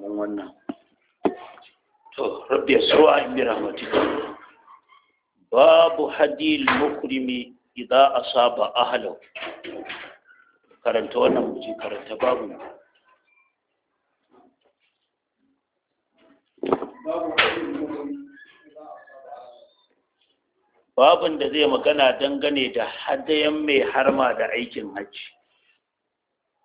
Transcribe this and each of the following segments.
kaman wannan to rabbi yasru'a in bi rahmatika babu hadil mukrimi idza asaba ahlahu karanta wannan muji karanta babu babu babun da zai magana dangane da hadayen mai harma da aikin hajji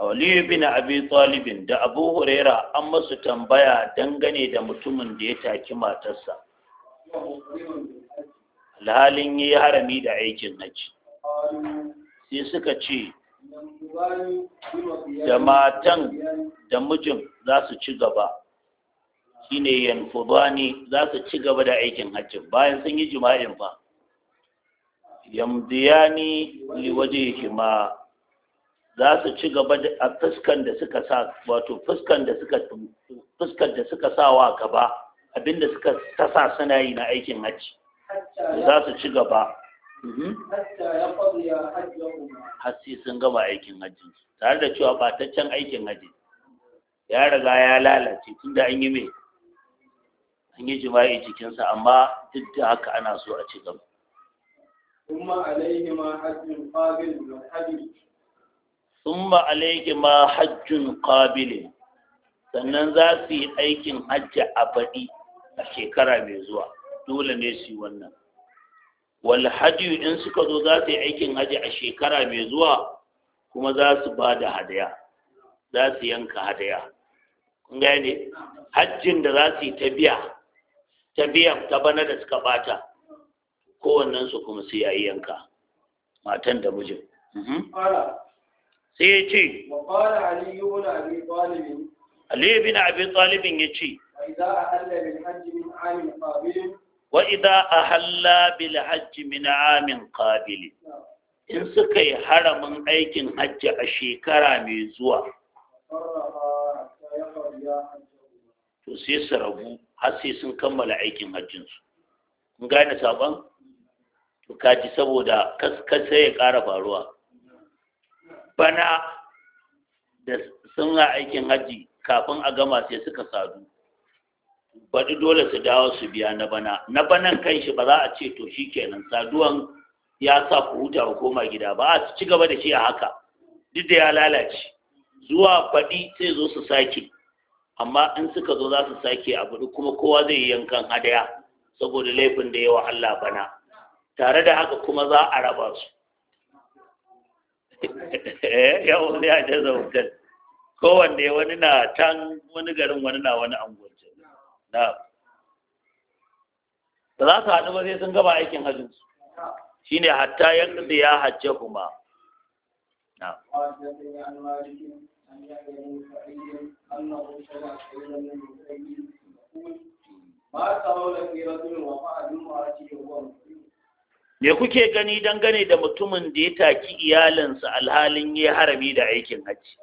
bi bin Abi Talibin da Abu Huraira an masu tambaya dangane da mutumin da ya taki matarsa. Alhalin yi harami da aikin haji. Sai suka ce, da matan da mijin za su ci gaba, shi ne yanfudani za su ci gaba da aikin haji bayan sun yi jima'in ba. Yamdiyani liwaje hima za su ci gaba a fuskan da suka sa wato fuskan da suka fuskan da suka sa wa gaba abinda suka tasa suna yi na aikin hajji za su ci gaba mhm. hasi sun gama aikin hajji tare da cewa bataccen aikin hajji ya riga ya lalace tunda an yi mai an yi jima'i cikinsa amma duk da haka ana so a ci gaba. sun alayki ma hajjun qabili sannan za su yi aikin hajji a faɗi a shekara mai zuwa dole ne su yi wannan walhaji in suka zo za su yi aikin hajji a shekara mai zuwa kuma za su ba da hadaya za su yanka hadaya kun ne? hajjin da za su yi ta tabiya ta bana da suka bata kowannensu kuma su yayi yanka matan da mijin mhm. sai ya ce aliyu bin abin talibin ya ce wa idan a halla bil hajji min amin qabili in suka yi haramin aikin hajji a shekara mai zuwa to sai su rabu har sai sun kammala aikin hajjinsu kun gane sabon? to kaji saboda kaskasa ya ƙara faruwa bana da sun aikin hajji kafin a gama sai suka sadu baɗi dole su dawo su biya na bana na banan kan shi ba za a ce to shi kenan saduwan ya sa ku huta ku koma gida ba a ci gaba da shi a haka duk da ya lalace zuwa baɗi sai zo su sake amma in suka zo za su sake a baɗi kuma kowa zai yi yankan hadaya saboda laifin da yawa Allah bana tare da haka kuma za a raba su ya wani ya ce zai hotel kowanne wani na can wani garin wani na wani angonci na ba za su haɗu ba sai sun gaba aikin hajji shi ne hatta yankin da ya hajje kuma na ba ta da ke rasu ne wa fa'adun ma'aikin me kuke gani dangane da mutumin da ya taki iyalinsa alhalin ya harami da aikin hajji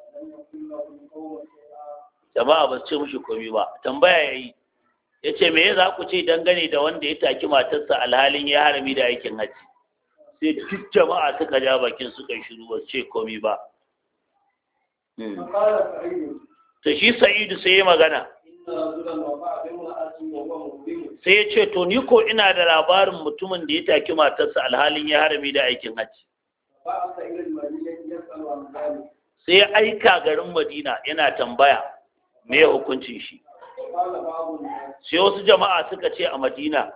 jama'a ba ce mushi komi ba tambaya ya yi. Ya ce me za ku ce dangane da wanda ya taki matarsa alhalin ya harami da aikin hajji sai duk jama'a suka ja bakin suka shiru ba ce komai ba hmm. Ta shi sa'idu sai yi magana sai ya ce to ni ko ina da labarin mutumin da ya taki matarsa alhalin ya harami da aikin hajji sai ya aika garin madina yana tambaya me hukuncin shi sai wasu jama'a suka ce a madina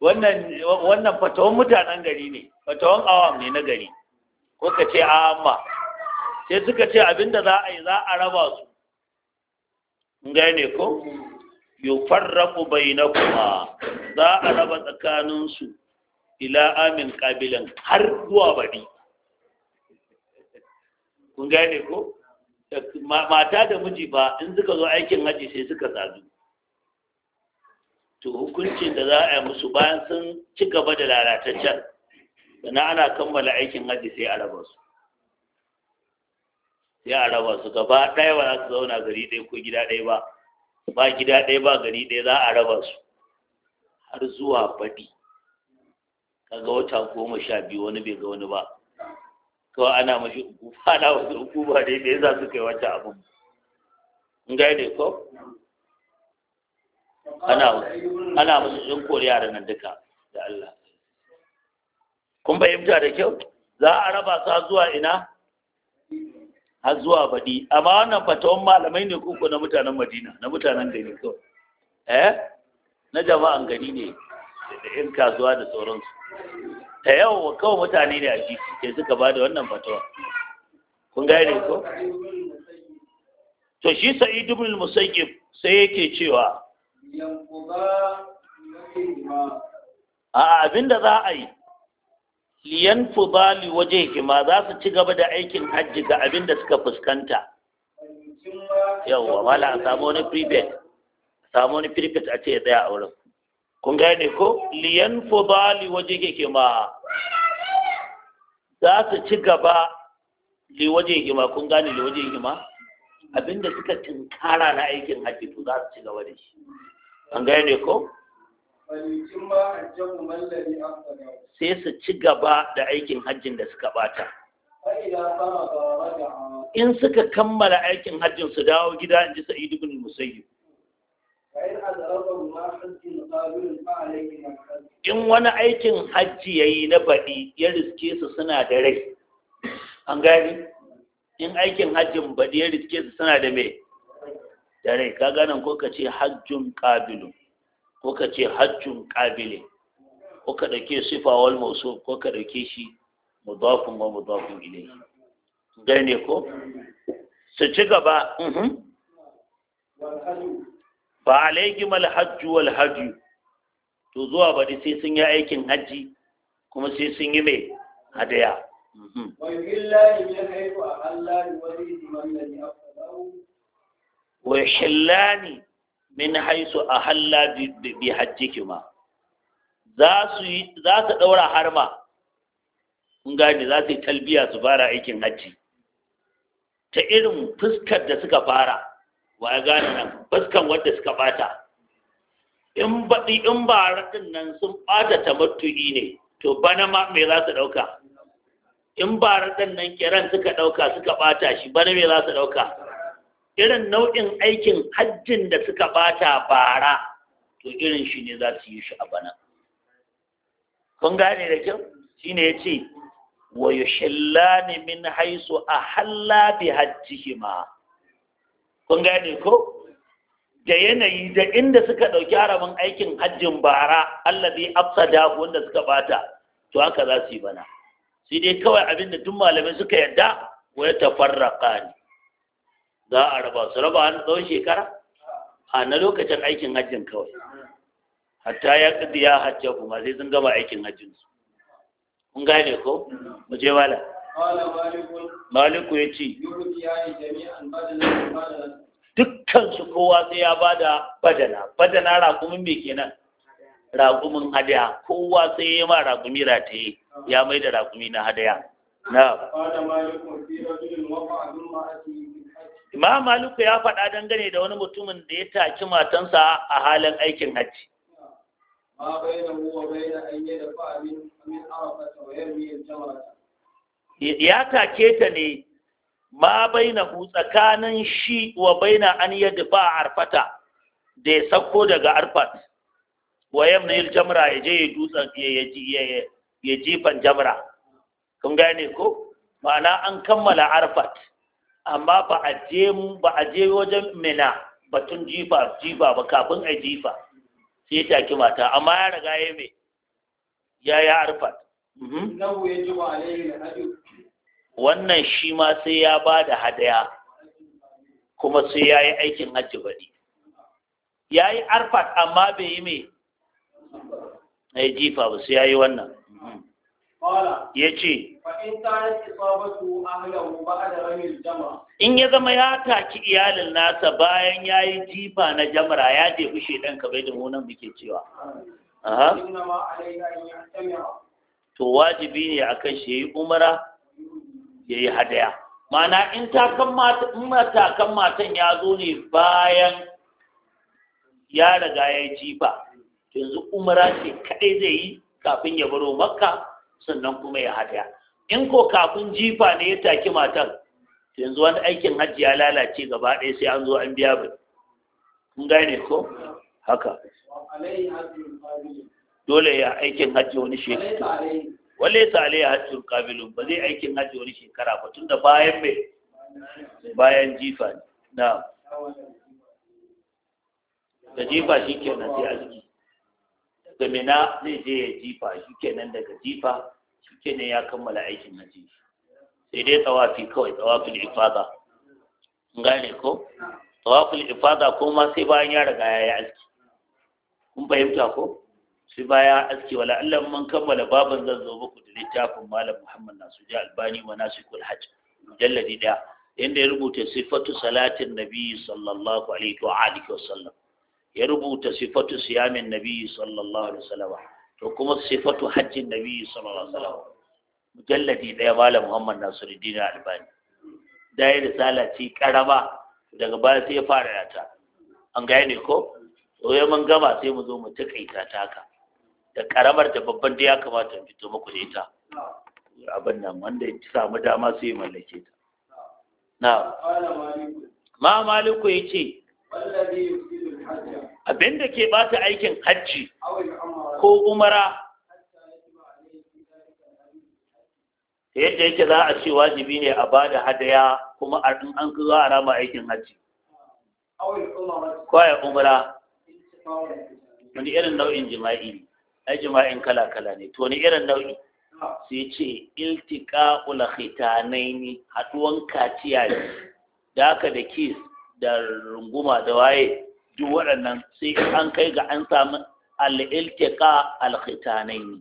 wannan fatawan mutanen gari ne fatawan awam ne na gari ko ka ce amma sai suka ce abinda za a yi za a raba su gane ko na bainakuma za a raba tsakaninsu ila amin qabilan har zuwa bari gane ko mata da miji ba in suka zo aikin haji sai suka sadu to hukuncin da za a yi musu bayan sun ci gaba da lalataccen sannan ana kammala aikin haji sai a raba su sai a raba su gaba ɗaya ba za su zauna gari ɗaya ko gida ɗaya ba ba gida ɗaya ba gari ɗaya za a raba su har zuwa baɗi kaga wata goma sha biyu wani bai ga wani ba kawai ana mashi hukuma ana wasu ba dai da ya za su kai wata abin in ne ko ana ana musu jin koriya da nan duka da Allah kun fahimta da kyau za a raba su zuwa ina har zuwa baɗi amma wannan fatawan malamai ne kuku na mutanen madina na mutanen gari kawai eh na jama'an gari ne da yin kasuwa da sauransu ta yawa kawai mutane ne a jiki ke suka ba da wannan fatawa kun gane ko to shi sa'i ibn al-musayyib sai yake cewa a abinda za a yi liyan fudali waje hikima za su ci gaba da aikin hajji ga abin da suka fuskanta yawwa wala a samu wani prefect samu wani prefect a ce ya tsaya a wurin kun ne ko liyan fudali waje hikima za su ci gaba waje hikima kun gane liwaje hikima abin da suka tinkara na aikin hajji to za su ci gaba da shi an gane ko sai su ci gaba da aikin hajjin da suka bata in suka kammala aikin hajjin su dawo gida in ji sa'i dubin musayi in wani aikin hajji ya yi na baɗi ya riske su suna da rai an gani in aikin hajjin baɗi ya riske su suna da mai da rai ka ganin ko ka ce hajjun ƙabilun ko ka ce hajjun ƙabile ko ka ɗauke sifa wal mausu ko ka ɗauke shi mudafun wa mudafun ilai gane ko su ci gaba ba mhm. alaiki mal hajju wal hajju to zuwa da sai sun yi aikin hajji kuma sai sun yi mai hadaya mhm. wa hillani min haisu a halla bi kima. za su ɗaura harma kun za su yi talbiya su fara aikin hajji ta irin fuskar da suka fara wa ya gane nan fuskan wadda suka bata in baɗi in ba raɗin nan sun ɓata matuƙi ne to bana ma me za su ɗauka in ba raɗin nan kiran suka ɗauka suka bata shi bana me za su ɗauka irin nau'in aikin hajjin da suka bata bara to irin shi ne za su yi shi a bana kun gane da kyau shine ya ce wa ne min haisu a halla bi hajjihima kun gane ko da yanayi da inda suka ɗauki haramin aikin hajjin bara Allah da afsada wanda suka bata to haka za su yi bana sai dai kawai abin da tun malamai suka yarda? wa ya tafarraqa ni za a raba su raba na tsawon shekara a na lokacin aikin hajjin kawai hatta ya ƙi ya hajja kuma sai sun gama aikin hajjin su kun gane ko mu je wala maliku ya ce dukkan su kowa sai ya bada badana badana ragumin me kenan ragumin hadaya kowa sai ya yi ma ragumi rataye ya mai da ragumi na hadaya na imam maliku ya faɗa dangane da wani mutumin da ya taki matansa a halin aikin hajji ya take ta ne ma na hu tsakanin shi wa baina an yi yadda a arfata da ya sauko daga arfat wa yamnil jamra ya je ya dutsen ya jifan jamra kun gane ko ma'ana an kammala arfat amma ba a je wajen mina batun jifa jifa ba kafin a jifa sai ya taki mata amma ya riga ya me ya ya arfat mhm. wannan shi ma sai ya ba da hadaya kuma sai ya yi aikin hajji bari ya yi arfat amma bai yi me na jifa ba sai ya yi wannan ya ce in ya zama ya taki iyalin nasa bayan ya yi jifa na jamara, ya je jefi shaidan kabe da munan muke cewa to wajibi ne a kan shi yi umara ya yi hadaya mana in matakan matan ya zo ne bayan ya riga ya yi jifa yanzu umara ce kadai zai yi kafin ya baro makka sannan kuma ya hadaya in ko kafin jifa ne ya taki matan yanzu wani aikin hajji ya lalace gaba ɗaya sai an zo an biya ba. kun gane ko haka dole ya aikin hajji wani shekara wale ta alai hajji kabilun ba zai aikin hajji wani shekara ba tun da bayan mai bayan jifa na da jifa shi kenan sai a jiki zamina zai je ya jifa shi kenan daga jifa shi kenan ya kammala aikin na jifa sai dai tsawafi kawai tsawafin ifada gane ko tsawafin ifada ko ma sai bayan ya riga ya yi aski kun fahimta ko sai baya aski wala Allah mun kammala baban zan zo muku da littafin malam Muhammad Nasuji Albani wa Nasikul Hajj mujalladi daya inda ya rubuta sifatu salatin nabi sallallahu alaihi wa alihi wa sallam ya rubuta sifatu siyamin nabi sallallahu alaihi wasallam to kuma sifatu hajjin nabi sallallahu alaihi wasallam mujalladi daya malam muhammad nasiruddin albani da ya risala ce karaba daga baya sai ya fara ta an gane ko to ya mun gama sai mu zo mu takaita ta haka da karamar da babban da ya kamata mu fito muku da ita abin nan wanda ya samu dama sai mallake ta na ma maliku ya ce abin da ke bata aikin hajji ko umara yadda yake za a ce wajibi ne a bada hadaya kuma in an za a rama aikin hajji kwaya umara wani irin nau'in jima'i ne ai jima'in kala-kala ne to wani irin nau'i sai ce iltika ulakhitanaini haduwan kaciya ne da aka da kis da runguma da waye duk waɗannan sai an kai ga an samu al'iltika alkhitanaini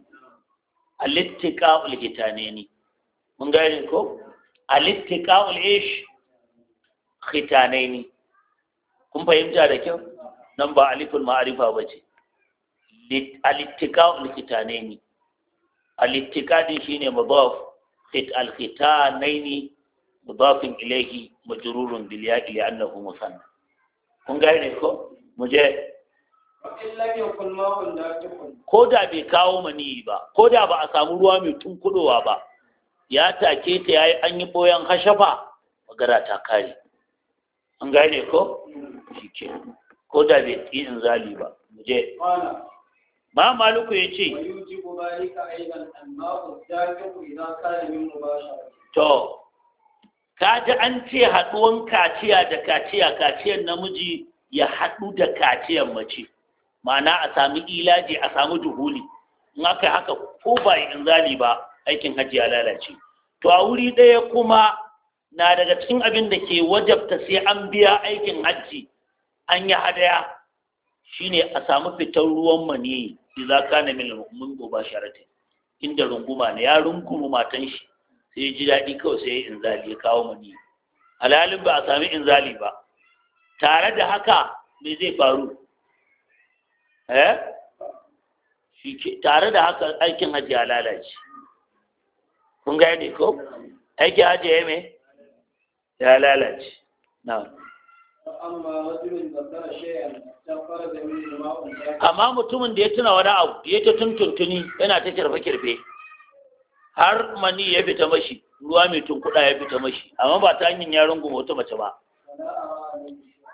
al'iltika alkhitanaini mun gane ko al'iltika al'ish khitanaini kun fahimta da kyau nan ba aliful ma'arifa ba ce al’iltika alkhitanaini al’iltika din shine mudaf khit alkhitanaini mudafin ilaihi majrurun bil yaqi li'annahu kun gane ko mu je ko da bai kawo mani ba ko da ba a samu ruwa mai tunkudowa ba ya take ta yayi an yi boyan hashafa magara ta kare an gane ko shike ko da bai yi zali ba mu je ma maluku ya ce to ka ji an ce haɗuwan kaciya da kaciya kaciyar namiji ya haɗu da kaciyar mace ma'ana a sami ilaji a sami duhuli in aka haka ko ba in zali ba aikin hajji ya lalace to a wuri ɗaya kuma na daga cikin abin da ke wajabta sai an biya aikin hajji an yi hadaya shine a samu fitar ruwan maniyi idza kana min al-mu'min inda runguma ne ya runguma matan shi sai ji daɗi kawai sai in zali ya kawo mani alhalin ba a sami zali ba tare da haka me zai faru eh tare da haka aikin hajji ya lalace kun ga yadda ko aikin hajji ya me ya lalace na amma mutumin da ya tuna wani abu ya ta tuntuntuni yana ta kirfe-kirfe har mani ya fita mashi ruwa mai tunkuɗa ya fita mashi amma ba ta hanyar yaron goma wata mace ba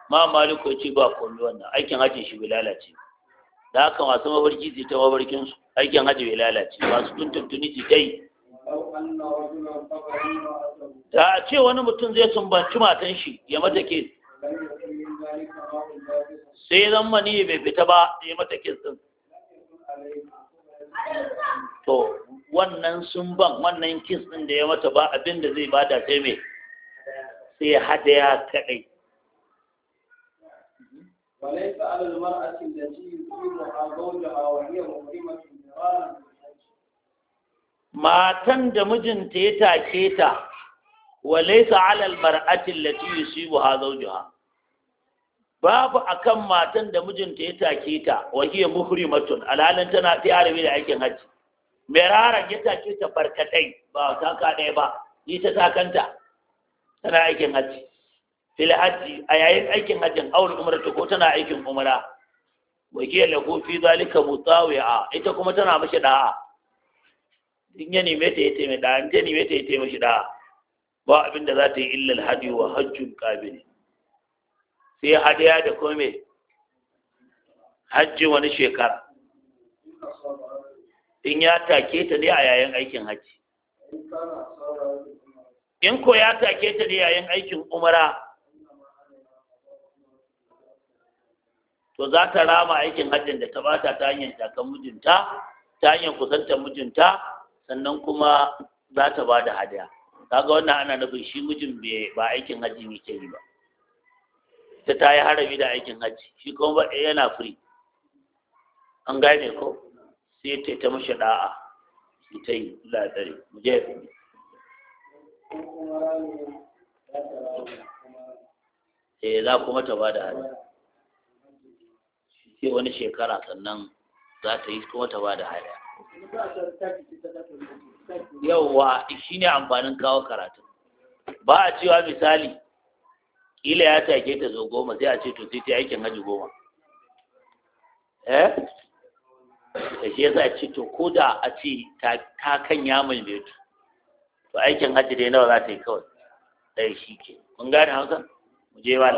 ma maliko ce ba komai wannan aikin hajji shi bai lalace da haka masu mafarki zai ta mafarkin su aikin hajji bai lalace masu tun tuntuni ji dai da a ce wani mutum zai sumbanci matan shi ya mata ke sai zan mani bai fita ba ya mata ke to wannan sun ban wannan kis ɗin da ya mata ba abin da zai bada sai mai sai hadaya kaɗai matan da mijinta ya take ta wa laysa ala almar'ati allati ha zawjaha babu akan matan da mijinta ya take ta wa hiya muhrimatun alalan tana fi arabi da aikin hajji merara gita take ta barkatai ba taka ɗaya ba Ni ta kanta tana aikin haji fil haji a yayin aikin aure awul ta ko tana aikin umra wa hiya lahu fi zalika mutawi'a ita kuma tana mashi da'a in ya neme ta yace mai da'a in ta neme ta yace mishi da'a ba abin da za ta yi illa alhaji wa hajjun qabil sai hadiya da kome hajji wani shekara in ya take ta dai a yayin aikin hajji in ko ya take ta ne yayin aikin umara to za ta rama aikin hajjin da ta bata ta hanyar takan mijinta ta hanyar kusantar mijinta sannan kuma za ta ba da hadiya kaga wannan ana nufin shi mijin ba aikin hajji ne ke yi ba ta ta yi harami da aikin hajji shi kuma yana free an gane ko sai ta ta mashi da'a ita yi ladari mu je E, za kuma ta da hali sai wani shekara sannan za ta yi kuma ta ba da hali yauwa shi ne amfanin kawo karatu ba a cewa misali Ila ya take ta zo goma sai a ce to sai ta aikin haji goma eh da shi yasa ce to ko da a ce ta kan ya mulmetu to aikin hajji dai nawa za ta yi kawai ɗaya shi ke mun gane hausa mu je ba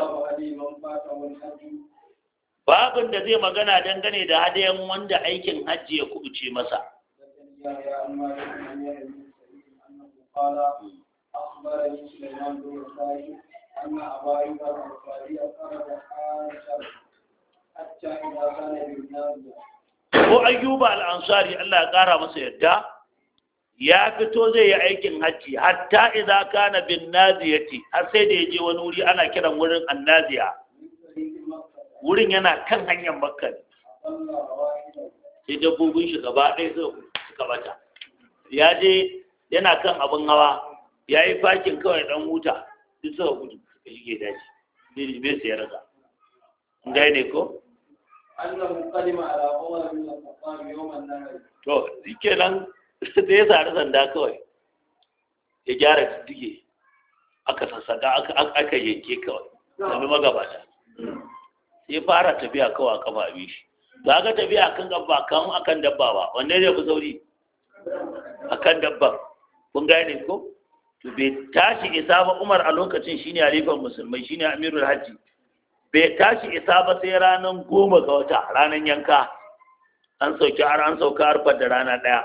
babin da zai magana dangane da hadayen wanda aikin hajji ya kubuce masa أخبرني سليمان بن أن أبا يوسف الأنصاري حتى إذا كان ko ayyuba al-ansari Allah ya ƙara masa yadda ya fito zai yi aikin hajji hatta idza kana bin naziyati har sai da yaje wani wuri ana kiran wurin annaziya wurin yana kan hanyar makka sai dabbobin shi gaba ɗaya suka bata ya je yana kan abin hawa ya yi fakin kawai dan huta duk suka gudu suka shige daji bai sai ya raga ne ko annahu qadima ala umar bin al sai ya sare sanda kawai ya gyara diddige aka sassaka aka yanke kawai sami magabata sai fara tafiya kawai a kafa abin shi ba ka tafiya kan gaba kan akan dabba ba wanne ne ku sauri akan dabba kun gane ko to bai tashi isa ba umar a lokacin shine halifan musulmai shine amirul hajji bai tashi isa ba sai ranar goma ga wata ranar yanka an sauki har an sauka harfar da rana ɗaya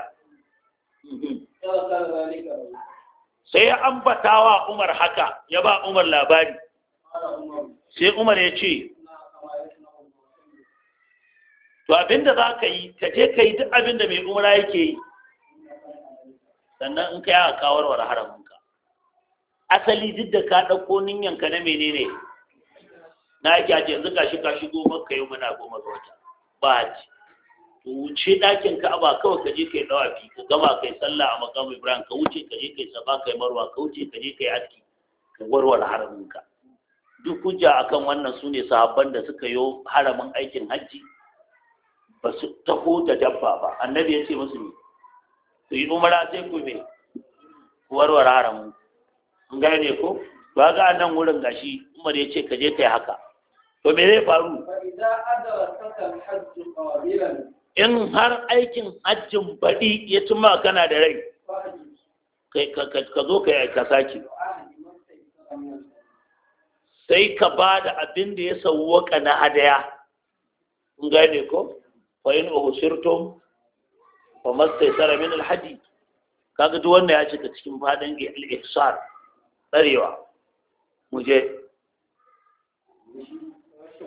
sai ya ambata wa umar haka ya ba umar labari sai umar ya ce to abinda za ka yi ka je ka yi duk abinda mai umara yake yi sannan in ka yi a kawarwar haramunka asali duk da ka ɗauko ninyanka na menene na yake a yanzu ka shiga shigo maka yau muna goma ga wata ba a ci. to wuce ɗakin ba kawai ka je kai dawafi ka gama kai sallah a makamu ibrahim ka wuce ka je kai safa kai marwa ka wuce ka je kai aski ka warware haraminka duk hujja akan wannan su ne sahabban da suka yo haramin aikin hajji ba su taho da dabba ba annabi ya ce musu ne ku yi umara sai ku me warware haramin an gane ko ba ga nan wurin gashi umar ya ce ka je kai haka to me zai faru in har aikin hajjin baɗi ya ci kana da rai ka zo ka yi ka sake sai ka ba da abin da ya sauwaka na hadaya in gane ko fa in uhsirtum fa tsara min alhadi kaga duk wanda ya cika cikin fadan al-ihsar tsarewa mu je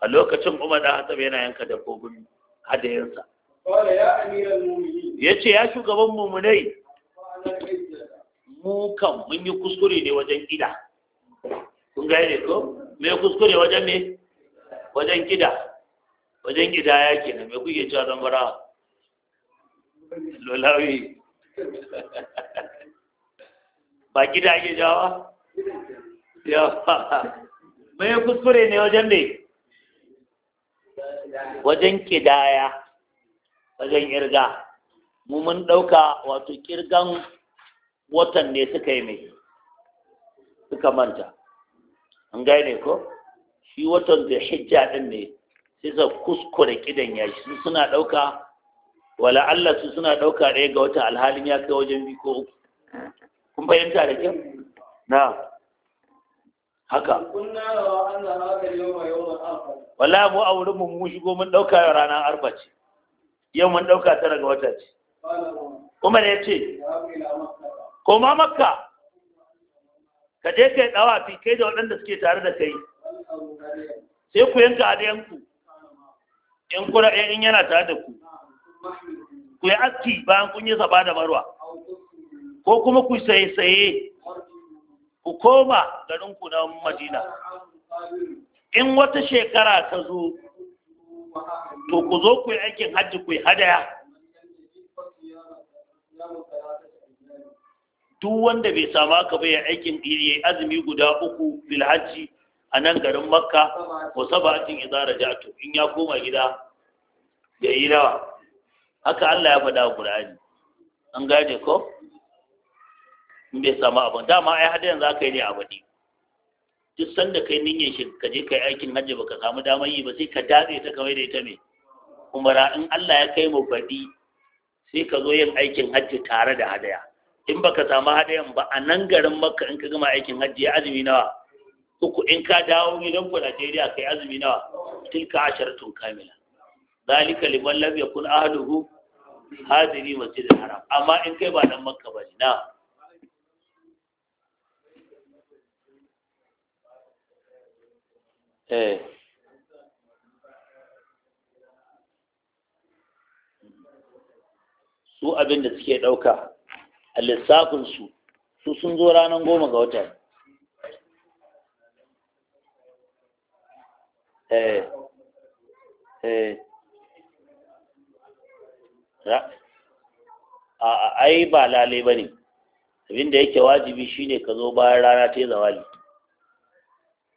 a lokacin umar da hasab yana yanka da dabbobin hadayensa ya ce ya shugaban mummunai mu kan mun yi kuskure ne wajen gida kun ne ko me kuskure wajen ne? wajen gida wajen gida ya ke na me kuke cewa don bara lolawi ba gida ke jawa yawa mai kuskure ne wajen ne wajen kidaya wajen irga mu mun ɗauka wato kirgan watan ne suka yi mai suka manta an gane ko shi watan da hijja ɗin ne sai sa kuskure kidan ya shi suna ɗauka wala Allah su suna ɗauka ɗaya ga wata alhalin ya kai wajen bi ko uku kun fahimta da kyau na haka wala mu a wurin mu shigo mun ɗauka ranar arba ce yau mun ɗauka ta daga wata ce umar ya ce koma makka ka je kai dawa fi kai da waɗanda suke tare da kai sai ku yanka adayanku in kuna in yana tare da ku ku yi aski bayan kun yi saba da marwa ko kuma ku saye saye ku koma garin ku na madina in wata shekara ta zo to ku zo ku yi aikin hajji ku yi hadaya duk wanda bai sama ka bai aikin yayi azumi guda uku fil a nan garin makka ko sabatin ja to in ya koma gida ya yi rawa haka Allah ya faɗa Qur'ani an gaje ko in bai samu abin dama ai hada yanzu aka yi ne a baɗi duk sanda kai niyyar shi ka je kai aikin hajji baka samu damar yi ba sai ka datse ta kamar da ita me umara in Allah ya kai mu baɗi sai ka zo yin aikin hajji tare da hadaya in baka samu hadayan ba a nan garin makka in ka gama aikin hajji ya azumi nawa uku in ka dawo gidan ku Najeriya kai azumi nawa tilka asharatun kamila zalika liman lam yakun ahluhu hadiri masjidil haram amma in kai ba dan makka ba na Eh. su abin da suke ɗauka a lissafinsu su sun zo ranar goma ga wata eh, eh. ai ba lalai ba ne da yake wajibi shine ka zo bayan rana ta yi zawali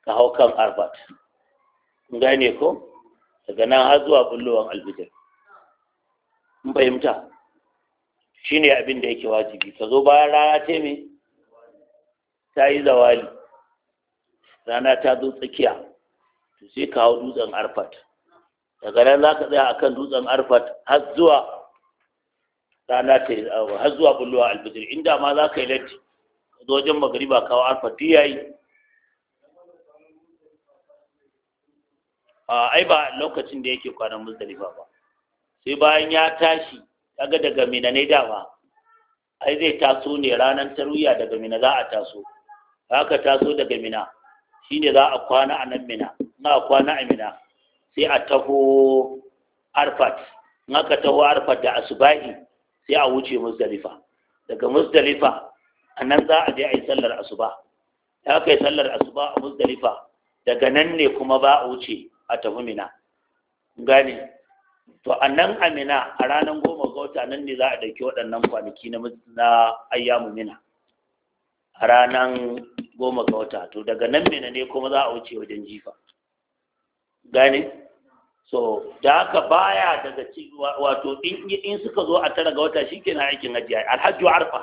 ka hau kan arfat gane ko daga nan har zuwa bullowan alfijir in fahimta shi ne abin da yake wajibi ka zo bayan rana ce me ta yi zawali rana ta zo tsakiya to sai ka hau dutsen arfat daga nan za ka tsaya akan dutsen arfat har zuwa rana ta yi har zuwa bullowan alfijir inda ma za ka yi latti ka zo wajen magariba kawo arfat duk yayi ai ba lokacin da yake kwanan muzdalifa ba sai bayan ya tashi kaga daga mina ne dama ai zai taso ne ranar taruya daga mina za a taso haka taso daga mina shine za a kwana a nan mina na kwana a mina sai a taho arfat in taho arfat da asubahi sai a wuce muzdalifa daga muzdalifa a nan za a je a yi sallar asuba ya kai sallar asuba a muzdalifa daga nan ne kuma ba a wuce a tafi mina gane to a nan amina a ranar goma ga wata nan ne za a ɗauki waɗannan kwanaki na ayyamu mina a ranar goma ga wata to daga nan mina ne kuma za a wuce wajen jifa gani so da haka baya daga ci wato in suka zo a tara ga wata shi kenan aikin hajji alhaji arfa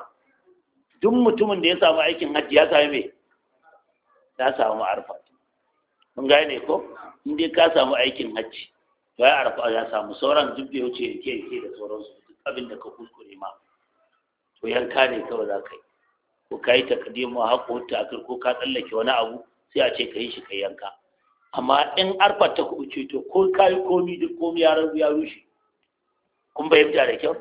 duk mutumin da ya samu aikin hajji ya sami me ya samu arfa mun gane ko in dai ka samu aikin hajji to ya arfa ya samu sauran duk da wuce yake yake da sauransu duk abin da ka kuskure ma to yanka ne kawai za ka yi ko ka yi takadimu haƙo ta ko ka tsallake wani abu sai a ce ka yi shi ka yanka amma in arfa ta ce to ko ka komi duk komi ya rabu ya rushe kun fahimta da kyau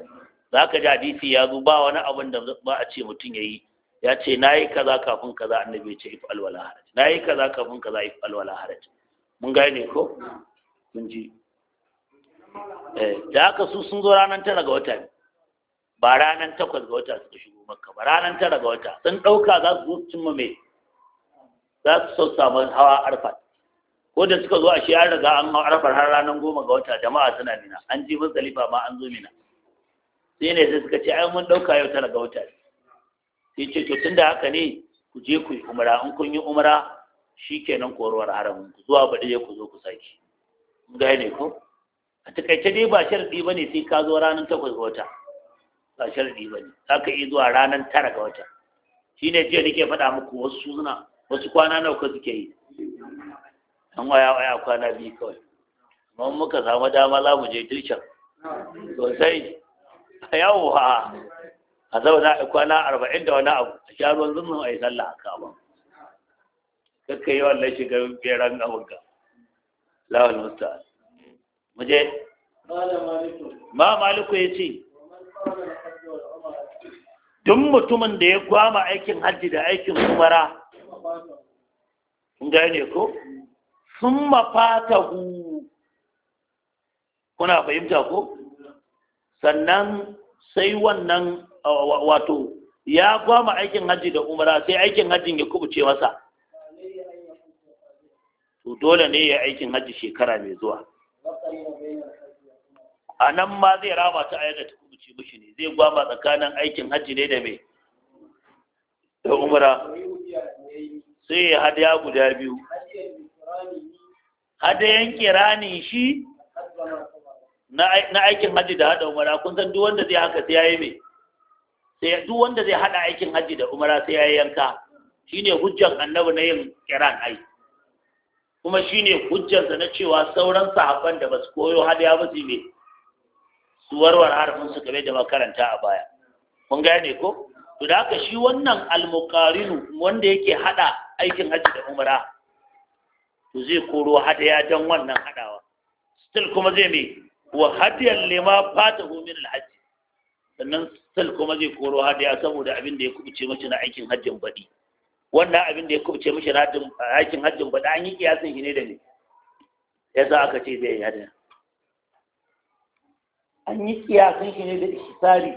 za ka ji hadisi ya zo ba wani abin da ba a ce mutum ya yi ya ce na yi kaza kafin kaza annabi ce if alwala haraj na yi kaza kafin kaza if alwala haraj mun gane ko mun ji eh, da haka su sun zo ranar tara ga wata ba ranar takwas ga wata suka shigo makka ba ranar tara ga wata sun ɗauka za su zo cimma mai za su so samu hawa arfa ko da suka zo a shi an riga an hau arfar har ranar goma ga wata jama'a suna nina. an ji musalifa ma an zo mina sai ne sai suka ce ai mun ɗauka yau tara ga wata ne Yace to tunda haka ne ku je ku yi umra in kun yi umra shikenan korowar haramun ku zuwa baɗi ku zo ku saki gane ko a takaice dai ba sharɗi bane ne sai ka zo ranar takwas ga wata ba sharɗi bane ne za ka iya zuwa ranar tara ga wata shi ne jiya nake faɗa muku wasu suna wasu kwana nawa ka suke yi an waya waya kwana biyu kawai amma muka samu dama za mu je tushen sosai yawa a za a kwana arba'in da wani abu a sha ruwan zunzun a yi sallah a kama kakka yi wannan shiga beran abinka lawal musta muje ma maliku ya ce duk mutumin da ya kwama aikin hajji da aikin umara gane ko sun mafata hu kuna fahimta ko sannan sai wannan wato ya gwama aikin hajji da umara sai aikin hajjin ya kubuce masa to dole ne ya aikin hajji shekara mai zuwa a nan ma zai raba ta ayar da ta kubuce mishi ne zai gwama tsakanin aikin hajji ne da mai da umara sai ya hadiya guda biyu yanke rani shi na aikin hajji da hada umara kun san duk wanda zai haka sai ya yi mai sai duk wanda zai hada aikin hajji da umara sai ya yanka shine hujjan annabi na yin kiran ai kuma shine hujjansa na cewa sauran sahabban da basu koyo hadaya ba su ne su warware harfin su game da makaranta a baya kun gane ko to da haka shi wannan almuqarinu wanda yake hada aikin hajji da umara to zai koro hadaya dan wannan hadawa still kuma zai mai wa hadiyan lima fatahu min alhaji sannan sal kuma zai koro hadiya saboda abin da ya kubuce mashi na aikin hajjin baɗi wannan abin da ya kubuce mashi na aikin hajjin baɗi an yi kiyasin shi ne da ne ya sa aka ce zai yi hadiya an yi kiyasin shi ne da ishitari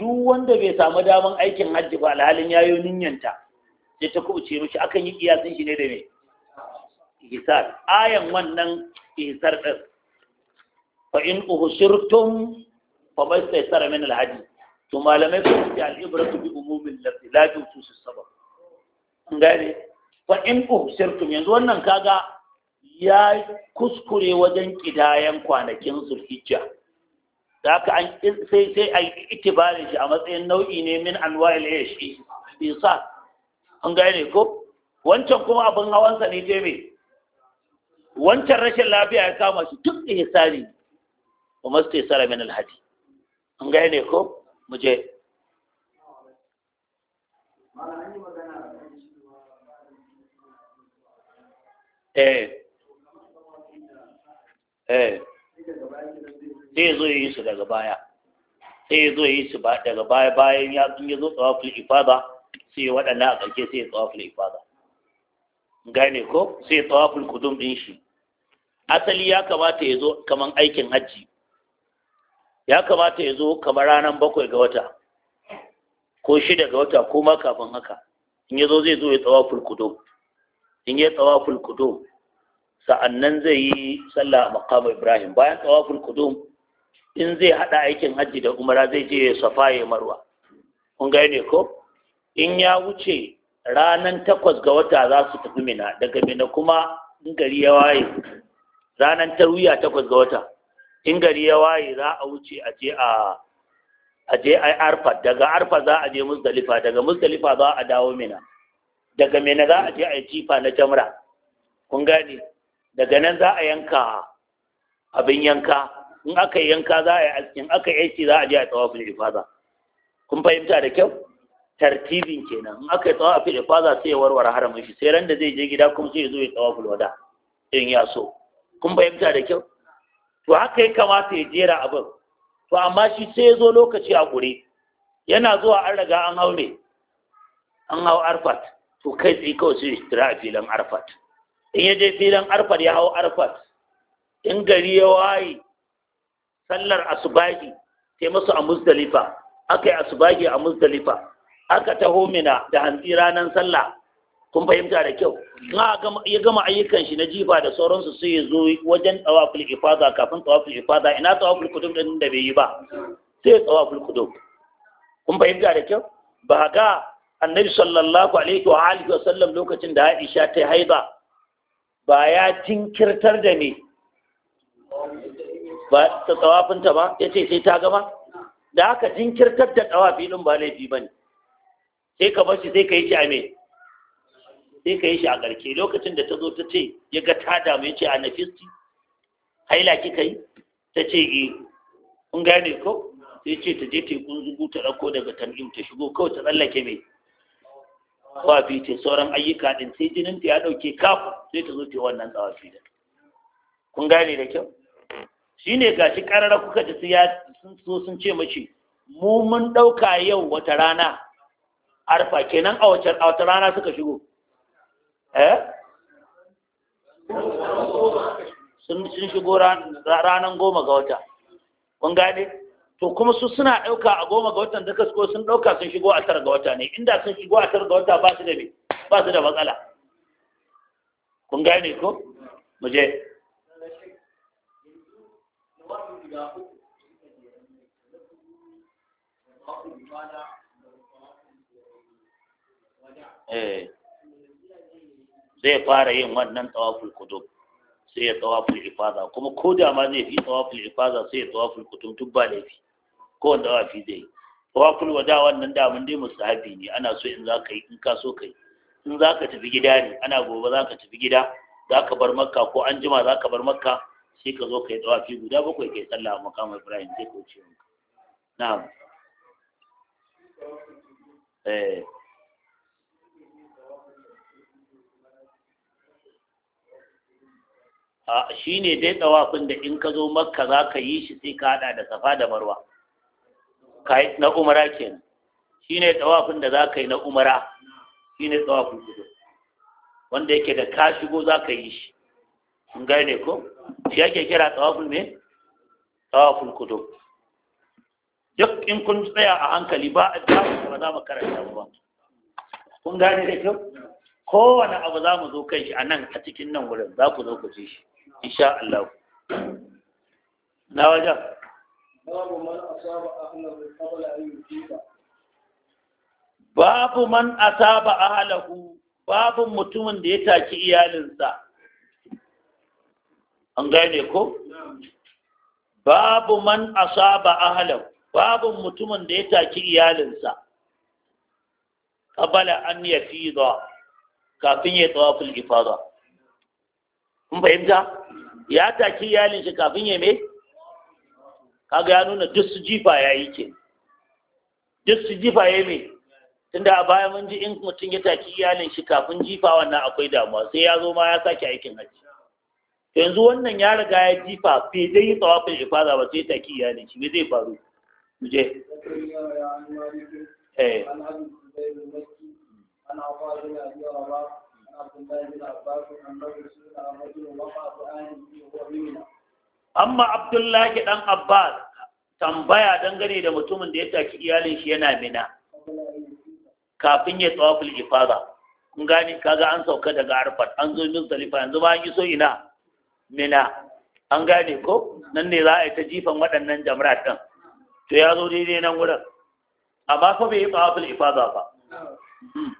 duk wanda bai samu daman aikin hajji ba alhalin yayo ninyanta sai ta kubuce mashi akan yi kiyasin shi ne da ne ihisar ayan wannan ihisar ɗin fa in uhsirtum fa bai sai sara min alhaji to malamai sun ce al'ibratu bi umumin lafzi la bi usus sabab an gane fa in yanzu wannan kaga ya kuskure wajen kidayan kwanakin zulhijja da haka an sai sai a itibarin shi a matsayin nau'i ne min anwa'il aishi isa an gane ko wancan kuma abin hawansa ne je me wancan rashin lafiya ya kama shi duk ihsani wa masta sara min alhaji an gane ko mu je eh eh sai zo yi su daga baya sai zo yi su daga baya bayan ya yi zo tsawafin ifada sai ya waɗanda a ƙarshe sai ya tsawafin ifada gane ko sai tsawafin kudin ɗin shi asali ya kamata ya zo kaman aikin hajji ya kamata ya zo kamar ranar bakwai ga wata ko shida ga wata ko ma kafin haka in ya zo zai zo ya tsawa fulkudo in ya tsawa fulkudo sa'annan zai yi sallah a makamu ibrahim bayan tsawa fulkudo in zai haɗa aikin hajji da umara zai je ya safa ya marwa kun ne ko in ya wuce ranar takwas ga wata za su tafi mina daga mina kuma in gari ya waye ranar tarwiya takwas ga wata in gari ya waye za a wuce a je a a je arfa daga arfa za a je musdalifa daga musdalifa za a dawo mina daga mina za a je a yi jifa na jamra kun gani daga nan za a yanka abin yanka in aka yanka za a yi askin aka yi za a je a tawafin ifaza kun fahimta da kyau tartibin kenan in aka yi tawafin ifaza sai ya warware haramun shi sai ran da zai je gida kuma sai ya zo ya tawafin wada in ya so kun fahimta da kyau to haka ya kamata ya jera abin to amma shi sai ya zo lokaci a gure yana zuwa an raga an hau an hau arfat to kai tsaye kawai sai tira a filin arfat in ya je filin arfat ya hau arfat in gari ya waye sallar asubahi sai masu a musdalifa aka yi asubahi a musdalifa aka taho mina da hantsi ranar sallah kun fahimta da kyau na ya gama ayyukan shi na jifa da sauransu sai ya zo wajen tawaful ifada kafin tawaful ifada ina tawaful kudum din da bai yi ba sai ya tawaful kudum kun fahimta da kyau ba ga annabi sallallahu alaihi wa alihi wa sallam lokacin da Aisha ta haiba ba ya tinkirtar da ni ba ta ta ba yace sai ta gama da haka tinkirtar da tawafi din ba laifi bane sai ka bar shi sai ka yi shi sai ka yi shi a garke lokacin da ta zo ta ce ya ga ta damu ya ce a nafisti haila kika yi ta ce yi. Eh. kun gane ko sai ce ta je tekun zubu ta ɗauko daga tan'im ta shigo kawai ta tsallake mai tsawafi ta sauran ayyuka ɗin sai jinin ta ya ɗauke kafu sai ta zo ta wannan tsawafi da kun gane da kyau shi ne ga shi ƙarara kuka ji sun so sun ce mace mu mun ɗauka yau wata rana arfa kenan a wata rana suka shigo eh sun shigo ranar goma ga wata kun gane to kuma su suna ɗauka a goma ga watan da kasko sun ɗauka sun shigo a tara ga wata ne inda sun shigo a tara ga wata ba su da ba su da matsala kun gane ko mu je eh zai fara yin wannan tawaful kudub sai ya tawaful ifaza kuma ko da ma zai fi tawaful ifaza sai ya tawaful kudub duk ba laifi ko wanda wa fi zai tawaful wada wannan da mun dai mustahabi ne ana so in zaka yi in ka so kai in zaka tafi gida ne ana gobe zaka tafi gida zaka bar makka ko an jima zaka bar makka sai ka zo ka yi tawafi guda bakwai kai sallah a makamu ibrahim sai ka wuce na'am eh shi ne dai tsawafin da in ka zo makka za ka yi shi sai ka haɗa da safa da marwa na umara ke. shi ne tsawafin da za ka yi na umara shi ne tsawafin gudu wanda yake da ka shigo za ka yi shi sun gane ko shi yake kira tsawafin ne tsawafin kudu duk in kun tsaya a hankali ba a tsawafin ba za mu karanta ba kun gane da kyau kowane abu za mu zo kai shi a nan a cikin nan wurin za ku zo ku ji shi insha Allah na wajen babu man asaba ahlahu qabla babu babu mutumin da ya taki iyalinsa an gane ko babu man asaba ahlahu babu mutumin da ya taki iyalinsa qabala an yafida kafin ya tawaful ifada kun fahimta ya taki iyalin shi kafin ya me kaga ya nuna duk su jifa ya yi ke duk su jifa ya me tunda a baya mun ji in mutum ya taki iyalin shi kafin jifa wannan akwai damuwa sai ya zo ma ya sake aikin hajji to yanzu wannan ya riga ya jifa bai dai yi tsawafin ifada ba sai taki iyalin shi me zai faru mu je eh. ba amma abdullahi dan abbas tambaya dangane da mutumin da ya taki iyalin shi yana mina kafin ya tsawafil ifada kun gani kaga an sauka daga arfat an zo min zalifa yanzu ba an yi so ina mina an gane ko nan ne za a yi ta jifan waɗannan jamra ɗin to ya zo daidai nan wurin amma fa bai yi tsawafil ifada ba hmm.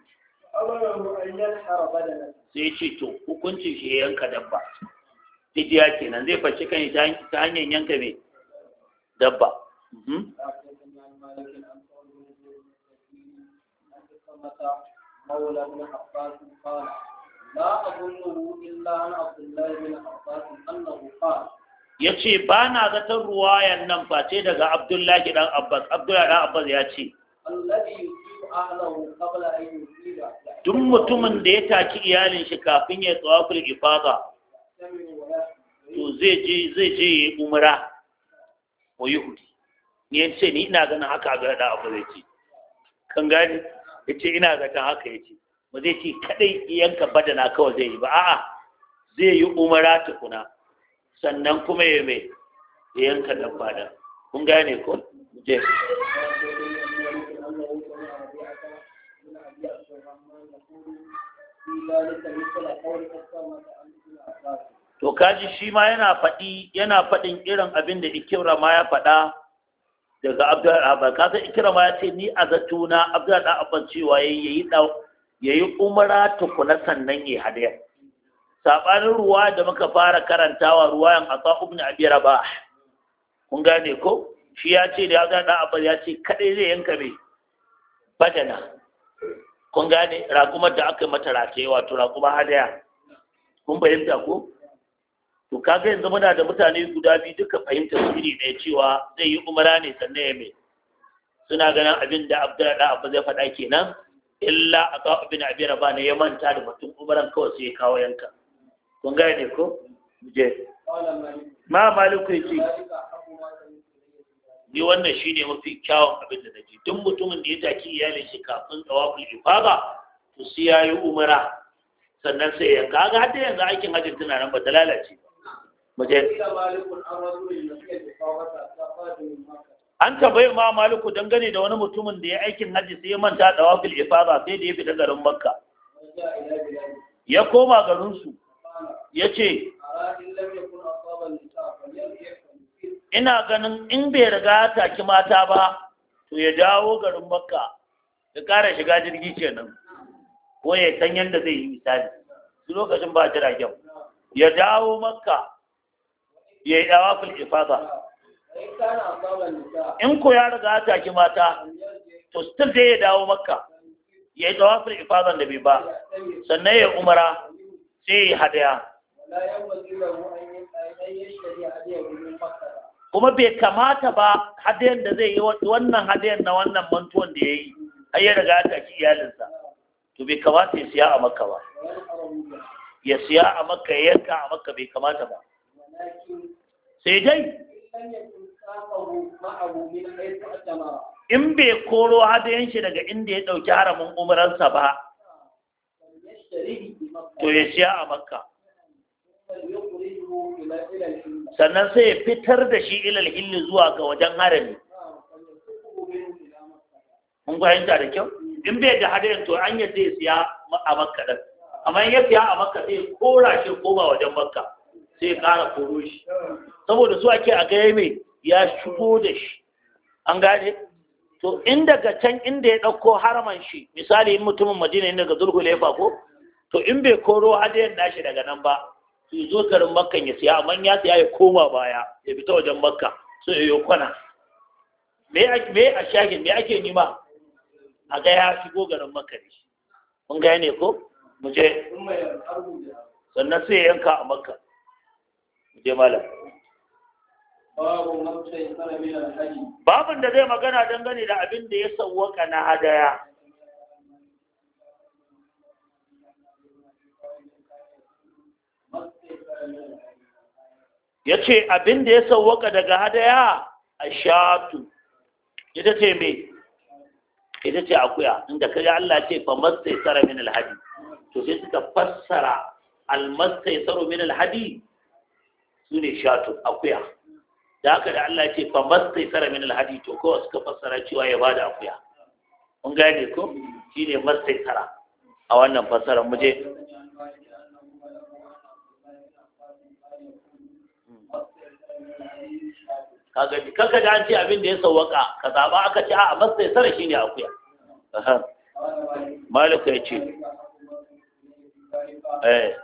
sai ce to hukuncin shi ya yanka dabba fidiya kenan zai faci kan ta hanyar yanka mai dabba hmm? Ya ce ba na zaton ruwayan nan face daga Abdullahi dan Abbas Abdullahi dan Abbas ya ce duk mutumin da ya taki iyalin shi kafin ya tsawaful ifada to zai je zai je umra wa yahudi ne yace ni ina ganin haka ga da abu zai ce, kan gani yace ina zaton haka yace ba zai ce kadai iyanka badana kawai zai yi ba a'a zai yi umra tukuna sannan kuma ya mai yanka dabba da kun gane ko je to kaji shi ma yana faɗi yana faɗin irin abin da ikira ma ya faɗa daga abdul abbas ka san ikira ma ya ce ni a zatuna abdul da abban cewa yayi yayi umara tukuna sannan ya hadaya sabanin ruwa da muka fara karantawa ruwayan asa ibn abi rabah kun gane ko shi ya ce da abdul abbas ya ce kadai zai yanka me badana kun gane raƙumar da aka mata rataye wato raƙuma hadaya kun fahimta ko to kaga yanzu muna da mutane guda biyu duka fahimtar iri ne cewa zai yi umara ne sannan ya mai suna ganin abin da abdullahi da abu zai faɗa kenan illa a kawo abin abi raba ne ya manta da mutum umaran kawai sai ya kawo yanka kun gane ko je ma maliku ya ce ni wannan shi ne mafi kyawun abin da nake duk mutumin da ya taki iyalin shi kafin tsawaful ifada to sai yi umara sannan sai ya kaga har yanzu aikin hajjin tana nan ba ta lalace ba an tambayi ma maliku dangane da wani mutumin da ya aikin hajji sai ya manta tsawaful ifada sai da ya fita garin makka ya koma garinsu ya ce ina ganin in bai riga ta ki mata ba to ya dawo garin makka ya ƙara shiga jirgi kenan ko ya san yadda zai yi misali su lokacin ba jiragen ya dawo makka ya yi dawa fulifasa in ko ya riga ta ki mata to still zai ya dawo makka ya yi dawa fulifasa da bai ba sannan ya umara sai ya hadaya kuma bai kamata ba hadayen da zai yi wannan hadayen na wannan mantuwan da ya yi har yi riga ta ki iyalinsa to bai kamata ya siya a makka ba ya siya a makka ya yanka a makka bai kamata ba sai dai in bai koro hadayen shi daga inda ya ɗauki haramin umaransa ba to ya siya a makka sannan sai ya fitar da shi ilal hilli zuwa ga wajen harami mun fahimta da kyau in bai da hadarin to an yadda ya siya a makka ɗan amma ya siya a makka sai kora shi koma wajen makka sai ƙara koro shi saboda su ake a gaya mai ya shigo da shi an gane to in daga can inda ya ɗauko haraman shi misali in mutumin madina daga zulhu lefa ko to in bai koro hadarin nashi daga nan ba su zo garin makka ya siya amma ya siya ya koma baya ya fita wajen makka so ya yi kwana me a shagin me ake nima a ga ya shigo garin makka ne mun gaya ne ko mu je sannan sai yanka a makka mu je malam babun da zai magana dangane da abin da ya sauwaka na hadaya ya ce abin da ya sauwaka daga hadaya a shatu ita ce mai ita ce akuya inda kaga Allah ce fa masai tsara min alhadi to sai suka fassara almasai tsaro min alhadi su ne shatu akuya da haka da Allah ce fa masai tsara min alhadi to kawai suka fassara cewa ya bada akuya mun gane ko shine masai tsara a wannan fassarar mu je ka gani kanka da an ce abin da ya sauwaka ka zaba aka ce a'a masa ya sara shine akuya malik ya ce eh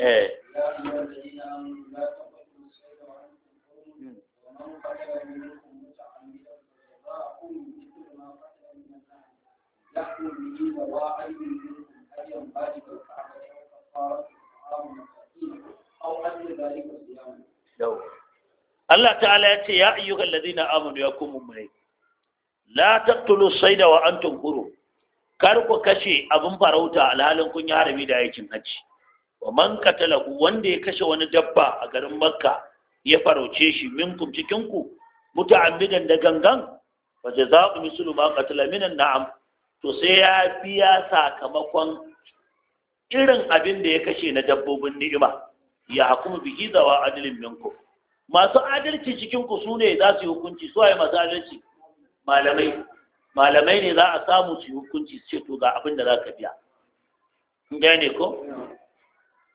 eh Thank you. Allah ta'ala ya ce ya ayyukan ladina amanu ya kuma mai la tattulu saida wa kar ku kashe abin farauta alhalin kun yi harami da yakin hajji wa man ku wanda ya kashe wani dabba a garin makka ya farauce shi minkum cikin ku muta'ammidan da gangan ku jazaa'u mislu ma qatala minan na'am to sai ya biya sakamakon irin abin da ya kashe na dabbobin ni'ima ya hakumu bihi zawa adalin minku masu adalci cikin ku sune za su yi hukunci su ai masu adalci malamai malamai ne za a samu su yi hukunci su ce to ga abin da za ka biya kun ne ko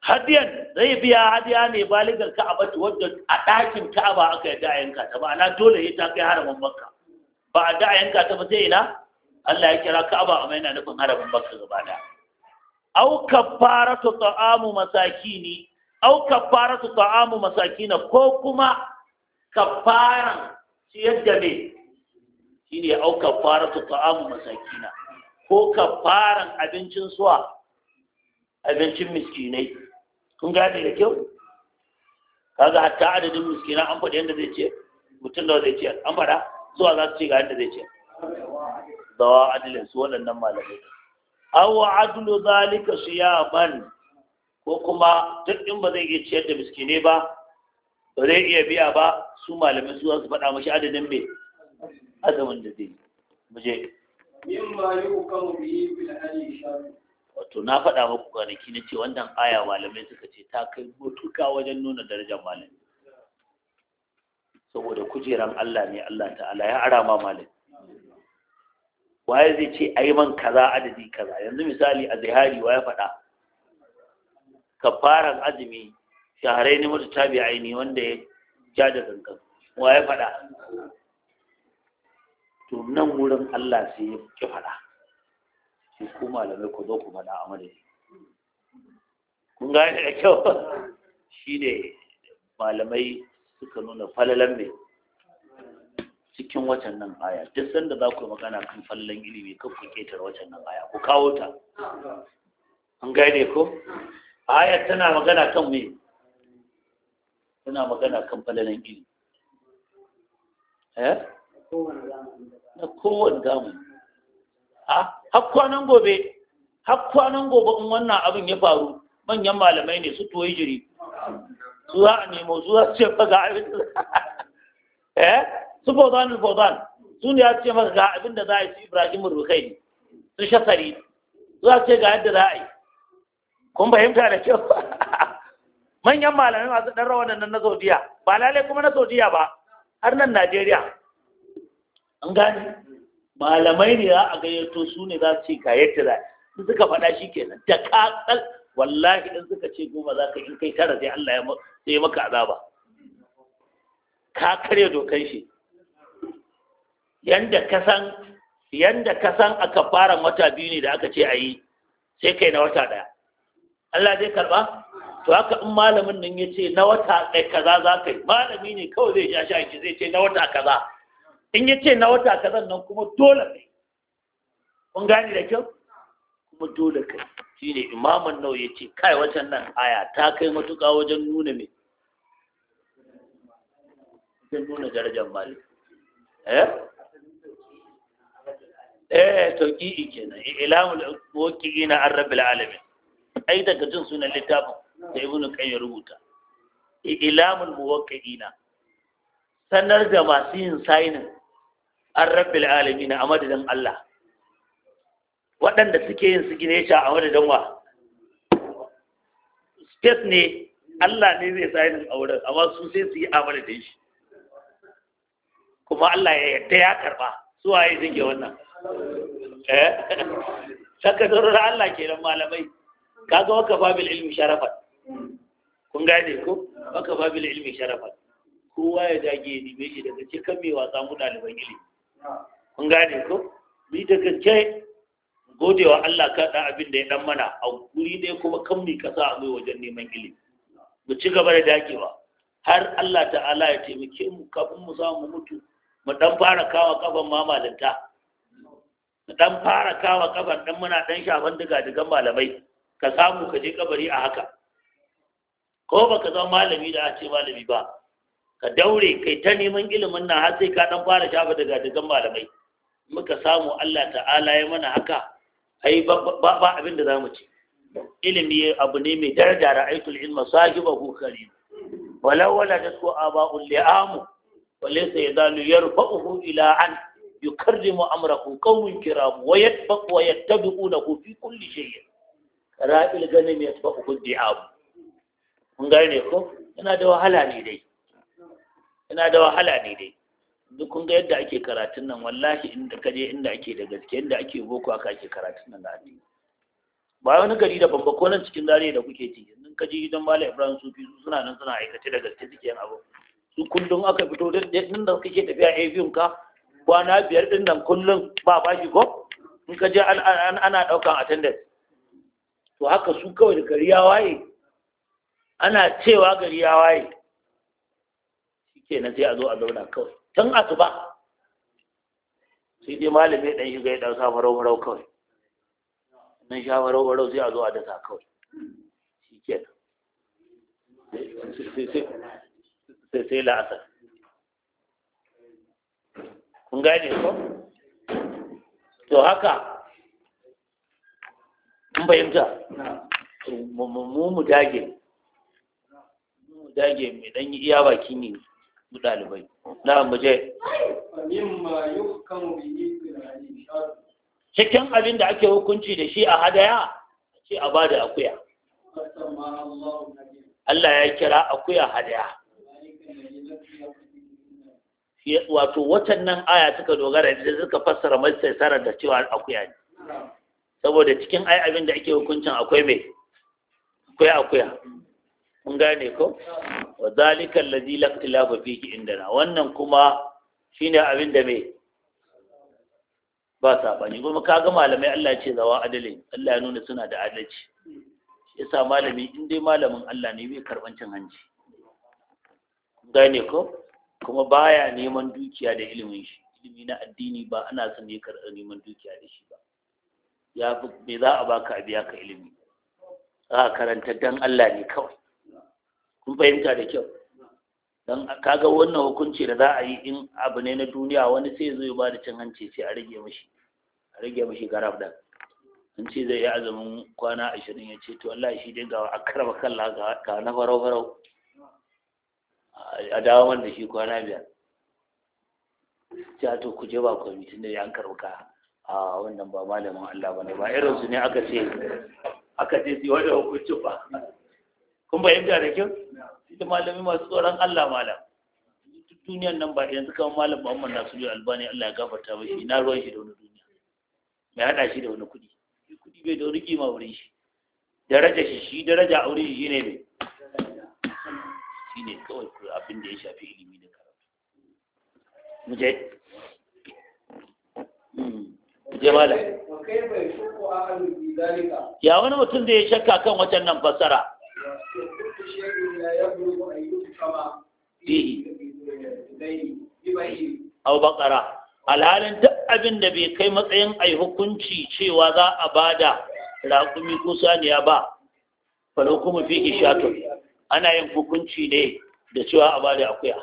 hadiyan zai biya hadiya ne baligar ka'aba wadda a ɗakin ka'aba aka yadda a yanka ta ba ana dole ya ta kai haramin makka ba a da a yanka ta ba sai ina Allah ya kira ka'aba mai na nufin haramin makka gaba da au kafaratu ta'amu masakini au kafaratu ta'amu masakina ko kuma kafaran ciyar da me shine au kafaratu ta'amu masakina ko kafaran abincin suwa abincin miskinai kun gane da kyau kaga hatta adadin miskina an faɗi yadda zai ce mutum da zai ce an faɗa zuwa za su ce ga yadda zai ce zawa adalin su waɗannan malamai awa adlu zalika bani ko kuma duk in ba zai iya ciyar da miskine ba ba zai iya biya ba su malamai su su faɗa mashi adadin mai azumin da zai muje wato na faɗa muku kwanaki na ce wannan aya malamai suka ce ta kai motuka wajen nuna darajar malami saboda kujeran Allah ne Allah ta'ala ya ara ma malami waye zai ce a yi man kaza adadi kaza yanzu misali a zihari wa ya faɗa kafaran azumi shaharai ne mutu tabi aini wanda ya ja da gangan wa ya faɗa to nan wurin Allah sai ya ki faɗa shi ku malamai ku zo ku faɗa a madadi kun ga da kyau shi ne malamai suka nuna falalan mai cikin watan nan aya duk sanda za ku yi magana kan falalan ilimi kan ku ketar watan nan aya ku kawo ta an gane ko ayat tana magana kan me tana magana kan falalan ilimi eh na kowane damu. ha hakkwanan gobe hakkwanan gobe in wannan abin ya faru manyan malamai ne su toyi jiri su za a nemo su za su ce faga abin eh su fauzan fauzan su ne ya ce maka ga abin da za a yi su ibrahim rukai su shasari su za su ce ga yadda za a yi kun fahimta da kyau manyan malamai masu ɗan rawa nan na saudiya ba lalai kuma na saudiya ba har nan najeriya an gani malamai ne za a gayyato su ne za su ce ga yadda za su suka faɗa shi kenan da kakal wallahi in suka ce goma za ka in kai tara sai Allah ya yi maka azaba ka karya dokan shi yanda ka san yanda ka aka fara wata biyu ne da aka ce a yi sai kai na wata ɗaya Allah zai karba to haka in malamin nan ya ce na wata kai kaza za ka yi malami ne kawai zai ja shaki zai ce na wata kaza in ya ce na wata kaza nan kuma dole kai kun gane da kyau kuma dole kai shine imaman nau ya ce kai wacan nan aya ta kai matuƙa wajen nuna me wajen nuna darajar malik eh eh tauqi'i kenan ilamul muqi'ina ar alamin ai daga jin sunan littafin da ibn qayyim ya rubuta ilamul muwaqqi'ina sanar da masu yin sainin an rabbil alamin a madadin Allah waɗanda suke yin signature a madadin wa space ne Allah ne zai sainin auren amma su sai su yi a da shi kuma Allah ya yadda ya karba su waye ke wannan eh saka da Allah kenan malamai kaga waka babil ilmi sharafan kun gane ko waka babil ilmi sharafan kowa ya dage ya nime shi daga cikin mai wasa samu ɗaliban ilimi kun gane ko ni da gaske godewa Allah ka da abin da ya dan mana a guri ɗaya kuma kan mi kasa a mai wajen neman ilimi mu ci gaba da dagewa har Allah ta'ala ya taimake mu kafin mu samu mutu mu dan fara kawa kafan ma mu dan fara kawa kafan dan muna dan shafan diga digan malamai ka samu ka je kabari a haka ko ba ka zama malami da a ce malami ba ka daure kai ta neman ilimin nan har sai ka dan fara shafa daga dukan malamai muka samu Allah ta'ala ya mana haka ai ba ba abin da zamu ci ilimi abu ne mai daraja ra'aytul ilma sahibahu karim walau waladat ku aba'ul li'am walaysa yadalu yarfa'uhu ila an yukarrimu amrahu qawmun kiram wa yatbaqu wa yattabi'unahu fi kulli shay'in ra'il gani mai uku, huddi abu mun gane ko yana da wahala ne dai yana da wahala ne dai duk kun ga yadda ake karatun nan wallahi inda ka je inda ake da gaske inda ake boko aka ake karatun nan da addini ba wani gari da babba ko nan cikin zare da kuke ci in ka je gidan mala ibrahim sufi su suna nan suna aikace da gaske suke yin abu su kullum aka fito da din da kake tafiya a biyun ka kwana biyar din nan kullum ba bashi ko in ka je ana daukan attendance to haka su kawai da gari ya waye ana cewa gari ya waye shi sai a zo a zauna kawai tun asuba sai dai malami ɗan shiga ya ɗansa farau-farau kawai nan sha farau-farau sai a zo a dasa kawai shi na. sai sai la'asar kun gane ko to haka kun fahimta mu mu dage mu dage mai dan yi iya baki ne mu dalibai na mu je cikin abin da ake hukunci da shi a hadaya ce a ba da akuya Allah ya kira akuya hadaya wato watan nan aya suka dogara da suka fassara mai da cewa akuya ne saboda cikin ai abin da ake hukuncin akwai mai akwai akuya kun gane ko wa zalika allazi la ikhtilafa fihi indana wannan kuma shine abin da mai ba sabani kuma kaga malamai Allah ya ce zawa adali Allah ya nuna suna da adalci yasa malami in dai malamin Allah ne bai karban cin hanci gane ko kuma baya neman dukiya da ilimin shi ilimi na addini ba ana son ne karɓar neman dukiya da shi ba ya fi za a baka a biya ka ilimi za a karanta don Allah ne kawai kun fahimta da kyau don ga wannan hukunci da za a yi in abu ne na duniya wani sai zai ba da cin hanci sai a rage mashi a rage mashi garaf da an ce zai yi azumin kwana ashirin ya ce to Allah shi dai ga a karba kalla ga na farau farau a dawo da shi kwana biyar ta to ku je ba kwamitin da an karba ka a wannan ba malamin Allah bane ba irin su ne aka ce aka ce su wani hukunci ba kun yadda da kyau ita malami masu tsoron Allah malam duniyan nan ba yanzu kawai malam Muhammad Nasiru Albani Allah ya gafarta shi na ruwan shi da wani duniya mai hada shi da wani kuɗi Kudi bai da wani kima wurin shi daraja shi shi daraja aure shi ne ne shi ne kawai abin da ya shafi ilimi da karatu muje hmm. jamala ya wani mutum da ya shakka kan wajen nan fassara abu bakara alhalin duk abin da bai kai matsayin a hukunci cewa za a da raƙumi ko saniya ba falo kuma fi ishatun ana yin hukunci ne da cewa a bada akuya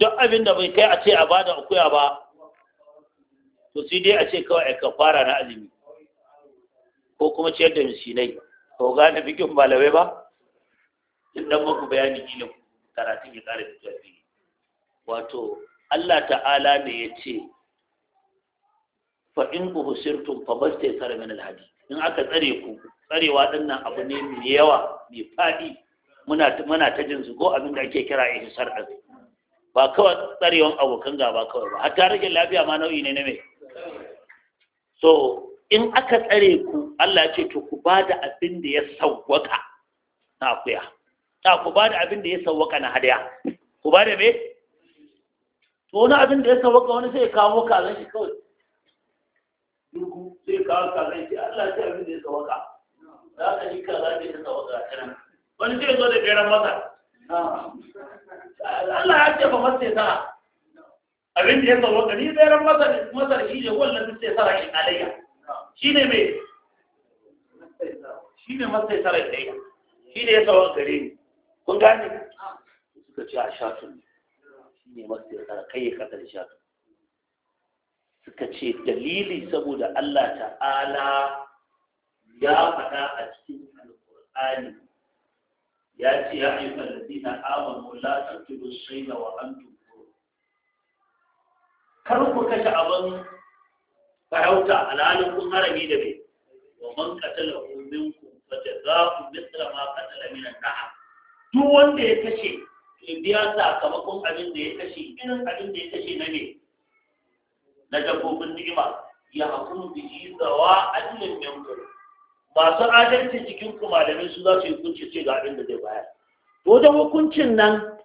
duk abin da bai kai a ce a ba da akuya ba to sai dai a ce kawai ka fara na azumi ko kuma ciyar da misinai ko gane bikin malamai ba in dan muku bayani ilim karatun ya kare da tafi wato Allah ta'ala ne ya ce fa in uhsirtum fa bastaysar min alhadi in aka tsare ku tsarewa nan abu ne mai yawa mai faɗi, muna ta jin su ko abin da ake kira ihsar din ba kawai tsarewan abokan gaba kawai ba hatta rage lafiya ma nau'i ne na so in aka tsare ku Allah ce to ku ba da abin da ya sawwaka na akuya ta ku ba da abin da ya sawwaka na hadaya ku ba da me to wani abin da ya sawwaka wani sai kawo kazan shi kawai duku sai kawo kazan shi Allah ce abin da ya sawwaka za ka yi kaza da ya sawwaka wani sai zo da beran masa Allah ya ce ba masai sara. abin da ya tsaro ɗari tseren masar shi ne wannan duk sai sara in alayya shi ne mai shi ne masai sara in alayya shi ne ya tsaro gare ni kun gane suka ce a shatun shi ne masai sara kai ya kasar shatun suka ce dalili saboda Allah ta'ala ya faɗa a cikin alƙur'ani ya ce ya ayyuka ladina amanu la taqtulu shayna wa antum kar ku kashe abin farauta alhalin kun harami da bai wa man qatalahu minkum za ku mithla ma qatala min an-na'am duk wanda ya kashe in biya sakamakon abin da ya kashe irin abin da ya kashe na ne na dabbobin ni'ima ya hukum bihi zawa adlin minkum masu adalci cikin ku malamai su za su yi hukunci ce ga abin da zai bayar wajen hukuncin nan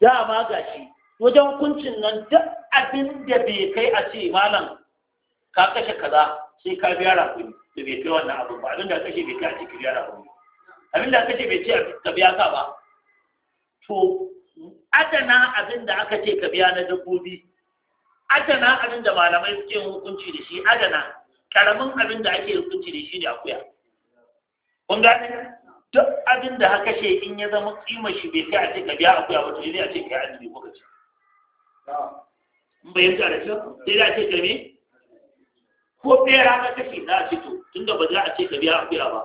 za a maga shi wajen hukuncin nan duk abin da bai kai a ce malam ka kashe kaza sai ka biya rakuni da bai kai wannan abu ba abin da kashe bai kai a ce ka biya rakuni abin da kashe bai ce ka biya ka ba to adana abin da aka ce ka biya na dabbobi adana abin da malamai suke hukunci da shi adana karamin abin da ake hukunci da shi ne akuya kun gane duk abin da haka she in ya zama kima shi bai kai a ce ka biya akuya ba to ne a ce kai azumi ko ka ce. Mun bayyana da shi kyau sai a ce ka me ko bera ka kashe za a ce to tunda ba za a ce ka biya akuya ba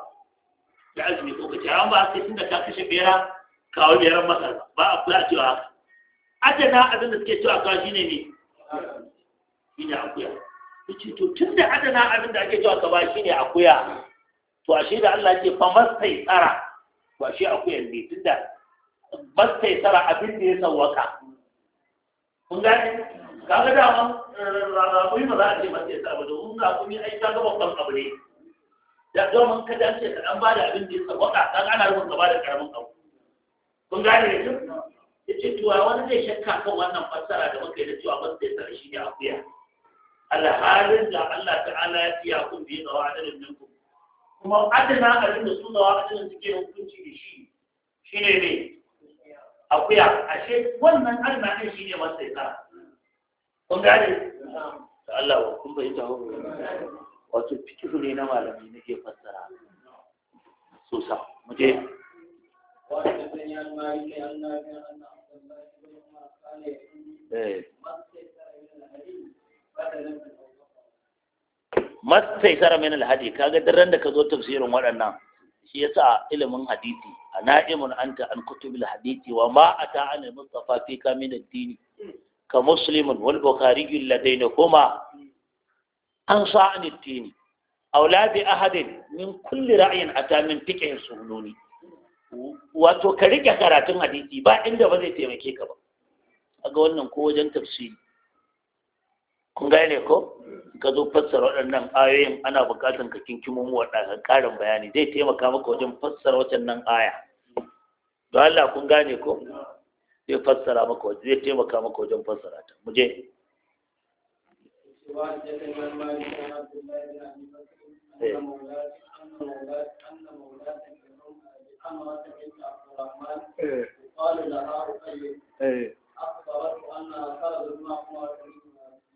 da azumi ko ka ce amma ba sai tunda ka kashe bera kawo beran masa ba a kula cewa haka adana abin da suke cewa kawo shine ne shine akuya yace to da adana abin da ake cewa ka ba ne akuya to ashe da Allah ke fa masai tsara to ashe akuya ne da masai tsara abin da ya sawwaka kun Ka ga da mun rakumi eh, ba za a ce masai tsara ba domin rakumi ai ta ga babban abu ne da domin kada ce ka dan bada abin da ya sawwaka kaga ana rubun gaba da karamin abu kun gane ne ce to wani zai shakka kan wannan fassara da muka yi da cewa mastai tsara ne akuya alhalin da Allah ta'ala ya fiya kun biye da wa'adin nan ku kuma adana abin da su da wa'adin suke hukunci da shi shi ne akuya ashe wannan adana din shine wanda ya tsara kun gane da Allah wa kun bai ta hawo wato fikihu ne na malami nake fassara so sa mu je وحدثني عن مالك عن نافع عن عبد الله بن mastai sara min alhadi kaga daren da ka zo tafsirin waɗannan shi sa ilimin hadithi a na'imun anta an kutubil hadithi wa ma ata an mustafa fi kamin addini ka musulmin wal bukhari na kuma an sa an addini aw ahadin min kulli a ta min fiqh sununi wato ka riƙe karatun hadithi ba inda ba zai taimake ka ba ga wannan ko wajen tafsiri kun gane ko ka zo fassara waɗannan ayoyin ana buƙatar ka kinkimo mu waɗannan ƙarin bayani zai taimaka maka wajen fassara waɗannan aya don Allah kun gane ko zai fassara maka wajen zai taimaka maka wajen fassara ta mu je eh. Eh. قال لها رقية أخبرت أنها خرجت مع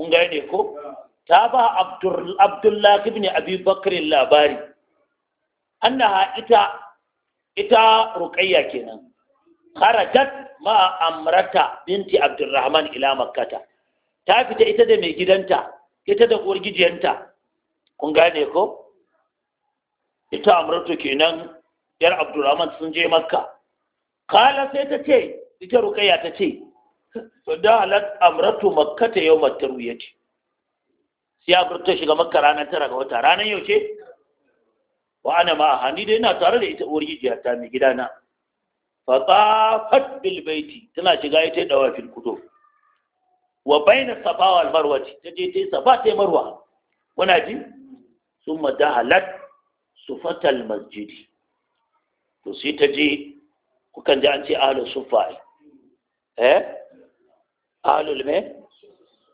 kun ne ko ta ba abdullahi ibn abi bakr labari annaha ita ita ruqayya kenan kharajat ma amrata binti abdurrahman ila makkata ta fita ita da mai gidanta ita da gijiyanta. kun gane ko ita amrata kenan yar abdurrahman sun je makka kala sai ta ce ita ruqayya ta ce fadalat amratu makkata yau mataruyati sai amurta shiga makka ranar tara ga wata ranar yau ce wa ana ma hani dai na tare da ita uwar gijiya ta mai gidana fa tsafat bil baiti tana shiga ita da wafil kudo. wa baina safa wal marwa ta je ta safa ta marwa muna ji summa dahalat sufatal masjidi to sai ta je kukan ji an ce ahlus sufa eh alul me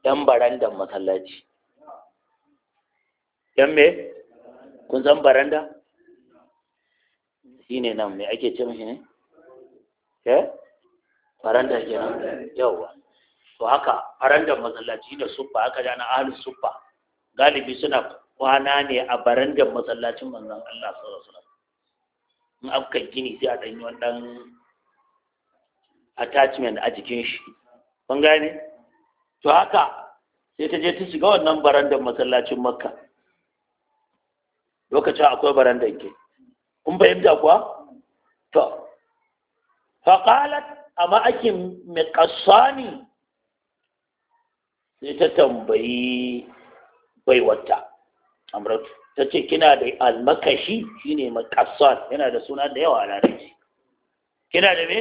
yan barandan masallaci yan me kun san baranda ne nan me ake ce mashi ne ke eh? baranda ke nan yawa to haka barandan masallaci da suffa haka jana alul suffa galibi suna kwana ne a barandan masallacin manzan Allah sallallahu alaihi wasallam in aka gini sai a danyi wannan attachment a jikin shi kun gane to haka sai ta je ta shiga wannan barandar masallacin makka lokacin akwai barandar ke kun fahimta kuwa to faƙalat a ma'akin miƙassani sai ta tambayi baiwata amratu ta ce kina da almakashi shine makassan yana da suna da yawa a larabci kina da me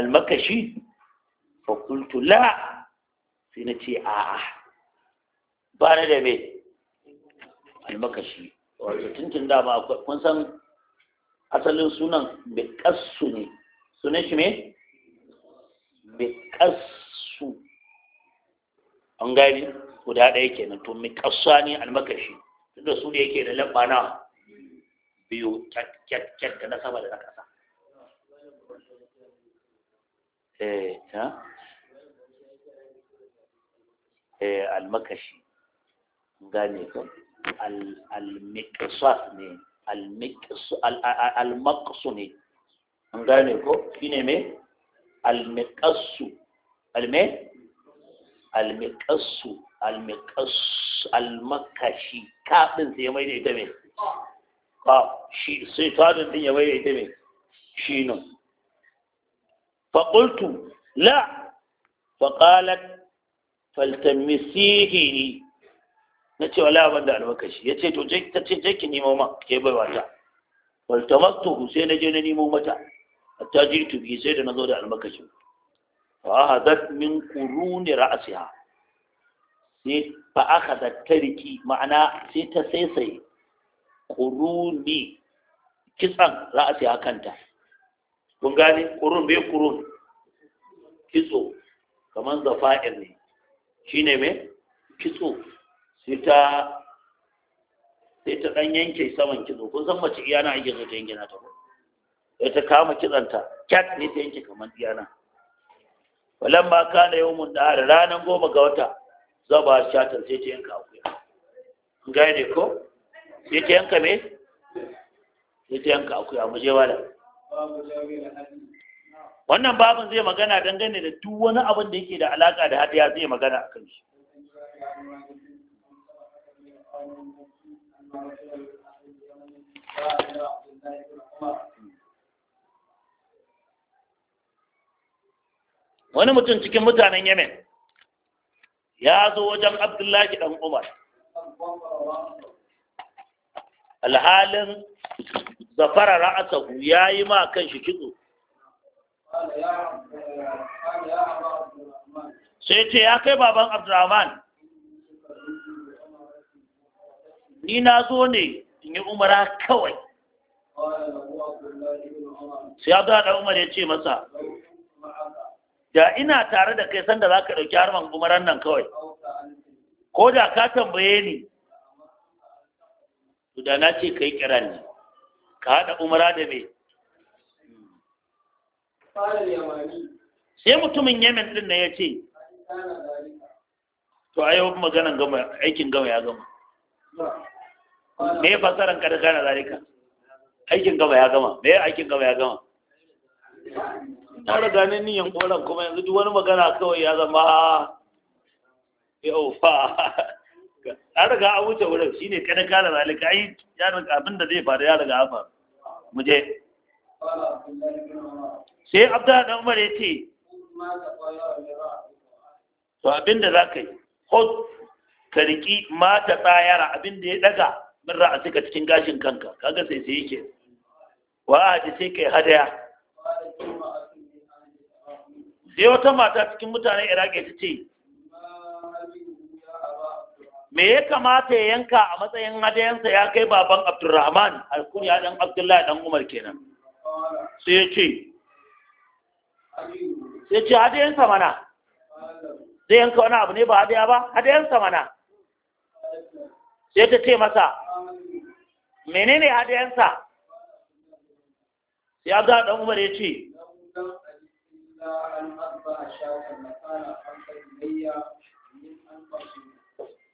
almakashi fa la sai na ce a'a ba na da me almakashi wato tuntun da ba kun san asalin sunan biƙassu ne sunan shi ne biƙassu an gani guda ɗaya kenan to ƙasa ne almakashi da su ne yake da lamba na biyu kyakkyakkyar da na sama da na ƙasa eh ta Eh, almakashi gane ka almiqsas ne almakasu ne an gane ko shine me almiqassu alme almiqassu almiqassu almakashi kaɗin sai mai da ita me ba shi sai tadin din ya mai da ita me shi nan فقلت لا فقالت faltamisihi na ce wala abin da almakashi ya ce to ta ce je ki nemo ma ke bai wata faltamastu sai na je na nemo mata hatta jirtu tubi sai da na zo da almakashi fa hadat min quruni ra'siha sai ba akhadat tariki ma'ana sai ta saisaye quruni kitsan ra'siha kanta kun gane qurun bai qurun kitso kamar zafa'ir ne shine me kitso sai ta ɗan yanke saman kitso kun san mace iyana ake so ta yanke nata sai ta kama kitsanta kyat ne ta yanke kamar iyana walan ba ka da yawon da ranar goma ga wata za zaba shatan sai ta yanka akuya ne ko sai ta yanka me sai ta yanka akuya mu je wala wannan babin zai magana dangane da duk wani abin da yake da alaka da hadiya zai magana a kan shi wani mutum cikin mutanen yamen ya zo wajen abdullahi dan umar alhalin zafara ra'asahu ya yi ma kan shi kitso sai ce ya kai baban abdurrahman ni na zo ne in yi umara kawai sai ya zuwa ɗan umar ya ce masa da ina tare da kai sanda za ka ɗauki harman umaran nan kawai ko da ka tambaye ni to da na ce ka yi kiran ne ka haɗa umara da mai sai mutumin yemen din na ya ce to a yau maganan gama aikin gama ya gama me ya fasaran kada gana zarika aikin gama ya gama me ya aikin gama ya gama na riga niyan koran kuma yanzu duk wani magana kawai ya zama yau fa a riga a wuce wurin ne kada kana zalika ai ya riga abin da zai faru ya riga ya faru mu je sai abdullahi da umar ya ce to abinda za ka yi hot ka riƙi mata tsayara abinda ya daga min ra'asika cikin gashin kanka kaga sai sai yake wa aji sai kai hadaya sai wata mata cikin mutanen iraki ta ce me ya kamata ya yanka a matsayin hadayensa ya kai baban abdurrahman alkuniya dan abdullahi dan umar kenan sai ya ce sai ce hadayensa mana zai yanka wani abu ne ba hadaya ba hadayensa mana sai ta ce masa menene hadayensa ya ga ɗan umar ya ce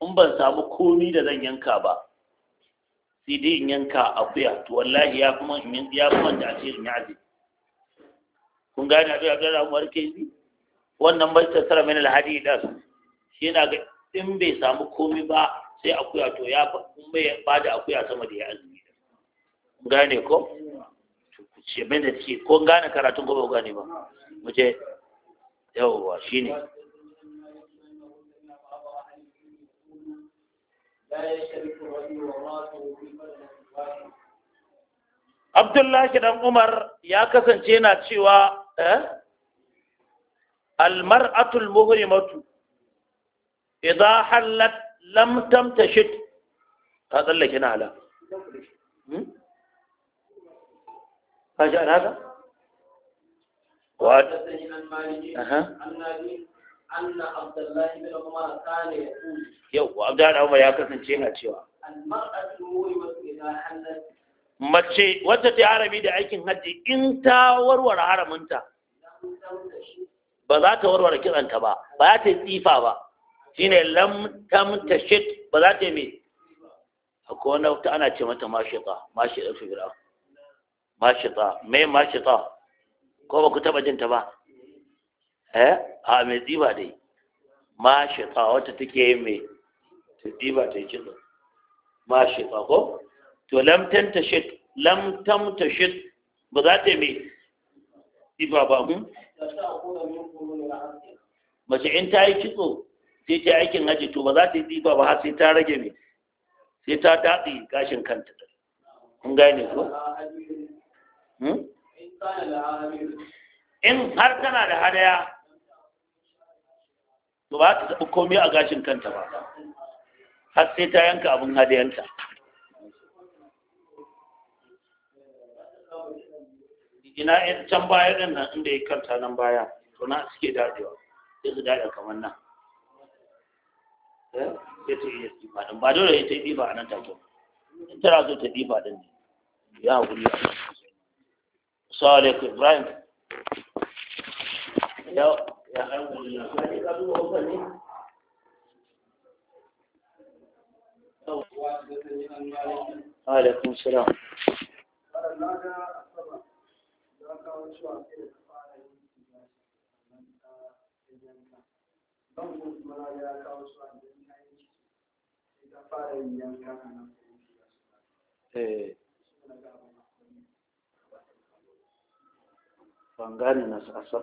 in ban samu komi da zan yanka ba sai dai in yanka akuya to wallahi ya kuma in yanka da ce in yi kun gane abin abin da umar ke yi wannan bai tattara min lahadi da shi yana ga in bai samu komi ba sai akuya to ya kun bai ba da akuya sama da ya azumi kun gane ko to ce mai da ce ko gane karatun gobe ba gane ba mu ce yawwa ne Abdullahi dan Umar ya kasance yana cewa Eh? almar'atul muhrimatu idza hallat lam tamtashit ka tsallake na ala hmm? ka ji ana ka أن عبد الله بن عمر كان يقول يو عبد الله عمر يا cewa. المرأة إذا حلت mace wadda ta yi harami da aikin hajji in ta warware haraminta ba za ta warware kiranta ba ba za ta yi tsifa ba ne lam tam tashit ba za ta yi A akwai wani wata ana ce mata mashita mashita fibra bira mashita me mashita ko ba ku taba jinta ba eh a mai tsifa dai mashita wata take yin me tsifa ta yi cikin mashita ko to lam tam tashit lam tam tashit ba za ta yi mai tsiba ba hmm? mace in ta yi kitso sai ta aikin haji to ba za ta yi tsifa ba har sai ta rage ne sai ta datse gashin kanta kun gane ko hmm? in har tana da hadaya to ba ta taɓa komai a gashin kanta ba har sai ta yanka abin hadayanta ina can baya ɗin nan inda ya kanta nan baya to na suke dadewa sai su dada kamar nan eh, sai ta iya ɗiba ɗin ba dole ya ta yi ɗiba a nan take in tana so ta ɗiba ɗin ne ya haƙuri a nan wale ku ibrahim ya ya alaikum salam kawo cewa sai da ta fara yin shiga sannan ta yanka ban ko kuma ya kawo cewa yi ciki sai ta fara yin yanka eh. na sasa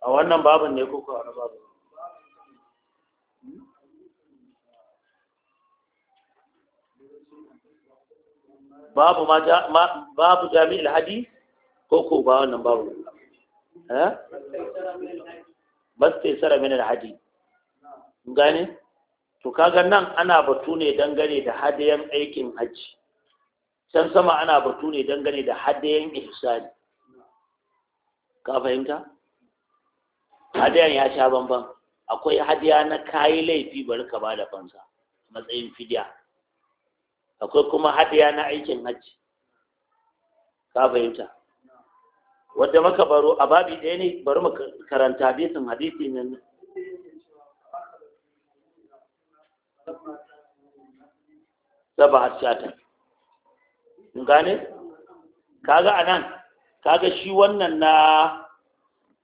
a wannan babin ne kuka wani babu babu ma babu jami'il hadi ko ko ba wannan babu eh basta sara min al-hadis gane to kaga nan ana batu ne dangane da hadiyan aikin hajji can sama ana batu ne dangane da hadiyan ihsani ka fahimta Hadiyan ya sha banban akwai hadiya na kayi laifi bari ka bada fansa matsayin fidiya akwai kuma hadiya na aikin hajji ka fahimta wadda maka baro a babi ɗaya ne bari mu karanta hadisin hadisi nan saba hasata gane kaga anan kaga shi wannan na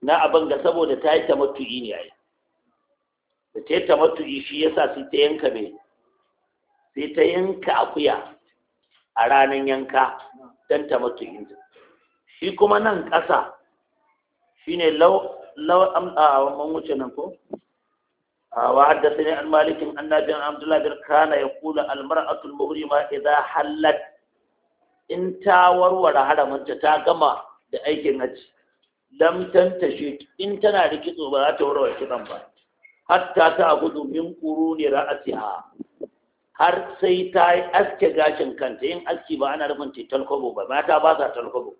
na abin ga saboda ta yi tamattu'i ne yi. da ta yi tamattu'i shi yasa sai ta yanka mai sai ta yanka akuya a ranar yanka don ta mutu inda shi kuma nan ƙasa shi ne wannan wuce nan ko wa haddasa ne an malikin annabin abdullahi bin kana ya kula almar'atul muhrima idza hallat in ta warware haramanta ta gama da aikin hajji ta shi in tana da ba za ta warware kitson ba hatta ta gudu min ne ra'asiha har sai ta yi aske gashin kanta yin aski ba ana rufin ce talkobo ba mata ba sa talkobo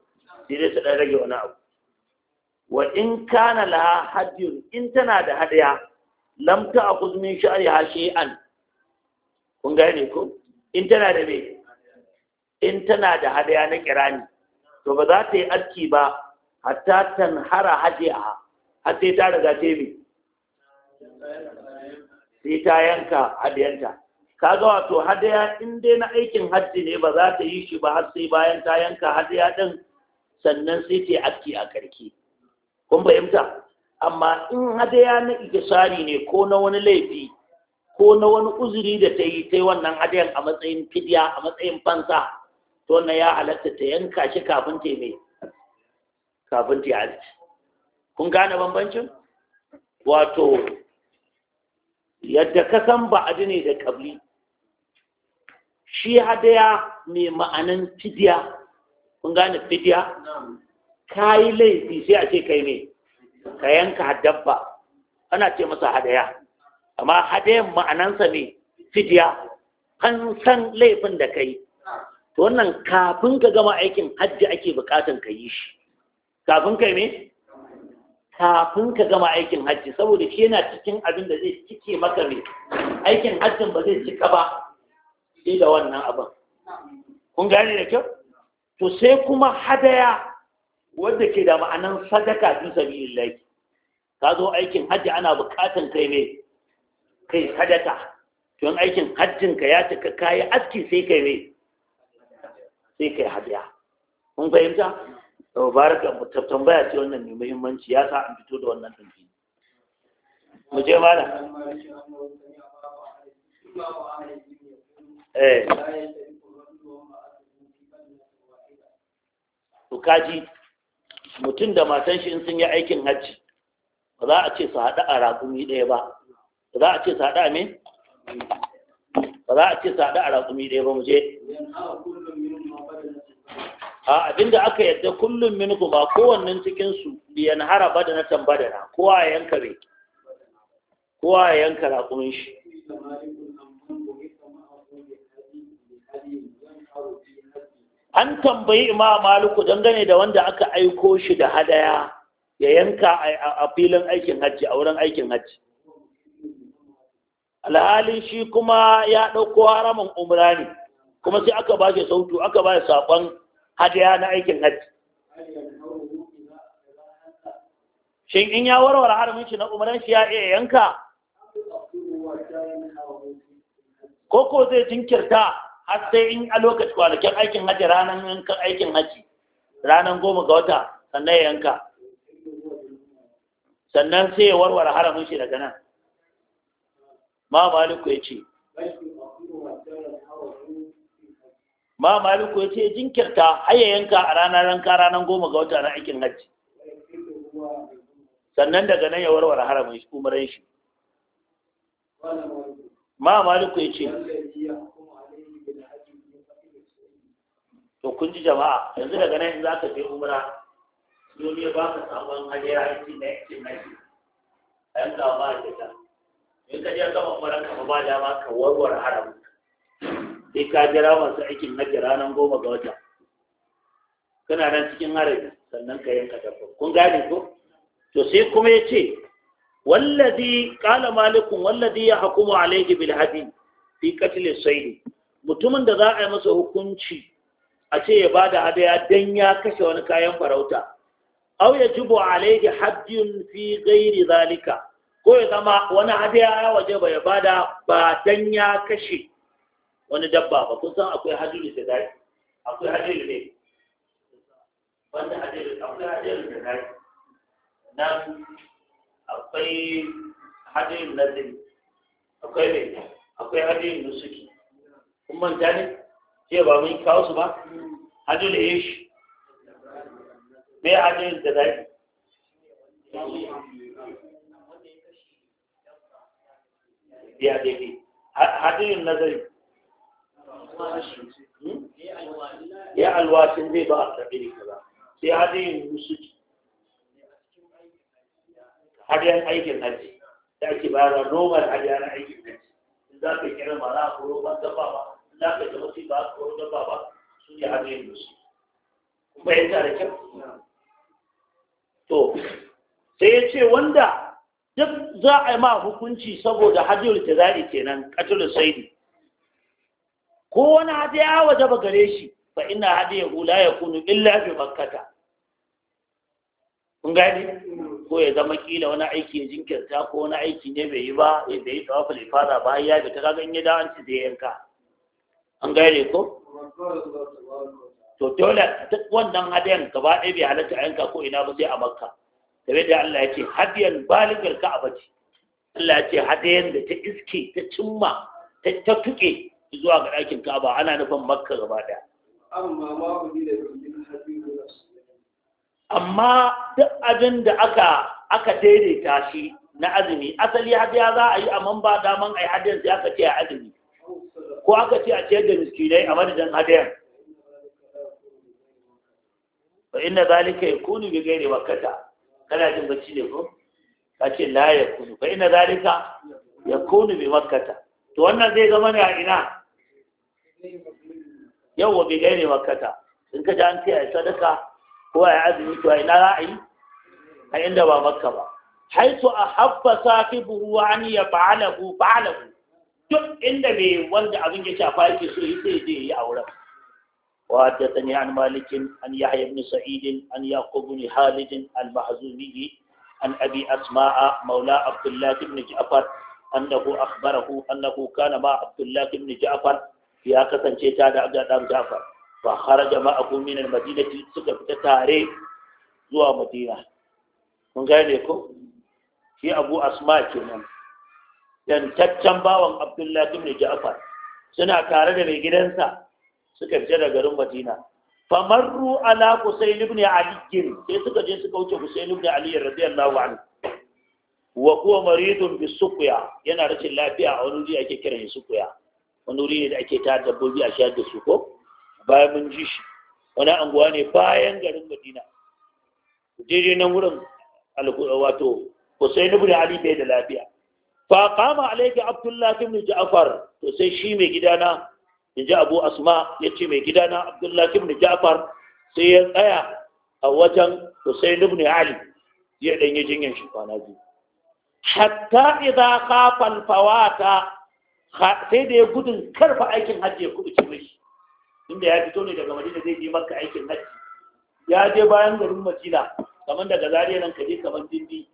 sai su ɗan rage wani abu wa in kana la hadiyun in tana da hadaya lam ta akuz min sha'riha shay'an kun gane ko in tana da me in tana da hadaya na kirani to ba za ta yi aski ba hatta tanhara hadiyaha har sai ta riga ta yi sai ta yanka hadiyanta kaga wato hadaya in dai na aikin hajji ne ba za ta yi shi ba har sai bayan ta yanka hadaya din sannan sai ta aski a karki kun fahimta amma in hadaya na ikisari ne ko na wani laifi ko na wani uzuri da ta yi ta wannan hadayan a matsayin fidya a matsayin fansa to na ya halatta ta yanka shi kafin ta mai kafin ta yi kun gane bambancin wato yadda ka san ba'adi ne da kabli shi hadaya mai ma'anin fidiya kun gane fidiya ka yi laifi sai a ce kai ne ka yanka dabba ana ce masa hadaya amma hadayan ma'anansa ne fidiya an san laifin da kai to wannan kafin ka gama aikin hajji ake bukatan ka yi shi kafin kai ne kafin ka gama aikin hajji saboda shi yana cikin abin da zai cike maka ne aikin hajjin ba zai cika ba wannan abin kun gane da kyau to sai kuma hadaya wadda ke da ma'anan sadaka fi sabilillahi ka zo aikin hajji ana bukatan kai ne kai sadaka Tun aikin hajjin ka ya cika kayi aski sai kai ne sai kai hadaya. kun fahimta to baraka tambaya ce wannan mai muhimmanci ya sa an fito da wannan dinki mu je mala eh mutum da matan shi in sun yi aikin hajji ba za a ce su haɗu a raƙumi ɗaya ba ba za a ce su haɗu a me ba za a ce su haɗu a raƙumi ɗaya ba mu je a abinda aka yadda kullum min ba kowannen cikinsu su liyan hara badana tambadana kowa ya yanka kowa ya yanka raƙumin shi an tambayi imam maliku dangane da wanda aka aiko shi da hadaya ya yanka a filin aikin hajji a wurin aikin hajji alhalin shi kuma ya ɗauko haramin umra ne kuma sai aka ba shi sautu aka ba shi saƙon hadaya na aikin hajji shin in ya warware haramin shi na umaran shi ya iya yanka koko zai jinkirta har sai in a lokaci kwanakin aikin haji ranar yankan aikin haji ranar goma ga wata sannan ya yanka sannan sai ya warware haramun shi daga nan ma maliku ya ce ma maliku ya ce jinkirta yanka a ranar ranka ranar goma ga wata na aikin hajji sannan daga nan ya warware haramun shi umarin shi ma maliku ya ce to kun ji jama'a yanzu daga nan za ka je umra duniya ba ka samun hajjira aiki na yanki na shi a yanzu ba a jika in ka je gama umra ka ba dama ka warware haramu sai ka jira masu aikin na jira nan goma ga wata kana nan cikin harami sannan ka yanka dabba kun gane ko to sai kuma ya ce wallazi qala malikun wallazi yahkumu alayhi bil hadi fi qatl sayd mutumin da za a yi masa hukunci a ce ya ba da hadaya don ya kashe wani kayan farauta au ya jibo alaihi hajjin fi gairi zalika ko ya zama wani hadaya ya waje ba ya bada ba don ya kashe wani dabba ba kun san akwai hajjulu da zai akwai da ne wanda hajjulu akwai da zai akwai hajjulu da zai akwai ne akwai suke, na suki kun manta ne ce ba mun kawo su ba ya ish me hajjul da zai ya daidai hajjul nazari hmm? ya alwashin zai ba a tafi kaza sai hajjul musuki hajjul aikin hajji da ake bayarwa normal hajjul aikin hajji za ka kira mara ko ban gaba ba lafiyar da mutum ba a ko dabba ba su ne hannu yin musu kun bayyanta da kyau to sai ya ce wanda duk za a yi ma hukunci saboda hajjiyar ta zaɗi kenan ƙatul saidi ko wani hadi ya waje ba gare shi ba ina hadi ya hula ya kunu illa bi makkata kun gani ko ya zama kila wani aiki ya jinkirta ko wani aiki ne bai yi ba ya bai yi tawaful ifada ba ya bi ta kaga in ya dawo an ci zai yanka an gane ko to dole duk wannan hadayan gaba ɗaya bai halatta a yanka ko ina ba sai a makka tabe da Allah ya ce hadiyan baligar a ce Allah ya ce hadiyan da ta iske ta cimma ta ta tuke zuwa ga ɗakin ka ba ana nufin makka gaba ɗaya amma duk abin da aka aka daidaita shi na azumi asali hadiya za a yi amma ba daman a yi hadiyan sai aka ce a azumi ko aka ce a ciyar da miskinai a madadin hadayar ba inda zalika kunu bi gairi waqta kana jin bacci ne ko ka ce la kunu ba inda zalika kunu bi makkata to wannan zai zama ne a ina yau wa bi gairi waqta in ka ji an ce a sadaka ko a azumi to a ina ra'ayi? a inda ba makka ba haitu ahabba sahibuhu an yaf'alahu fa'alahu duk inda mai wanda abin ya shafa yake so yi sai zai yi a wurin wadda ta an malikin an yi hayabin sa'idin an yi akwabin halidin al-mahazumi an abi asma'a maula abdullahi ibn ja'far annahu akhbarahu annahu kana abdullahi ibn ja'far ya kasance ta da abda dan ja'far fa kharaja ma'ahu min al-madinati suka fita tare zuwa madina kun gane ko shi abu asma'a kenan yantaccen bawan abdullahi ibn ja'far suna tare da mai gidansa suka fita da garin madina famarru ala husayn ibn ali sai suka je suka wuce husayn ibn ali radiyallahu anhu wa huwa maridun bi suqya yana rashin lafiya a wani wuri ake kiran suqya wani wuri ne da ake ta dabbobi a shayar da su ko bayan mun ji shi wani anguwa ne bayan garin madina daidai nan wurin wato husayn ibn ali bai da lafiya fa alaiki abdullahi abdullah ja'afar, ja'far to sai shi mai gidana ji abu asma yace mai gidana abdullah ibn ja'far sai ya tsaya a wajen husayn ibn ali ya dan yi jinyan shi kwana biyu hatta idza qafa al-fawata sai da ya gudun karfa aikin hajji ya kubuce mishi inda ya fito ne daga madina zai je maka aikin hajji ya je bayan garin madina kamar daga zariya nan kaje kamar dindi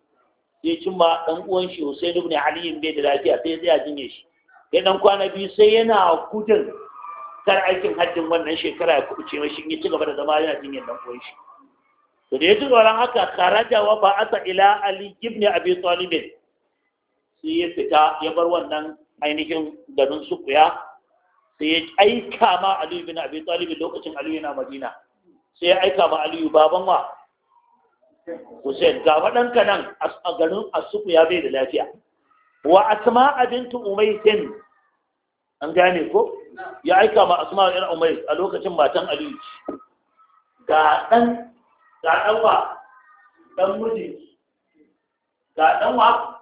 sai cimma dan uwan shi ne ibn bai da lafiya sai zai jinye shi ya ɗan kwana biyu sai yana kudin kar aikin hajjin wannan shekara ya kubuce mashi ya ci gaba da zama yana yin ɗan uwan shi to da ya ci gaba haka kharaja wa ba'atha ila Ali gibni Abi Talib sai ya fita ya bar wannan ainihin garin sukuya sai ya aika ma Ali ibn Abi Talib lokacin Aliyu yana Madina sai ya aika ma Aliyu baban wa Hussein ga waɗanka nan a garin Asuku ya bai da lafiya. Wa Asma bintu Umaysin an gane ko ya aika ma Asma ɗan Umai a lokacin matan Aliyu. Ga ɗan ga ɗan wa ɗan miji ga ɗan wa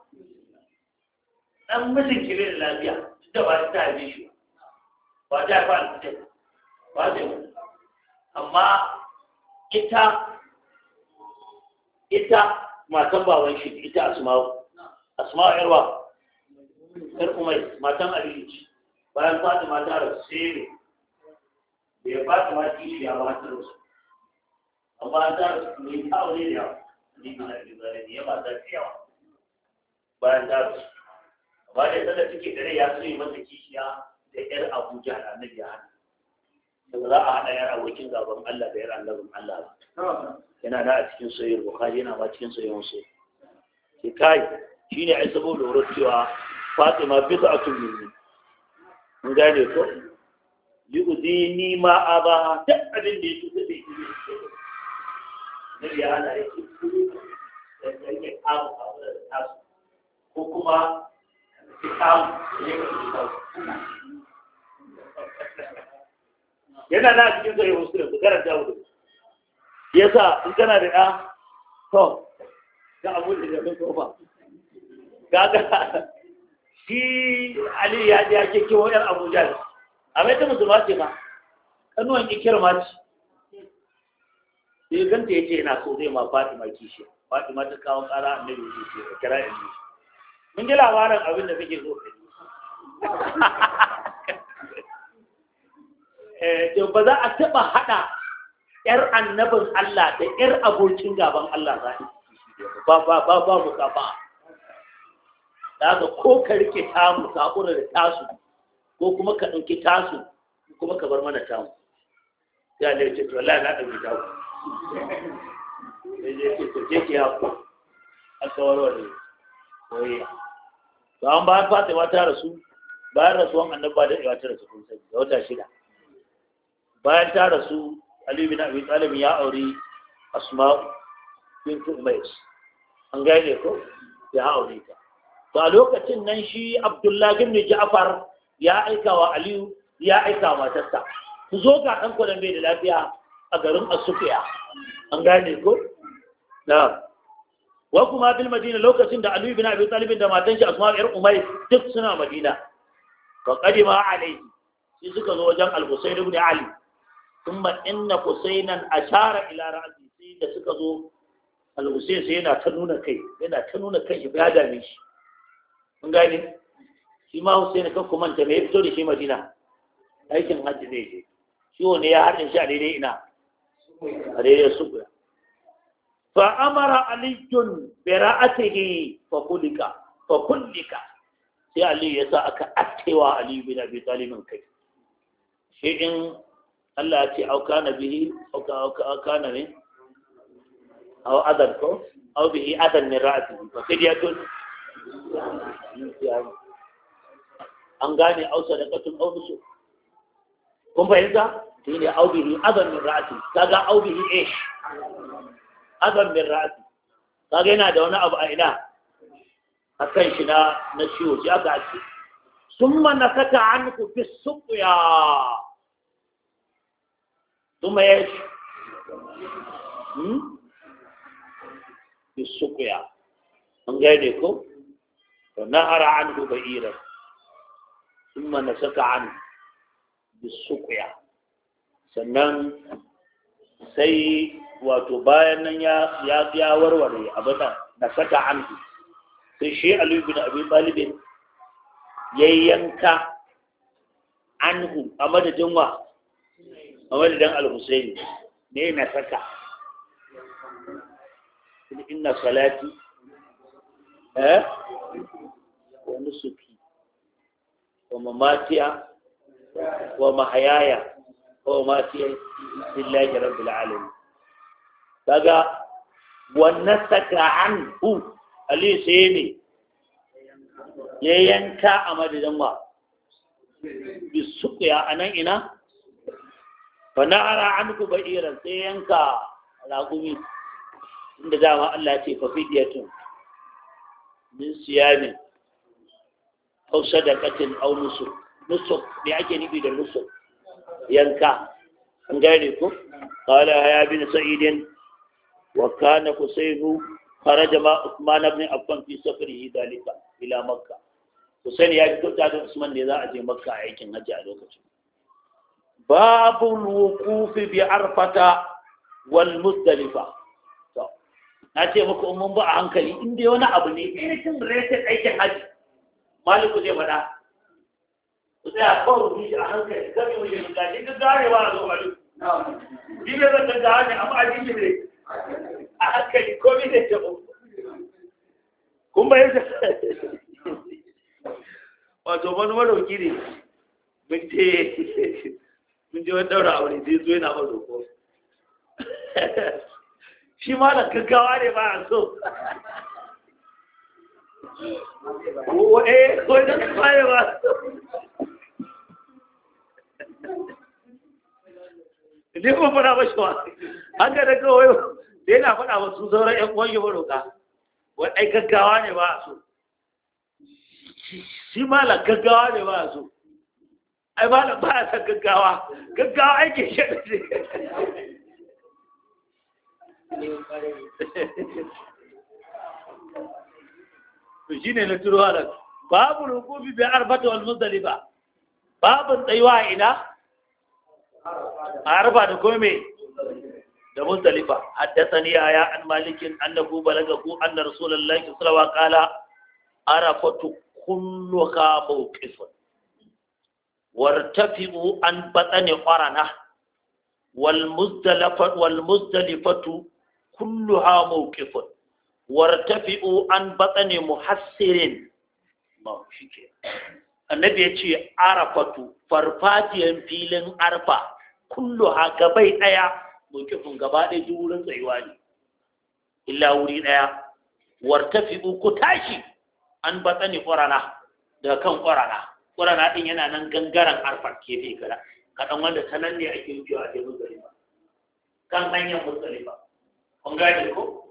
ɗan mijin ki bai da lafiya duk da ba ta haife shi ba ta haifa al-Hussein ba ta yi amma ita ita matan baban shi ita asma'u asma'u yarwa yar umai matan aliyu ce bayan fatima mata rasu sai ne da ya fatima shi ya ba ta rasu amma an ta rasu ne ta aure da yawa ni na da zare ne ya ba ta yawa bayan ta rasu amma da sada take dare ya so yi masa kishiya da yar abuja da annabi ya hana da za a hada yar abokin gaban Allah da yar annabin Allah ba yana da a cikin sahih bukhari yana ma cikin sahih wasu. ke kai shine ai saboda horar cewa fatima bisa a bid'atun minni mun gane ko ni ma a aba duk abin da yake Na biya nabi yi hana yake da yake kawo kawo da tasu ko kuma kawo yake da yana na cikin sahih muslim karanta wurin yasa in kana da ya to ga abu da zafin ga ga shi ali ya ji ake kiwo yan abuja a mai ta musulma ce ma kanuwan ikir ma ce sai ganta ya ce yana so zai ma fatima kishiya fatima ta kawo kara annabi ne ce a kira in mun ji labarin abin da kake so ka ji eh, ba za a taɓa haɗa ‘yar annabin Allah da ‘yar abokin gaban Allah za ba ba ba ba mu ba da ga ko ka rike tamu ka kura da tasu ko kuma ka ɗauki tasu kuma ka bar mana tamu ya ne ce to Allah na ɗauki tamu sai ce to ke ki haku an kawarwa ne koyi to an ba fatima rasu bayan rasuwan annabi ba da ta rasu kun sani da wata shida bayan ta rasu Ali bin Abi Talib ya auri Asma'u bint Umays an gane ko ya aure ta to a lokacin nan shi Abdullahi ibn Ja'far ya aika wa Aliyu ya aika wa matarsa ku zo ga ɗan kudan bai da lafiya a garin Asufiya an gane ko na wa kuma bil Madina lokacin da Aliyu bin Abi Talib da matan shi Asma'u yar Umay duk suna Madina Ka kadima alayhi sai suka zo wajen Al-Husayn ibn Ali ثم إن حسينا أشار إلى ta سيدة سكزو الحسين سينا تنون كي سينا تنون كي بهذا ميش من قال شما حسين كم كمان تمي بتوري شما دينا aikin hajji zai je shi wani ya hada shi a daidai ina a daidai sukuya fa amara aliyun bi ra'atihi fa kulika fa kulika sai ali ya aka attewa ali bin abi talib kai shi in Allah ya ce auka na bihi auka na ne au adar ko au bihi adar ne ra'asi ba sai ya tuni? an gane au sadaqatun au nusu kun fahimta shi ne au bihi adar min Ta ga au bihi ish adar min ra'asi ga yana da wani abu a ina a kan shi na na ciwo shi aka ce summa nakata anku fi suqya ثم ايش بالسقيا من غيركم فنهر عنه بئيرا ثم نسك عنه بالسقيا sannan sai wato bayan nan ya ya warware abin da a anhu sai shi Ali bin Abi Talib ya yanka anhu a madadin wa Muhammadu dan al-Husaini ne na saka inna salati eh wa nusuki wa mamatiya wa mahayaya wa mamatiya lillahi rabbil alamin kaga wannan saka an hu ali sai ne ya yanka a madadin wa ya anan ina fa na'ara anku ba'iran sai yanka raƙumi inda dama Allah ce fa fidiyatun min siyamin aw sadaqatin aw nusuk nusuk me ake nibi da nusuk yanka an gane ku qala ya bin sa'idin wa kana kusayhu kharaja ma usman ibn Affan fi safarihi dalika ila Makka Hussein ya fito da Usman ne za a je Makka a aikin Hajji a lokacin babu wukufi bi arfata wal muzdalifa na ce muku in mun ba a hankali in dai wani abu ne irin rated aikin haji maliku zai faɗa ku tsaya a kawo shi a hankali gami mu shi ga shi duk ba a zo malu bi bai zan gaggawa ne amma a jiki ne a hankali komai zai taɓo kun bayan da wato wani marauki ne mun ce mun je wani daura aure zai zo yana mai roƙo shi gaggawa ne ba a so eh ko da ba ko fara ba shi wa an ga daga wayo da yana faɗa wa su sauran ƴan uwan yabo roƙa wai ai gaggawa ne ba a so shi gaggawa ne ba a so ai ba da ba ta gaggawa gaggawa aikin da shi to shi ne na turo da babu rukufi bai arbata wal ba babu tsayuwa ina a arfa da kome da muzdalifa haddathani aya an malikin annahu balagahu anna rasulullahi sallallahu kala wasallam qala arafatu kulluha mawqifun wartafi'u an batsane ƙwarana walmuzdalifatu kullu ha mawqifun wartafi'u an batsane muhassirin ba shi ke annabi ya ce arafatu farfajiyan filin arfa kullu ha gabai daya mawqifun gaba ɗaya duk wurin tsayuwa ne illa wuri ɗaya wartafi'u ku tashi an batsane ƙwarana daga kan ƙwarana ƙurana ɗin yana nan gangaren arfar kefe gara kaɗan wanda ta nan ne ake wucewa a jirgin ba kan hanyar musulifa kun gane ko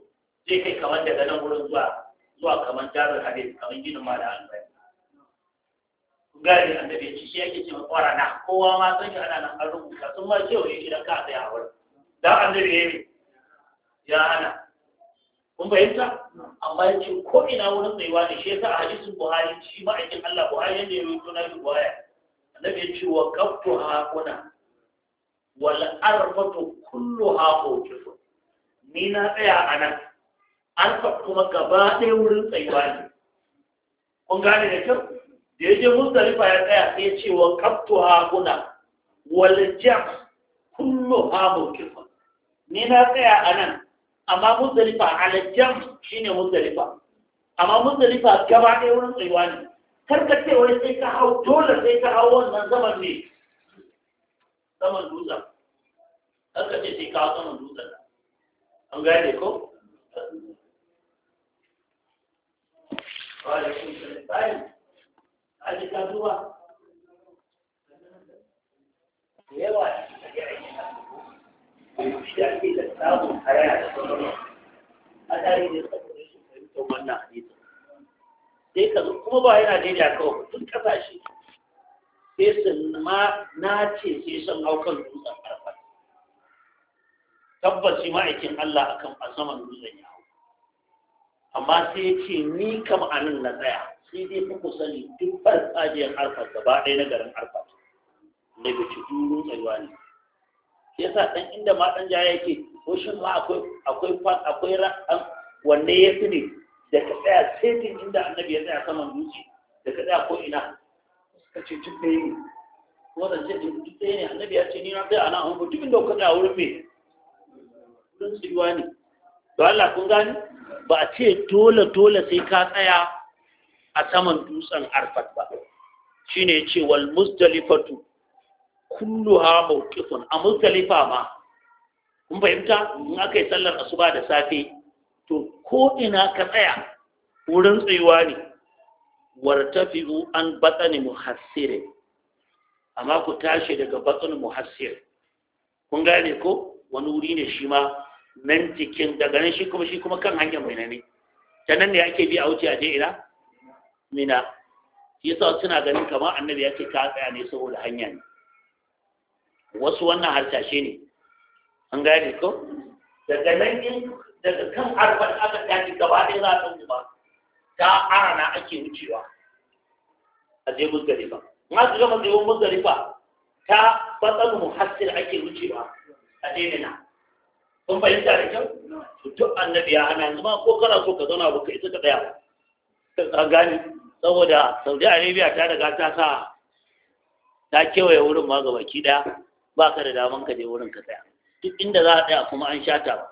zai kai kamar daga nan wurin zuwa zuwa kamar jarar hadis kamar ginin ma da albayi kun gane annabi ya ci shi yake ce na? kowa ma san shi ana nan an rubuta sun ma ce wa shi da ka tsaye a wurin dan annabi ya yi ya ana kun fahimta amma ya ce ko ina wurin tsayuwa ne shi ta a hadisin buhari shi ma'aikin allah buhari yadda ya rubuto na buhari annabi ya ce wa kaftu hakuna wal arfatu kullu ha haqiqatu ni na tsaya a nan arfa kuma gaba ɗaya wurin tsayuwa ne kun gane da kyau da ya je muzdalifa ya tsaya sai ya ce wa kaftu hakuna wal jam kullu ha haqiqatu ni na tsaya a nan amma muzdalifa alajjam shine muzdalifa amma muzdalifa gaba ɗaya wurin tsayuwa ne karka ce wai sai ka hau dole sai ka hau wannan zaman ne zaman dutsen karka ce sai ka hau zaman dutsen an gane ko Yawa, da ake da samun haraya da sauran a tare da saboda shi fahimtar wannan hadisi sai ka zo kuma ba yana daidai kawai duk kasashe sai su ma na ce sai sun hau kan dutsen arfat tabbaci ma'aikin Allah akan a saman dutsen ya hau amma sai ya ce ni kam anan na tsaya sai dai kuku sani duk farfajiyar arfat gaba ɗaya na garin arfat daga cikin dutsen ne shi yasa dan inda ma dan jaya yake ko shin ma akwai akwai fat akwai ra'an wanne ya fi ne da ka tsaya setin inda annabi ya tsaya saman dutse da ka tsaya ko ina ka ce duk ɗaya ne kuma ce duk ɗaya ne annabi ya ce ni na tsaya a nan duk da ka tsaya wurin me wurin tsiriwa ne to Allah kun gani ba a ce dole dole sai ka tsaya a saman dutsen arfat ba shine ya ce wal musdalifatu kulluha mawqifun a muzdalifa ma kun fahimta in aka yi sallar asuba da safe to ko ina ka tsaya wurin tsayuwa ne wartafi'u an batsani muhassire amma ku tashi daga batsin muhassir kun gane ko wani wuri ne shi ma nan cikin daga nan shi kuma shi kuma kan hanyar mai nane. ta nan ne ake bi a wuce a je ina mina yasa suna ganin kamar annabi ya ce ka tsaya ne saboda hanya ne wasu wannan harsashe ne an gane ko daga nan in daga kan da aka tashi gaba ɗaya za a san ba ta arana ake wucewa a je musgarifa in aka gama tsayuwar ba, ta batsalu muhassir ake wucewa a daidana kun fahimta da kyau duk annabi ya hana yanzu ma ko kana so ka zauna baka isa ka tsaya ka gani saboda saudi arabia ta daga ta sa ta kewaye wurin ma ga baki daya ba ka da daman ka je wurin ka tsaya duk inda za a tsaya kuma an shata ba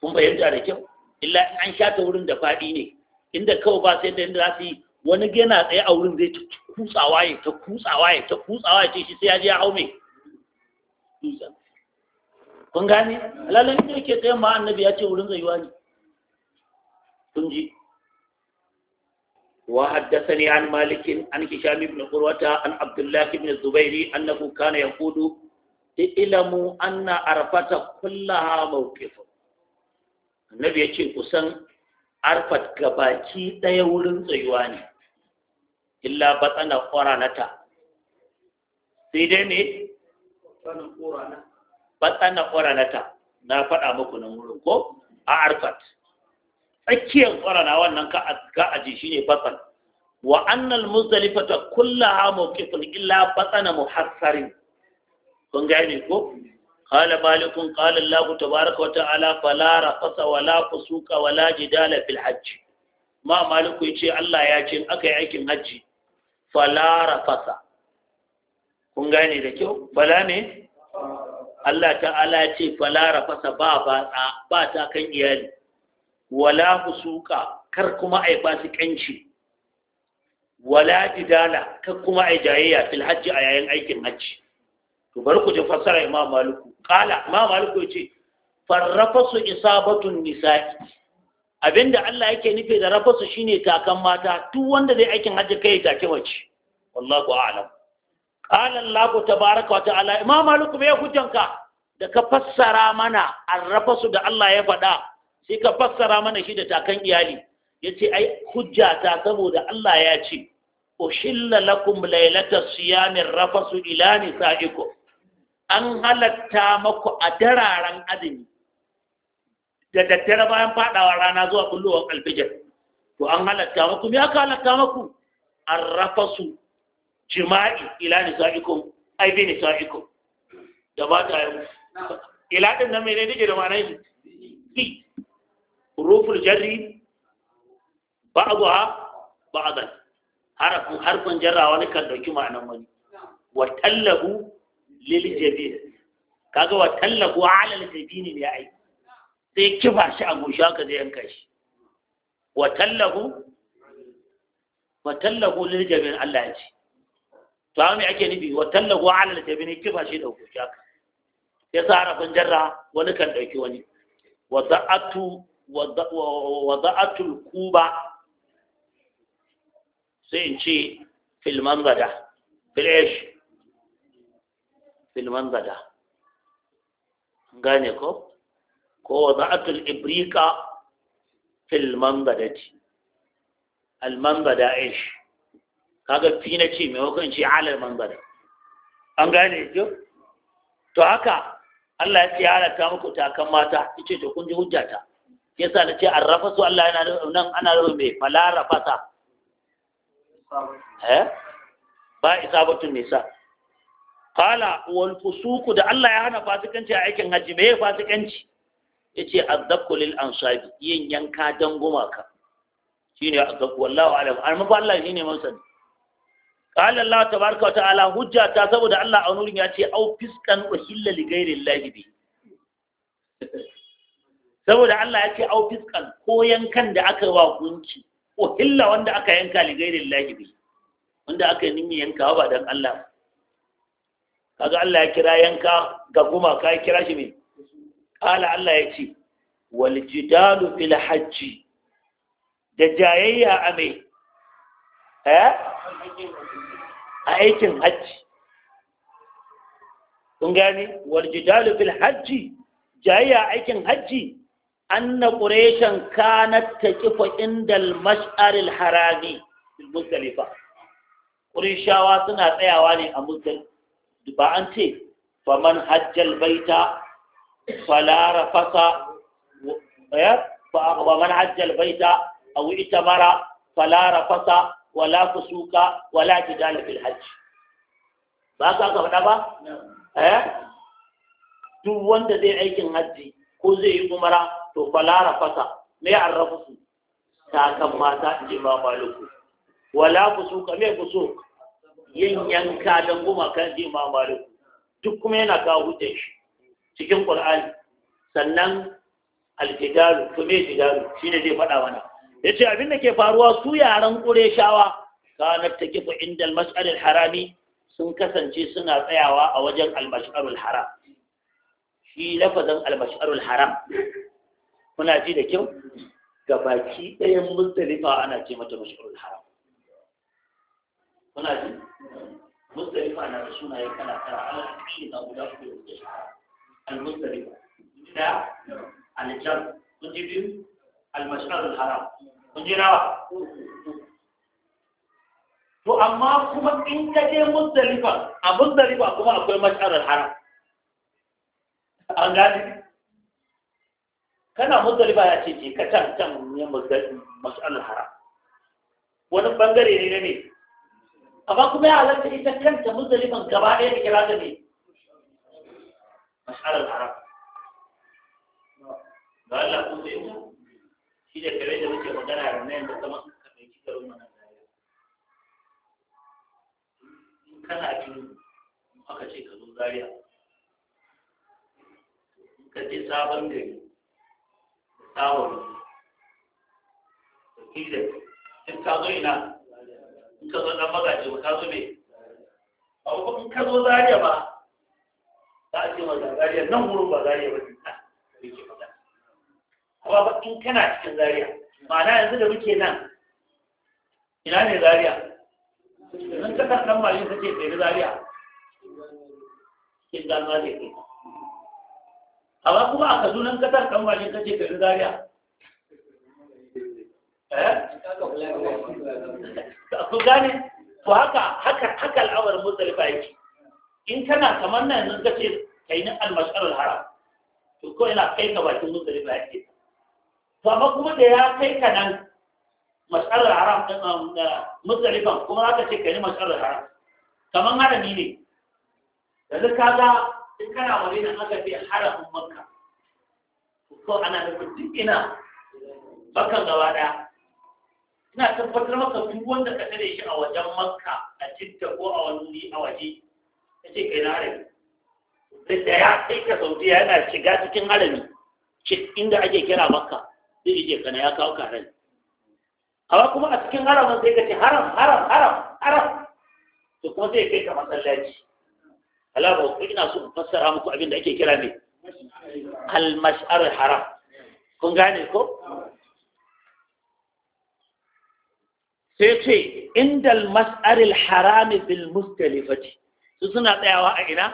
kun fahimta da kyau illa an shata wurin da faɗi ne inda kawai ba sai da inda za su yi wani gena tsaye a wurin zai ta kutsawa ya ta kutsawa ya ta kutsawa ya ce shi sai ya je ya hau mai kun gane lalle inda yake tsaye ma annabi ya ce wurin yiwa ne kun ji وحدثني عن مالك عن هشام بن قروة عن عبد الله بن الزبير أنه كان يقول ilamu anna arfata kullaha Na annabi yace kusan arfat gabaki daya wurin tsayuwa ne illa batsana qoranata sai dai ne batsana qoranata na faɗa muku nan wurin ko a arfat tsakiyar qorana wannan ka ga aji shine batsan wa annal muzdalifata kullaha mawqifun illa batsana muhassarin kun gane ko qala malikun qala allah tabaaraka wa ta'ala fala rafasa wala fusuka wala jidala fil hajj ma maliku yace allah ya ce aka yi aikin hajji fala rafasa kun gane da kyau fala ne Allah ta'ala ce fala rafasa ba batsa ba ta kan iyali wala fusuka kar kuma ai fasikanci wala jidala kar kuma ai jayayya fil hajji a yayin aikin hajji to bari ku je fassara imam maliku kala imam maliku yace farrafasu isabatun nisa'i abinda Allah yake nufi da rafasu shine takan mata duk wanda zai aikin hajji kai take mace wallahu a'lam qala Allah tabaaraka wa ta'ala imam maliku bai hujjanka da ka fassara mana arrafasu da Allah ya faɗa sai ka fassara mana shi da takan iyali yace ai hujjata saboda Allah ya ce ushilla lakum laylata siyamir rafasu ila nisaikum an halatta maku a dararen azumi da daddare bayan fadawa rana zuwa kullowar alfijir to an halatta maku me aka halatta maku an rafa su jima'i ila nisa'ikum ai bi nisa'ikum da ba ta yi ila din nan mene nake da ma'anar shi ruful jarri ba'dha ba'dan harafin harfin jarra wani kan dauki ma'anan wani wa tallahu liljabin kaga wa tallafu ala ne ya aiki sai kifa shi a goshi haka zai yanka shi wa tallafu wa tallafu liljabin Allah ya ce to amma ake nufi wa tallafu ala liljabin kifa shi da goshi haka ya sa harafin jarra wani kan dauki wani wa za'atu wa za'atul kuba sai in ce fil manzada fil ish filman zada gane ko ko wa za'atul ibrika filman zadati alman zada ish kaga fi na ce maimakon ce alal man zada an gane ko to haka Allah ya ce ya halatta muku takan mata yace to kun ji hujjata sa na ce an rafa su Allah yana nan ana rufe mai fala rafa eh? sa. ba batun nisa qala wal fusuku da Allah ya hana fasikanci a aikin haji me fasikanci yace azzaku lil ansabi yin yanka dan gumaka shine azzaku wallahu alam amma fa Allah shine man sani qala Allah tabaraka wa ta'ala hujja ta saboda Allah a nurin ya ce au fiskan wa hilla li ghairi llahi bi saboda Allah yace au fiskan ko yankan da aka wa gunki ko hilla wanda aka yanka li ghairi llahi bi wanda aka yi nimi yanka ba dan Allah kaga Allah ya kira yanka ga ka yi kira shi ne Ƙala Allah ya ce Waljidalu jidalu hajji da jayayya a mai eh? a aikin hajji kun gani Waljidalu jidalu fil hajji jayayya aikin hajji anna quraishan kanat taqifa indal mash'aril harami bil muzdalifa qurayshawa suna tsayawa ne a muzdalifa ba an ce fa eh, man hajjal baita fa fasa man hajjal baita a itamara fala rafasa fasa wala fusuka wala jidal bil hajj ba ka ka faɗa ba eh duk wanda zai aikin hajji ko zai yi umara to fala fasa me ya arrafu su ta kan mata in ji ma maluku wala fusuka me fusuka yin yanka don kan ji mamari duk kuma yana kawo hujjar shi cikin qur'ani sannan aljidalu to me shi ne zai faɗa mana yace abin da ke faruwa su yaran qurayshawa Ka taqifu ta al inda al-harami sun kasance suna tsayawa a wajen al haram shi lafazin al haram kuna ji da kyau ga baki ɗayan mutalifa ana ce mata mash'ar haram kuna ji mustarifa na da sunaye kala kala al'aqida na guda uku da shahara al-mustarifa da al-jam kun ji biyu al-mashhad al-haram kun ji nawa to amma kuma in ka je mustarifa a mustarifa kuma akwai mashhad al-haram an gani kana mustarifa ya ce ke ka can can ne mashhad al-haram wani bangare ne ne amma kuma ya halatta ita kanta muzdaliman gaba ɗaya da kira da ne masharar arab ga Allah ko sai mu shi da kare da muke magana da nan da kuma ka mai ci garin mana in kana jin aka ce ka zo Zariya, in ka je sabon gari da sabon da kidda in ka zo ina ka zo dan magaji ba ka zo me abu ko in ka zo zariya ba za a ce ma zariya nan wurin ba zariya ba ne ke faɗa kuma ba in kana cikin zariya ma'ana yanzu da muke nan ina ne zariya nan ka kan dan malin kake tsaye zariya kin zama ne amma kuma a kazunan kasar kan malin kake tsaye zariya Eh? ku gane to haka haka haka al'awar yake in kana kamar yanzu to ko kai ka bakin yake to amma kuma da ya kai ka nan mash'arul haram din um, muzdalifa kuma haka ce ka yi mash'arul haram kamar harami ne yanzu kaga in kana wani nan aka fi haramin ko ana da duk ina bakan gaba ɗaya? na tabbatar maka duk wanda ka tare shi a wajen makka a jidda ko a wani wuri a waje ya ce kai na harami da ya kai ka saudiya yana shiga cikin harami inda ake kira makka zai ije kana ya kawo karen amma kuma a cikin haramin sai ka ce haram haram haram haram to kuma sai kai ka masallaci alaba ko ina so in fassara muku abin da ake kira ne al-mash'ar haram kun gane ko sai ce inda mas'aril harami bil mustalifati su suna tsayawa a ina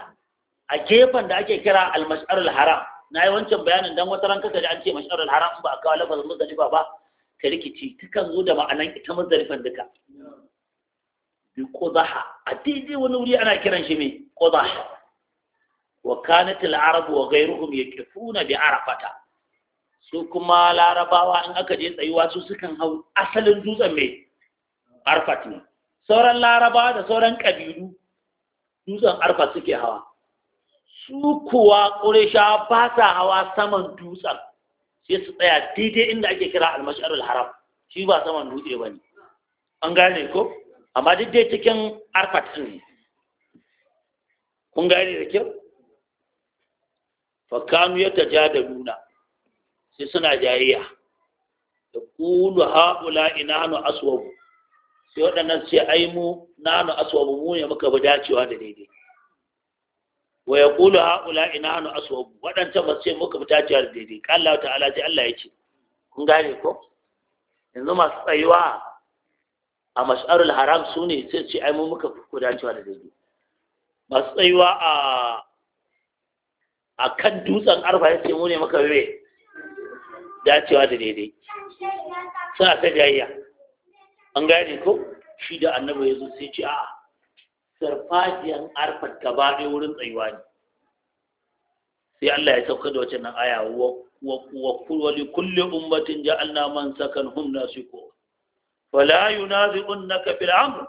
a gefen da ake kira al mas'aril haram na yi wancan bayanin dan wata ran kaka da an ce mas'aril haram ba a kawo lafazin muzdalifa ba ka rikici kan zo da ma'anan ita muzdalifan duka bi qudaha a daidai wani wuri ana kiran shi me qudaha wa kanat al arab wa ghayruhum yaqifuna bi arafata su kuma larabawa in aka je tsayuwa su sukan hau asalin dutsen mai arfat ne sauran Laraba da sauran ƙabilu dutsen arfat suke hawa su kuwa ƙurisha ba sa hawa saman dutsen sai su tsaya daidai inda ake kira almasharul haram shi ba saman dutse ba ne an gane ko amma daidai cikin arfat ne kun gane da kyau fakanu ya taja da nuna sai suna jariya. da ƙulu ha'ula ina hannu aswabu sai waɗannan sai ai mu nanu aswabu mu ne muka bi dacewa da daidai wa yaqulu haula inanu aswabu waɗanta ba sai muka bi dacewa da daidai Ka Allah ta'ala sai Allah yake kun gane ko yanzu masu tsayuwa a mas'arul haram su ne sai ce ai mu muka fi dacewa da daidai masu tsayuwa a a kan dutsen arfa ya ce mu ne muka bi dacewa da daidai suna ta jayayya an gane ko shi da annabi ya zo sai ce a sarfajiyan arfat gaba ɗaya wurin tsayuwa ne sai Allah ya sauka da wacce nan aya wa li kulli ummatin ja'alna man sakan hum nasiku fala yunazi'unka fil amr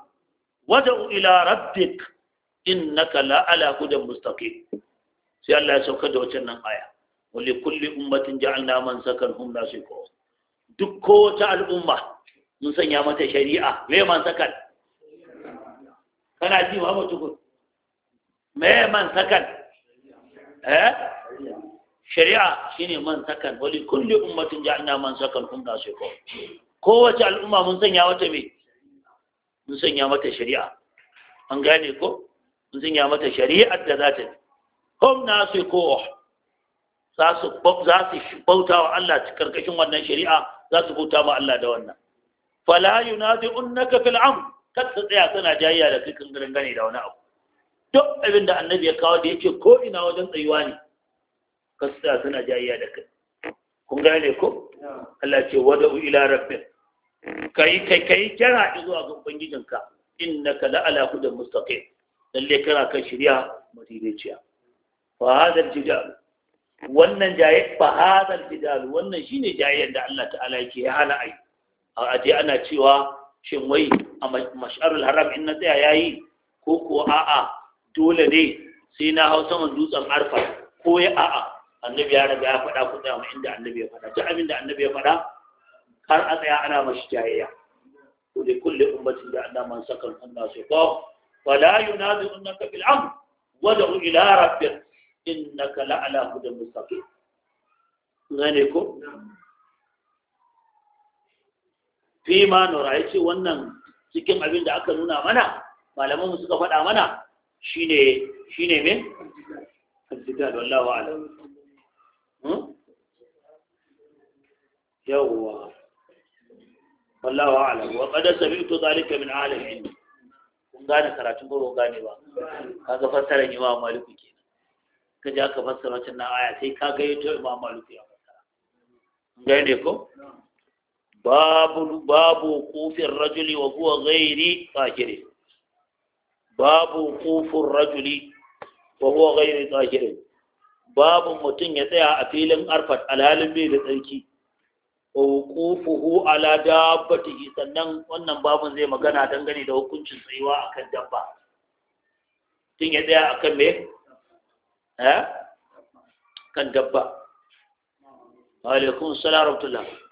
wad'u ila rabbik innaka la ala hudan mustaqim sai Allah ya sauka da wacce nan aya wa li kulli ummatin ja'alna man sakan hum nasiku duk kowace al'umma sun sanya mata shari'a me man sakan kana ji wa mutukun me man sakan eh shari'a shine man sakan wali kulli ummatin ja'alna man sakan hum ko kowace al'umma mun sanya wata me mun sanya mata shari'a an gane ko mun sanya mata shari'a da za ta bi hum nasiqu za su bauta wa Allah karkashin wannan shari'a za su bauta wa Allah da wannan fala yunadi'unnaka fil amr kar su tsaya suna jayya da kai kan gane da wani abu duk abin da annabi ya kawo da yake ko ina wajen tsayuwa ne kar su tsaya suna jayya da kai kun gane ko Allah ce u ila rabbin kai kai kai kira zuwa ga ubangijinka innaka la ala hudan mustaqim lalle kana kan shirya madinaciya fa hadal jidal wannan jaye fa hadal jidal wannan shine jayen da Allah ta'ala yake ya hana ai a je ana cewa shin wai a mash'arul haram in na tsaya yayi ko ko a'a dole ne sai na hau saman dutsen arfa ko ya a'a annabi ya riga ya faɗa ku tsaya inda annabi ya faɗa duk abin da annabi ya faɗa har a tsaya ana mashi jayayya ko dai kulle ummatin da Allah man saka kunna su ko wala yunazunaka bil amr wad'u ila rabbik innaka la'ala hudan mustaqim ngane ko fi ma nura ya ce wannan cikin abin da aka nuna mana malaman mu suka faɗa mana shine shine me al-jidal wallahu a'lam hmm? yawwa wallahu a'lam wa qad sami'tu zalika min ahli al kun gane karatun baro gane ba ga fassara ni ma ke kenan kaje aka fassara na aya sai kaga yato imam maluku ya fassara gane ko babu kufin rajuli wa huwa ghairi tsakirin babu kufin rajuli wa huwa ghairi tsakirin babu mutum ya tsaya a filin arfat alhalin bai da tsarki wa wuqufuhu ala dabbatihi sannan wannan babun zai magana dangane da hukuncin tsayuwa akan dabba mutum ya tsaya akan me kan dabba wa alaikum salam wa rahmatullah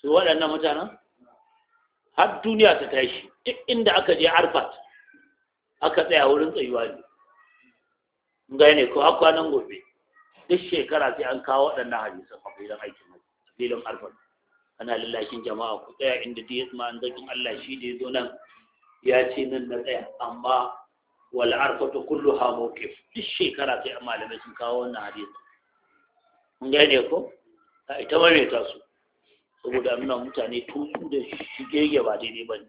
su waɗannan mutanen har duniya ta tashi duk inda aka je arfat aka tsaya wurin tsayuwa ne gane ko akwa nan gobe duk shekara sai an kawo waɗannan hadisan a filin aikin a filin arfat ana lallakin jama'a ku tsaya inda dsm an zakin Allah shi da ya zo nan ya ce nan na tsaya amma wal arfatu kulluha mawqif duk shekara sai malamai sun kawo wannan hadisi mun gane ko ta ita mai ta su saboda nuna mutane tutu da shigege ba daidai ba ne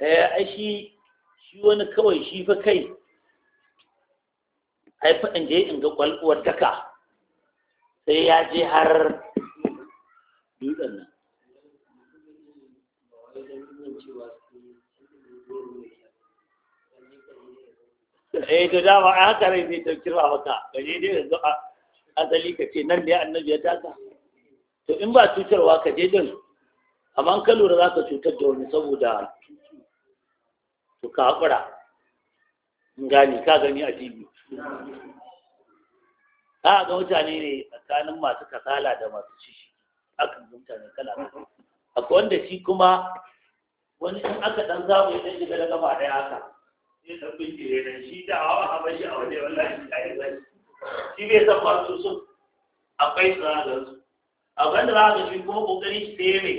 eh ai shi shi wani kawai shi fa kai ai fa in je in ga kwalkuwar daka sai ya je har dutsen nan eh to dama a haka rai zai ta kirwa maka ka je dai yanzu a asali ka ce nan da ya annabi ya taka to in ba cutarwa ka je din amma ka lura za ka cutar da wani saboda to ka haƙura gani ka gani a tv ka ga mutane ne tsakanin masu kasala da masu shishi, cishi akan mutane kala akwai wanda shi kuma wani in aka dan zamu ya dan shiga da kafa ɗaya haka sai dan bincike da shi da hawa a bashi a waje wallahi shi kai zai shi bai san ba su su akwai tsara su a da za ka shi kuma kokari shi sai mai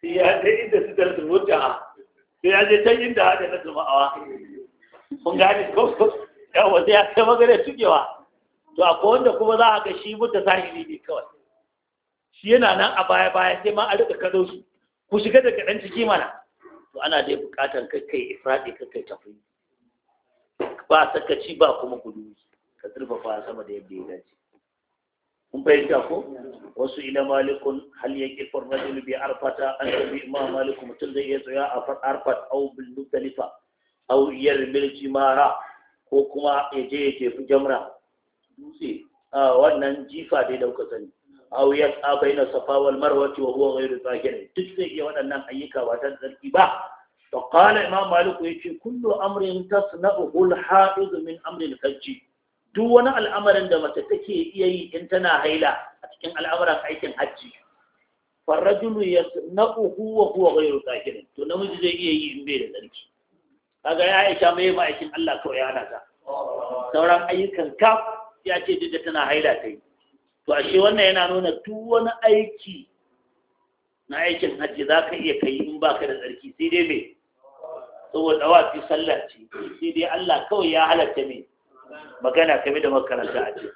sai ya je inda su da zumunta sai ya je can inda haɗa na juma'awa kun gane ko yawa sai ya kai magana tukewa to akwai wanda kuma za a ga shi mutu sahili ne kawai shi yana nan a baya baya sai ma a rika kado su ku shiga daga ɗan ciki mana to ana dai buƙatar kakkai ifraɗi kakkai tafi ba sakaci ba kuma gudu ka zurfafa sama da yadda ya dace kun fahimta ko wasu ila malikun hal yake farmaji bi arfata an tabi ma malik mutum zai iya tsaya a far arfat au bil mutalifa au milci jimara ko kuma ya je ya tefi jamra dutse a ah, wannan jifa dai da kuka sani aw yas'a baina safa wal marwa wa huwa ghayru zahir duk zai iya waɗannan ayyuka ba ta zarki ba fa qala imam malik yace kullu amrin tasna'uhu al ha'id min amri al hajj duk wani al'amarin da mace take iya yi in tana haila a cikin al'amuran aikin hajji farrajulu yasna'uhu wa huwa ghayru zahir to namiji zai iya yi in bai da zarki kaga ya aisha mai ma'aikin Allah kawai ya hana sauran ayyukan ka ya ce duk da tana haila ta yi to ashe wannan yana nuna duk wani aiki na aikin hajji za ka iya kai in ba ka da tsarki sai dai me saboda wafi sallar ce sai dai Allah kawai ya halatta me magana kame da makaranta a ce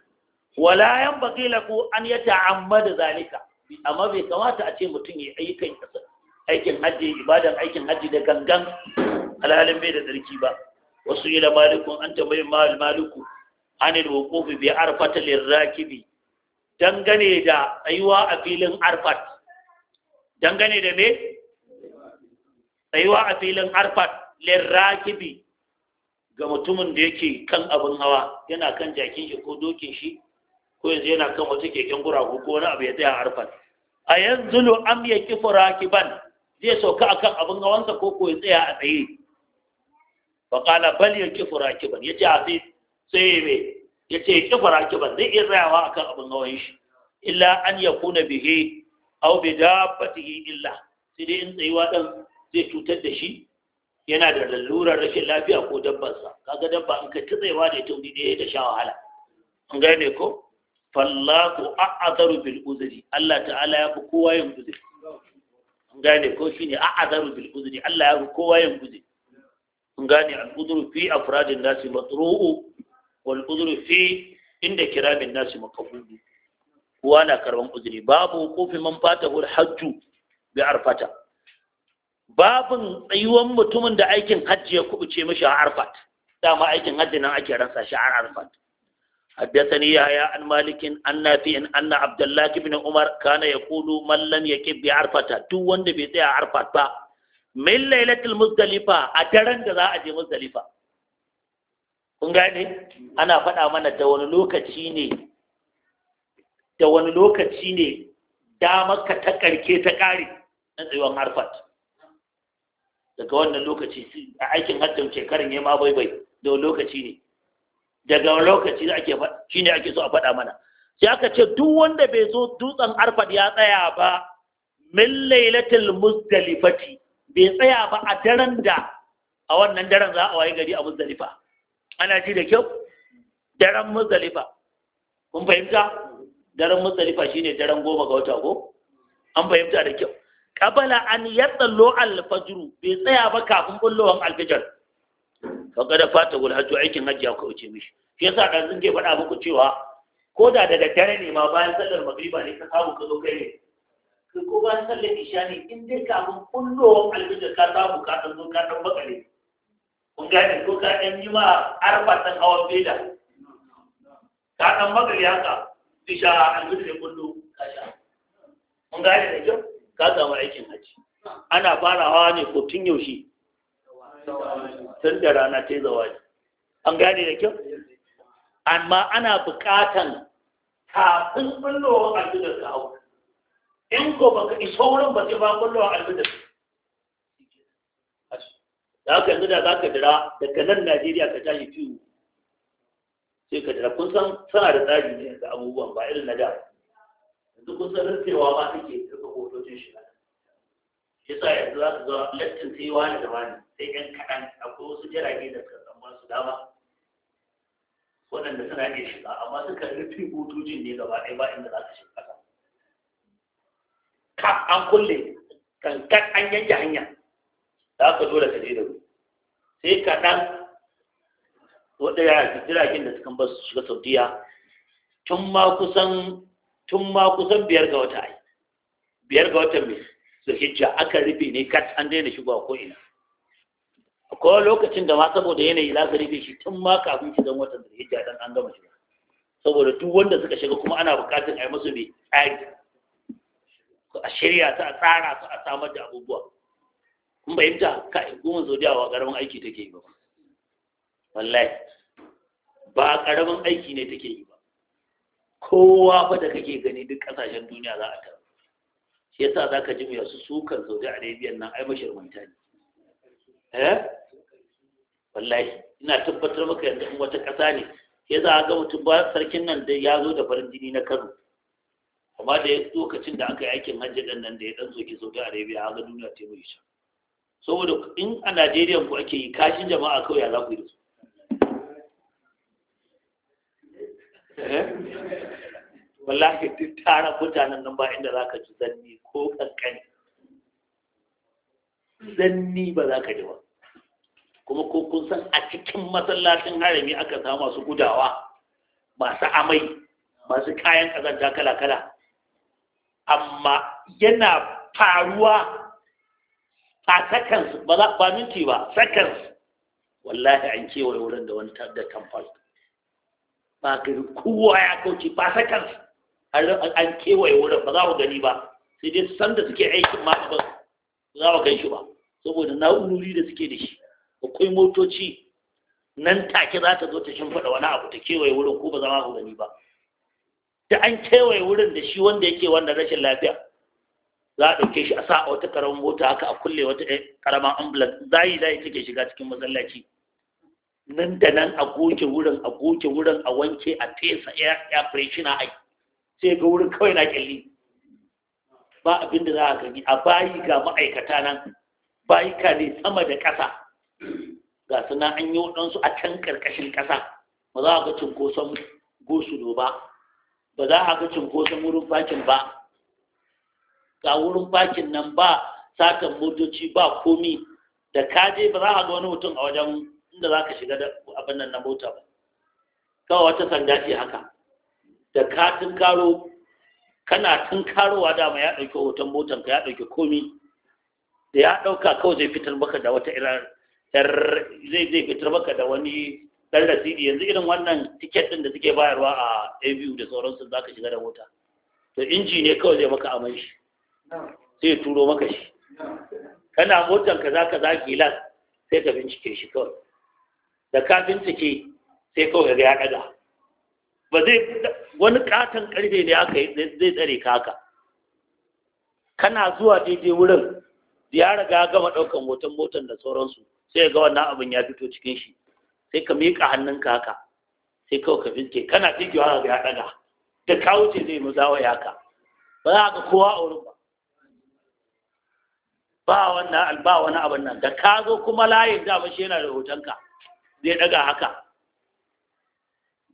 wala yan baki laku an ya ta'ammada zalika amma bai kamata a ce mutum ya aikin aikin hajji ibadan aikin hajji da gangan alhalin bai da tsarki ba wasu da malikun an tambayi mal maliku an wuqufi bi arfata lirakibi dangane da tsayuwa a filin arfat dangane da me tsayuwa a filin arfat lirrakibi ga mutumin da yake kan abin hawa yana kan jakin shi ko dokin shi ko yanzu yana kan wata keken guragu ko wani abu ya tsaya arfat a yanzu lo am ya kifu rakiban zai sauka akan abin hawansa ko ko ya tsaya a tsaye faƙala bal ya kifu rakiban ya ce a sai sai ya mai ya ce kifara kiban zai iya rayawa a kan abin hawan shi illa an ya kuna bihe au bi dabbatihi illa sai dai in tsayuwa dan zai cutar da shi yana da lalurar rashin lafiya ko dabbarsa kaga dabba in ka tsayuwa da ita wuri ɗaya da sha wahala an gane ko fallahu a'azaru bil uzri Allah ta'ala ya fi kowa yin uzuri an gane ko shine a'azaru bil uzri Allah ya fi kowa yin uzuri an gane al uzru fi afradin nasi matru'u wal uzru fi inda kiramin nasi maqbulu kowa na karban uzuri babu kofi man fatahu hajju bi arfata Babu tsayuwan mutumin da aikin hajji ya kubuce mishi a arfat dama aikin hajji nan ake ransa shi a arfat حدثني يحيى an مالك عن نافع ان عبد الله Umar, عمر كان يقول Mallan, لم يكب بعرفه wanda bai tsaya arfat ba min lailatul muzdalifa a daren da za a je muzdalifa kun gane ana faɗa mana da wani lokaci ne da wani lokaci ne damarka ta ƙarke ta ƙare na tsayuwan harfat daga wannan lokaci a aikin hajjin shekarun ya ma baibai da wani lokaci ne daga wani lokaci shi ne ake so a faɗa mana sai aka ce duk wanda bai zo dutsen harfat ya tsaya ba min lailatul muzdalifati bai tsaya ba a daren da a wannan daren za a waye gari a muzdalifa ana ji da kyau daren muzdalifa kun fahimta daren muzdalifa shine daren goma ga wata ko an fahimta da kyau qabala an yatsallo al-fajr bai tsaya ba kafin bullowan al-fajr fa kada fata wal hajju aikin hajji ya kauce mishi shi yasa dan zan ke faɗa muku cewa ko da da daddare ne ma bayan sallar magriba ne ka samu ka zo kai ne ko bayan sallar isha ne in dai kafin bullowan al-fajr ka samu ka dan zo ka dan bakale kun gane ko ka ɗan yi ma arbatan hawan beda ka ɗan magari haka su sha yi da kullu ka sha mun gane da kyau ka samu aikin haji ana farawa ne ko tun yaushe tun da rana ta yi zawali an gane da kyau amma ana buƙatan kafin a alhudar ka hau in ko baka iso wurin ba sai ba kullowar ka da aka yanzu da za ka dira daga nan najeriya ka tashi fiye sai ka jira kun san sana da tsari ne yanzu abubuwan ba irin na da yanzu kun san rufewa ba take rufe hotocin shi shi sa yanzu za su zama lattin sai wani da wani sai yan kaɗan akwai wasu jirage da suka samu su dama waɗanda suna iya shiga amma suka rufe hotocin ne gaba ɗaya ba inda za su shiga ƙasa ka an kulle kankan an yanke hanya za ka dole ka je da ku sai kaɗan waɗanda jiragen da suka basu shiga saudiya tun ma kusan tun ma kusan biyar ga wata ai biyar ga wata mai zulhijja aka rufe ne kat an daina shigo ko ina kowa lokacin da ma saboda yanayi za ka rufe shi tun ma kafin shi shigan watan hijja dan an gama shiga saboda duk wanda suka shiga kuma ana buƙatar a yi musu mai tsari a shirya ta a tsara su a samar da abubuwa in fahimta kai goma saudiya ba karamin aiki take yi ba wallahi ba karamin aiki ne take yi ba kowa fa da kake gani duk kasashen duniya za a tara shi yasa za ka ji mai wasu sukan da arabiyan nan ai mashirmanta ne eh wallahi ina tabbatar maka yanzu in wata ƙasa ne ya za a ga mutum ba sarkin nan da ya zo da farin jini na kano amma da lokacin da aka yi aikin hajji ɗan nan da ya ɗan soke saudi arabiya a ga duniya ta yi shi saboda in a najeriya ku ake yi kashin jama'a kawai ya za ku yi da su eh? wallahi duk tara mutanen nan ba inda za ka ji zanni ko kankani zanni ba za ka ji ba kuma ko kun san a cikin masallacin harami aka samu masu gudawa masu amai masu kayan kazanta kala-kala amma yana faruwa a seconds ba za ba minti ba seconds wallahi an wai wurin da wani da tamfal ba yi kowa ya kauce ba seconds an kewaye wurin ba za ku gani ba sai dai san da suke aikin ma ba za ku gaishe shi ba saboda na'urori da suke da shi akwai motoci nan take za ta zo ta shimfiɗa wani abu ta kewaye wurin ko ba za ku gani ba da an kewaye wurin da shi wanda yake wannan rashin lafiya za a ɗauke shi a sa a wata ƙaramin mota haka a kulle wata ƙaramin ambulance zai zai take shiga cikin masallaci nan da nan a goge wurin a goge wurin a wanke a fesa ya na ai sai ga wurin kawai na kyalli ba abin da za a gani a bayi ga ma'aikata nan bayi ka ne sama da ƙasa ga su an yi waɗansu a can ƙarƙashin ƙasa ba za a ga cinkoson gosulo ba ba za a ga cunkoson wurin bakin ba ga wurin bakin nan ba sakan motoci ba komi da ka je ba za a ga wani mutum a wajen inda za ka shiga da abin nan na mota ba kawai wata sanda ce haka da ka tunkaro kana tunkarowa dama ya ɗauki hoton motan ka ya ɗauki komi da ya ɗauka kawai zai fitar maka da wata irar zai zai fitar maka da wani dan rasidi yanzu irin wannan tiket ɗin da suke bayarwa a abu da sauransu za ka shiga da mota to inji ne kawai zai maka amai shi sai turo maka shi kana motan kaza kaza gilas sai ka bincike shi kawai da ka bincike sai kawai ga ya daga ba zai wani katon ƙarfe ne aka zai tsare ka haka kana zuwa daidai wurin da ya riga gama ɗaukan motan motan da sauransu sai ga wannan abin ya fito cikin shi sai ka miƙa hannunka haka sai kawai ka bincike kana fikewa ga ya daga da ka wuce zai mu zawaya ka ba za ka kowa a wurin ba wannan ba wani abin nan da ka zo kuma layin ba shi yana da hotonka zai daga haka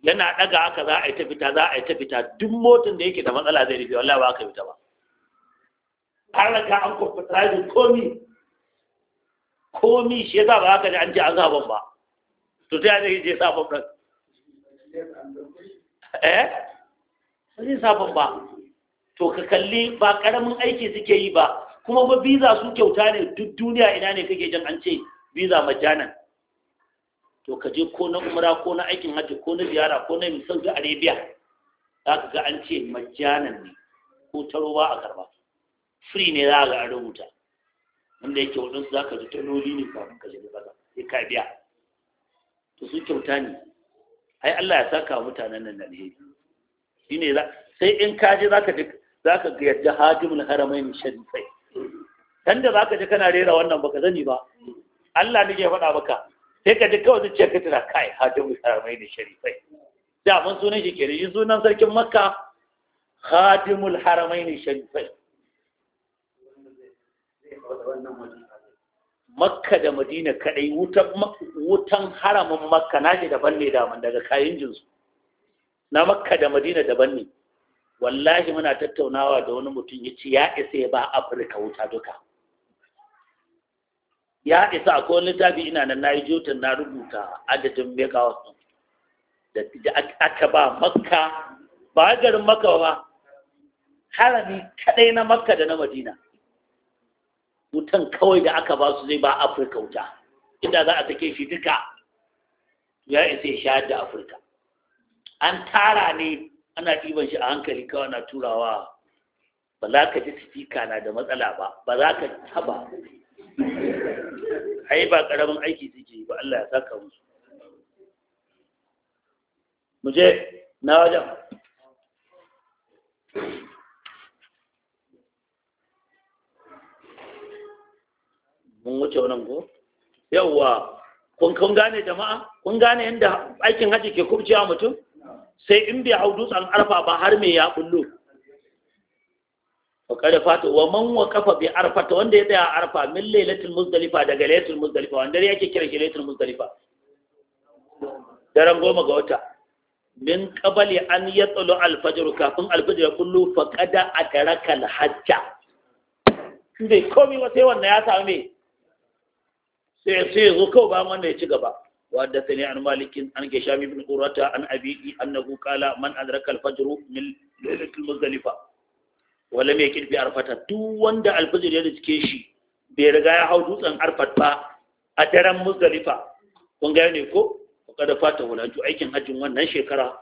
yana daga haka za a yi ta fita za a yi ta fita duk motin da yake da matsala zai rufe wallahi ba ka fita ba har daga an kwamfuta komi komi shi yasa ba haka da an ji an sabon ba to ta yadda je sabon ɗan eh ba zai sabon ba to ka kalli ba ƙaramin aiki suke yi ba kuma ba visa su kyauta ne duk duniya ina ne kake jin an ce visa majanan to ka je ko na umra ko na aikin hajji ko na ziyara ko na saudi arabia za ka ga an ce majanan ne ko ta ba a karba free ne za ga an rubuta wanda yake waɗansu za ka ji taloli ne kafin ka shiga ba sai ka biya to su kyauta ne ai Allah ya saka mutanen nan da alheri shine sai in ka je za ka ga yadda hajimul haramain sharifai dan da ka ji kana rera wannan baka zani ba Allah nake faɗa maka sai ka ji kawai zuciya ka tana kai hadimu haramai da sharifai da mun sunan shi kenan yi sunan sarkin makka khadimul haramai sharifai makka da madina kadai wutan haramin makka na shi daban ne daman daga kayan jinsu na makka da madina daban ne wallahi muna tattaunawa da wani mutum ya ce ya isa ya ba afirka wuta duka ya isa akwai wani littafi ina nan na yi jotun na rubuta adadin megawatt da aka ba makka ba garin makka ba harami kadai na makka da na madina wutan kawai da aka ba su zai ba afirka wuta inda za a take shi duka ya isa ya shayar da afirka an tara ne ana ɗiban shi a hankali kawai na turawa ba za ka ji sifika na da matsala ba ba za ka taba ai ba ƙaramin aiki suke ba Allah ya saka musu mu je na wajen mun wuce wannan ko yawwa kun kun gane jama'a kun gane yadda aikin haji ke kubcewa mutum sai in bai hau dutsen arfa ba har me ya bullo wa kada fata wa man wa kafa bi ta wanda ya tsaya arfa min lailatul muzdalifa daga lailatul muzdalifa wanda ya ke kira shi lailatul muzdalifa daren goma ga wata min qabali an yatlu al-fajr kafin al-fajr kullu faqada adraka al-hajja dai komai wa sai wanda ya samu me sai sai zo kawai ba wanda ya ci gaba وحدثني عن مالك عن هشام بن قرة عن أبيه أنه قال من أدرك الفجر من ليلة المزدلفة ولم يكن في عرفة دو وند الفجر يرزكي شي bai riga ya hau dutsen arfat ba a daren muzdalifa kun gaya ne ko kada fata wulaju aikin hajjin wannan shekara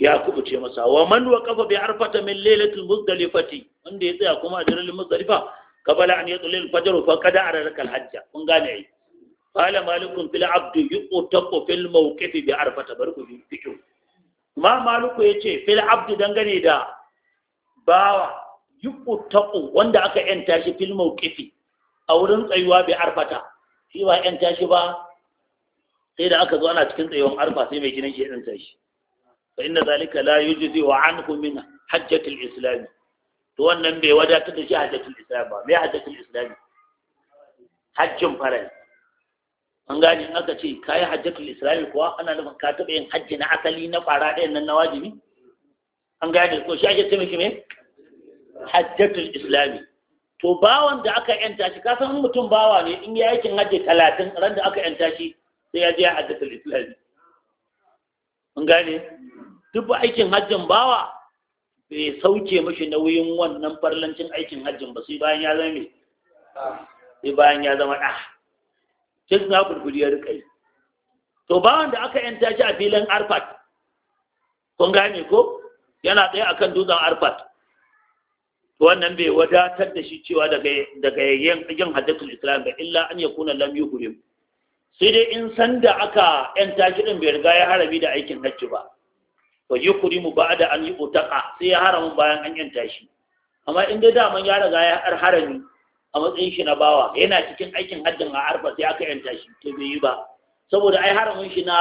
ya kubuce masa wa man wa kafa bi arfata min lailatul muzdalifati wanda ya tsaya kuma a daren muzdalifa kabala an fa hajja kun gane qala malikun fil abdu yuqtaqu fil mawqifi bi arfata barku bi fiku ma maliku yace fil abdu dangane da bawa yuqtaqu wanda aka yanta shi fil mawqifi a wurin tsayuwa bi arfata shi ba yanta tashi ba sai da aka zo ana cikin tsayuwan arfa sai mai gidan shi ya yanta shi fa inna zalika la yujzi wa anhu min hajjatil islam to wannan bai wadatar da shi hajjatul islam ba mai hajjatul islam hajjin farai an gane an aka ce ka yi hajjatul isra'il kuwa ana nufin ka taɓa yin hajji na asali na fara ɗaya nan na wajibi an gane ko shi ake taimaki me me hajjatul islami to bawan da aka yanta shi kasan san mutum bawa ne in yi aikin hajji talatin ran da aka yanta shi sai ya je hajjatul islami an gane duk aikin hajjin bawa bai sauke mashi nauyin wannan farlancin aikin hajjin ba sai bayan ya zama me sai bayan ya zama ɗa Duk na gurguri ya rika yi to bawan da aka yanta shi a filin arfat kun gane ko yana tsaye akan dutsen arfat wannan bai wadatar da shi cewa daga yin hajjatul islam ba illa an ya kuna lam yuhrim sai dai in san da aka shi din bai riga ya harami da aikin hajji ba to ba da an yi utaka sai ya haramu bayan an yanta tashi amma in dai daman ya riga ya harami a matsayin shi na bawa yana cikin aikin hajjin a arfa sai aka yanta shi to bai yi ba saboda ai haramin shi na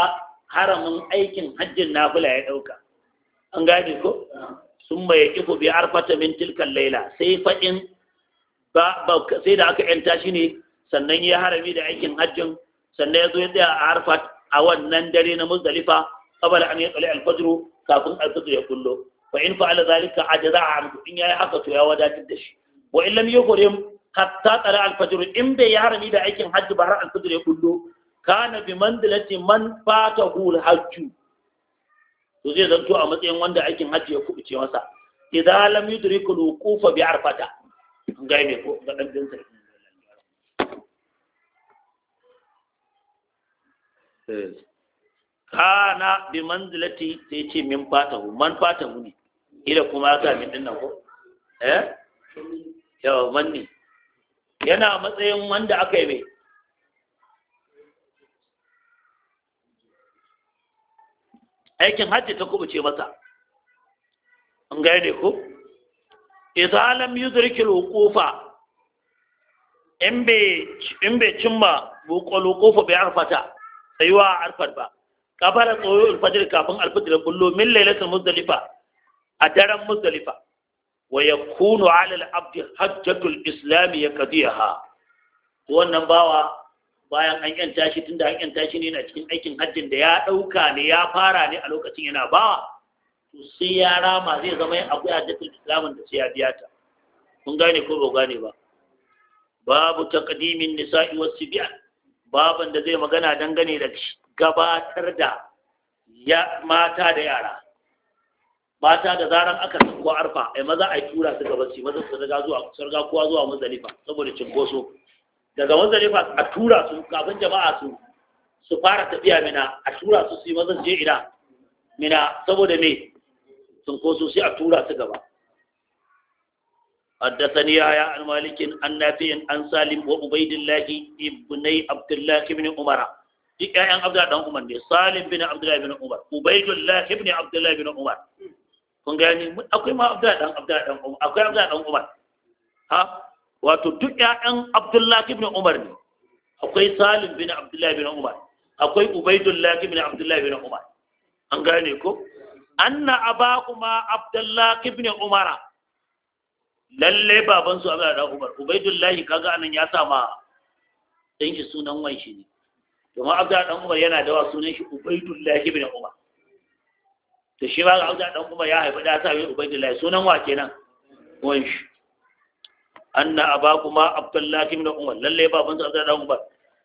haramin aikin hajjin nafila ya ɗauka. an gane ko sun mai kifu bi arfata min tilkan laila sai faɗin ba sai da aka yanta shi ne sannan ya harami da aikin hajjin sannan ya zo ya tsaya a arfa a wannan dare na muzdalifa qabala an yatsali alfajr kafin alfajr ya kullo fa in fa'ala zalika ajza'a an in yayi haka to ya wadatar da shi wa in lam hatta tsara alfajiru in bai yi harami da aikin hajji ba har alfajiru ya kullo na bi mandalati man fata hul hajju to zai zanto a matsayin wanda aikin hajji ya kubuce masa idan lam yudrikul wuqufa bi arfata an gane ko ga dan din sarki eh. kana bi manzilati sai ce min fatahu man fatahu ne ila kuma ya sa min dinnan ko eh yawa manni yana matsayin wanda aka yi mai aikin hajji ta kubuce masa an gane ku idza lam yudrikil wuqufa in bai cimma buƙon wuqufa bai arfata tsayuwa a arfar ba kafara tsoyo alfajir kafin alfajir bullo min lailatul muzdalifa a daren muzdalifa wa yakunu ala al-abd hajjatul islam yakdiha wannan bawa bayan an tashi shi tunda an yanta tashi ne na cikin aikin hajjin da ya dauka ne ya fara ne a lokacin yana bawa to sai ya rama zai zama akwai hajjatul islam da sai ya biya ta kun gane ko ba gane ba babu taqdimin nisa'i was sibyan baban da zai magana dangane da gabatar da ya mata da yara mata da zaran aka sako arfa ai maza ai tura su gaba su maza su riga zuwa sarga kowa zuwa Muzalifa saboda cinkoso daga Muzalifa a tura su kafin jama'a su su fara tafiya mina a tura su su yi maza je ina mina saboda me cinkoso sai a tura su gaba حدثني يحيى عن مالك عن نافع عن سالم وعبيد الله ابني عبد الله بن عمر duk ƴaƴan Abdullahi dan Umar ne Salim bin Abdullahi bin Umar Ubaydullah ibn Abdullahi bin Umar kun gani akwai ma abdullahi dan abdullahi dan umar akwai abdullahi dan umar ha wato duk ƴaƴan abdullahi ibn umar ne akwai salim bin abdullahi bin umar akwai ubaidullahi bin abdullahi bin umar an gane ko anna abakuma abdullahi ibn umar lalle baban su abdullahi dan umar ubaidullahi kaga anan ya sama dan shi sunan wan shi ne kuma abdullahi dan umar yana da wa sunan shi ubaidullahi bin umar da shi ga Abdullahi dan Umar ya haifi da sai Ubaidillah sunan wa kenan wani shi anna abakuma Abdullahi ibn Umar lalle baban sa Abdullahi dan Umar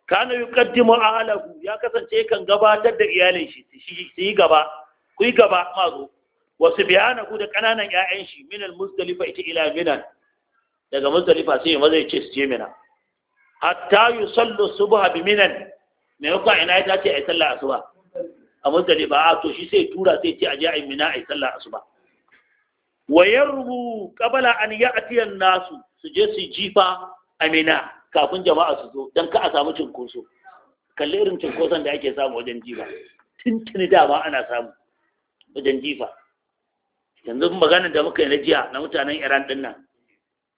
kana yuqaddimu ahlahu ya kasance kan gabatar da iyalin shi shi yi gaba ku yi gaba zo. wasu bayana ku da kananan ƴaƴan shi min al-muzdalifa ita ila minan daga muzdalifa sai ya maza ce su je mina hatta yusallu subha bi minan me yau ina ta ce ai sallah asuba a ba a to shi sai tura sai ce a ji a yi mina a yi sallar asuba wa rubu qabala an ya'tiya nasu su je su jifa a mina kafin jama'a su zo don ka a samu cinkoso kalli irin cinkoson da ake samu wajen jifa tuntuni dama ana samu wajen jifa yanzu maganin da muka yi na jiya na mutanen iran din nan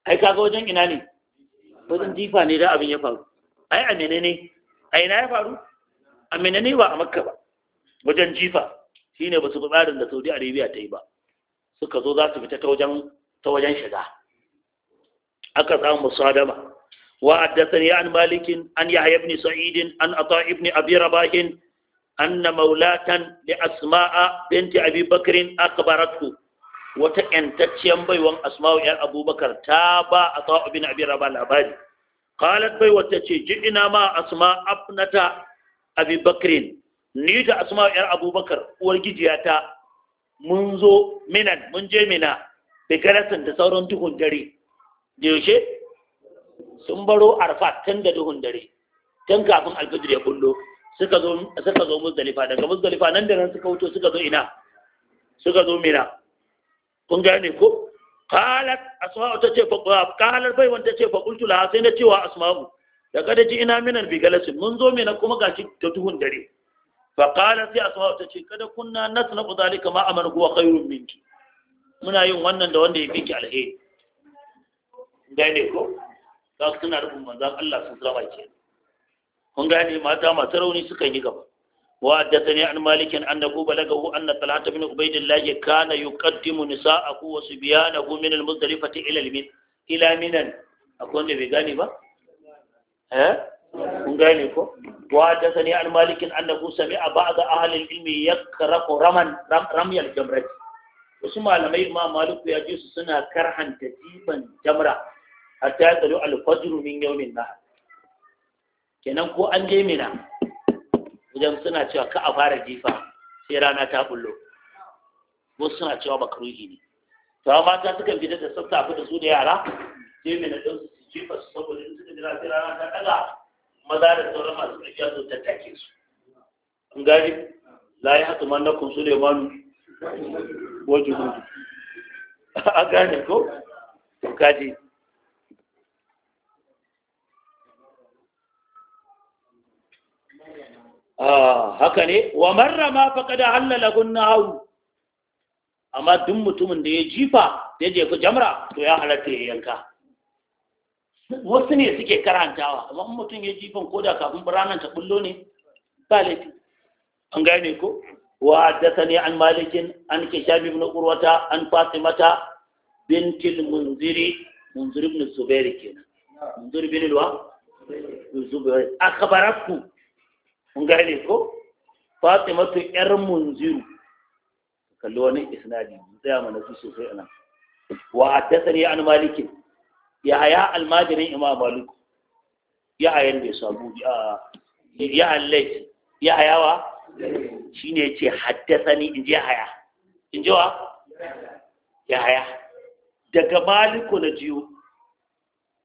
ai kaga wajen ina ne wajen jifa ne da abin ya faru ai a menene ai na ya faru a menene ba a makka ba wajen jifa shine ba su tsarin da saudi arabia ta yi ba suka zo za su fita ta wajen shiga aka samu adama wa addathani an malikin an yahya ibn sa'id an ata ibn abi rabah anna maulatan li asma'a binti abi bakr akbaratku wata yantacciyar baiwan asma'u yar abubakar ta ba ata ibn abi rabah labari qalat bai wata ce ina ma asma'a abnata abi bakrin ni da asma yar abubakar uwar gijiyata mun zo minan mun je mina da garasan da sauran duhun dare da yaushe sun baro arfa tun da duhun dare tun kafin alfajir ya kullo suka zo suka zo muzdalifa daga muzdalifa nan da nan suka wuto suka zo ina suka zo mina kun gane ko qalat asma'u ce fa qalat bai wanda ce fa qultu sai na cewa asma'u daga da ji ina minan bigalasin mun zo mina kuma gashi ta duhun dare fa qala sai ashabu ta ce kada kunna na zalika kama a huwa khairun minki muna yin wannan da wanda ya fi ki alheri gane ko za su tuna rufin manzan Allah sun zama ke kun gane mata masu rauni suka yi gaba wa sani an malikin annahu balagahu anna talata bin ubaidillah kana yuqaddimu nisa'ahu wa subyanahu min al-muzdalifati ila al-min ila minan akwai wanda bai gane ba eh kun gane ko wa sani an malikin annahu sami'a ba'd ahli al-ilmi yakrahu raman ramyal jamrati wasu malamai ma malik ya ji su suna karhanta diban jamra hatta ya tsaro al-fajr min yawmin nah kenan ko an je mina idan suna cewa ka a fara jifa sai rana ta bullo wasu suna cewa makaruhi ne to amma ta suka fita da sassafe da su da yara sai mina don su jifa su saboda in suka jira sai rana ta daga maza da sauran masu ƙarfi su tattake su an gani la ya hatu man nakum sulaimanu wa junudu an gane ko kaji ah, haka ne wa marra ma faqad halala gunnahu amma duk mutumin da ya jifa ya jefa jamra to ya halatta ya yanka wasu ne suke karantawa amma in mutum ya jifan ko da kafin ranar ta bullo ne ba laifi an gane ko wa haddathani an malikin an kishab ibn urwata an mata bintil munziri munzir ibn ke kenan munzir ibn alwa a akhbaratku an gane ko mata yar munziru kalli wani isnadi tsaya mana su sosai anan wa ne an malikin yahaya almajirin imam ya ayan da sabu ya allai yahaya wa shine yace haddathani in ji haya in ji wa haya daga maliku na jiyo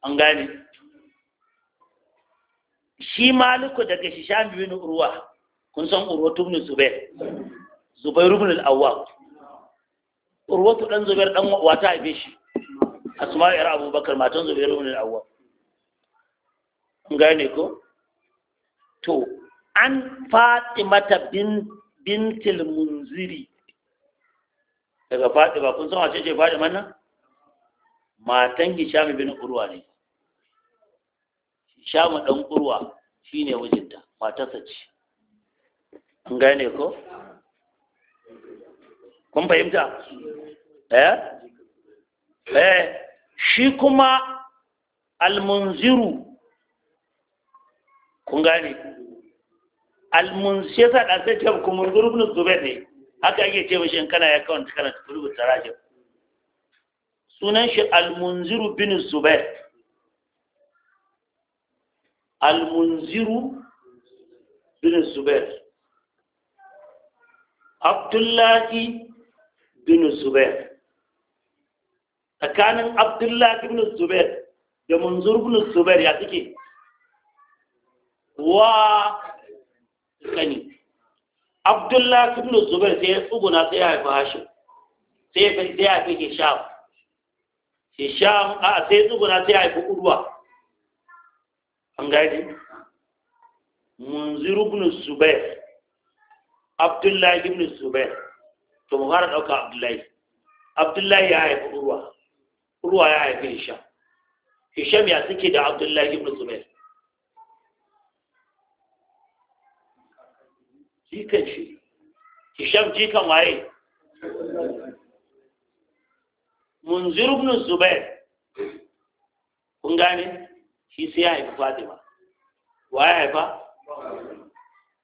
an gane shi maliku daga biyu na urwa kun san Urwa ibn zubair Zubairu ibn al Urwa tu dan zubair dan wata haife shi asma yar abubakar matan zubairu ibn al-awwam gane ko to an fatimata bin bintil munziri daga fatima kun san wace ce fatima nan matan hisham bin urwa ne hisham dan urwa shine wajinta matarsa ce an gane ko kun fahimta eh eh shi kuma almunziru kun gane almunzi ya sa ɗan sai ce ku gurbin ibn ne haka yake ce mashi in kana ya kawanta kana ta rubuta rajin sunan shi almunziru bin zubair almunziru bin zubair abdullahi bin zubair tsakanin abdullahi ibn zubair da munzur ibn zubair ya suke wa kani abdullahi ibn zubair sai ya tsuguna sai ya haifi hashim sai ya sai ya fi hisham hisham a sai ya tsuguna sai ya haifi urwa an gaji Munzur ibn zubair abdullahi ibn zubair to mu fara dauka abdullahi abdullahi ya haifi urwa ruwa ya haifi hisham hisham ya suke da abdullahi ibn zubair jikan shi hisham jikan waye munzir ibn zubair kun gane shi sai ya haifi fatima wa ya haifa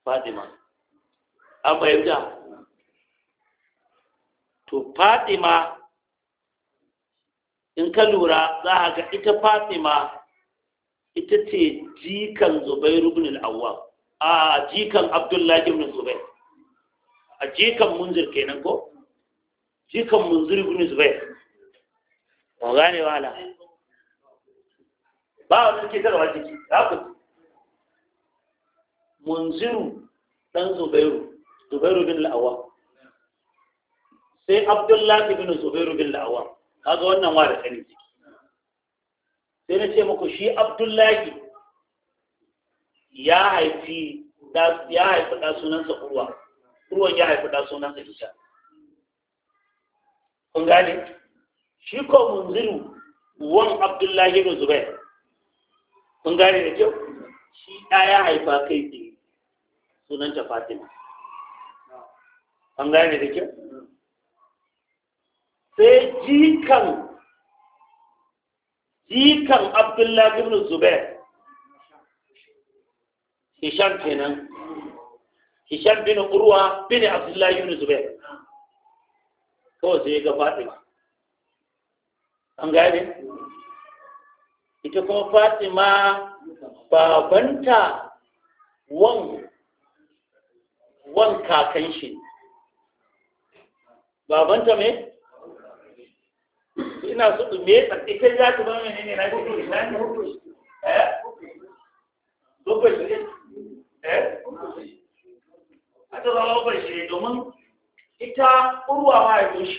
fatima an fahimta to fatima in ka lura za a ga ita fatima ita ce jikan zubair ibn al-awwam a jikan abdullahi ibn zubair a jikan munzir kenan ko jikan munzir ibn zubair ba gane wala ba wani ke tarwa jiki haka munziru dan zubairu zubairu bin al sai abdullahi ibn zubairu bin al kaga wannan wa da sanin ciki sai na ce muku shi abdullahi ya haifi ya haifi ɗa sunansa urwa urwan ya haifi da sunansa isha kun gane shi ko munziru wan abdullahi ibn zubair kun gane da kyau shi da ya haifa kai sunanta fatima kun gane da kyau sai jikan jikan abdullahi ibn zubair hisham kenan hisham bin urwa bin abdullahi ibn zubair kawai sai ga fatima an gane ita kuma fatima babanta wan wan kakan shi babanta me ina so in me tsaki kai za ta zama ne na ce ina ne eh dokar shi eh aka eh? zama dokar shi domin ita urwa ma ya shi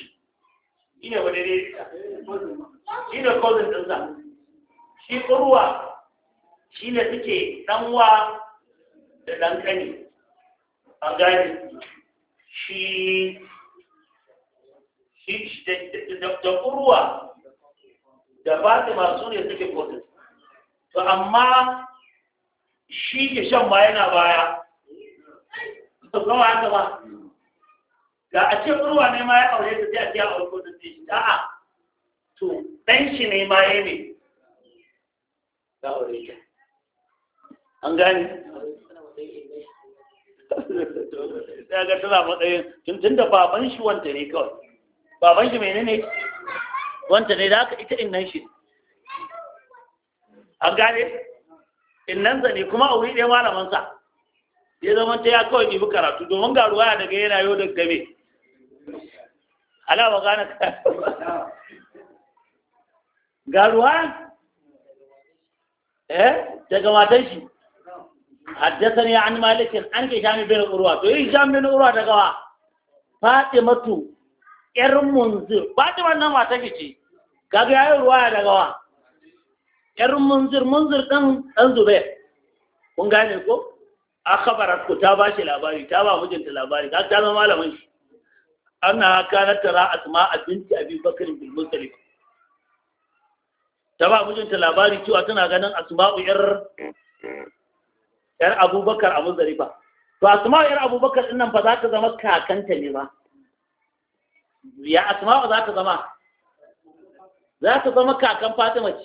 shi ba daidai ita shi ne cousin ɗinsa shi urwa shi ne suke ɗanwa da ɗan ƙani an shi shi da urwa da fatima masu ne suke kotu. to amma shi ke shan ba yana baya to kuma haka ba ga a ce ruwa ne ma ya aure ta sai a aure kotu sai shi a to dan shi ne ma ya ne ga aure ta an gane ta ga tana matsayin tun da baban shi wanda ne kawai baban shi menene ne wanta ne da haka ita nan shi an gane innansa ne kuma a wuri ɗaya malamansa ya zama ta ya kawai ibi karatu domin ga ruwa daga yana yau da game alawa gane ga ruwa eh daga matan shi an ke مالك bin urwa to yi هشام bin urwa daga wa Fatimatu ƴar munzir Fatima nan shi ce kaga yi ruwa daga wa yar munzir munzir ɗan ɗan zubair kun gane ko a kabar ku ta bashi labari ta ba mijinta labari kaga ta zama malamin shi anna kanat tara asma binti abin bakarin bil muttalib ta ba mijinta labari cewa tana ganin asma'u yar yar abubakar munzari ba to asma'u yar abubakar ɗin nan fa za ta zama kakanta ne ba ya asma'u za ta zama za ta zama kakan fatima ce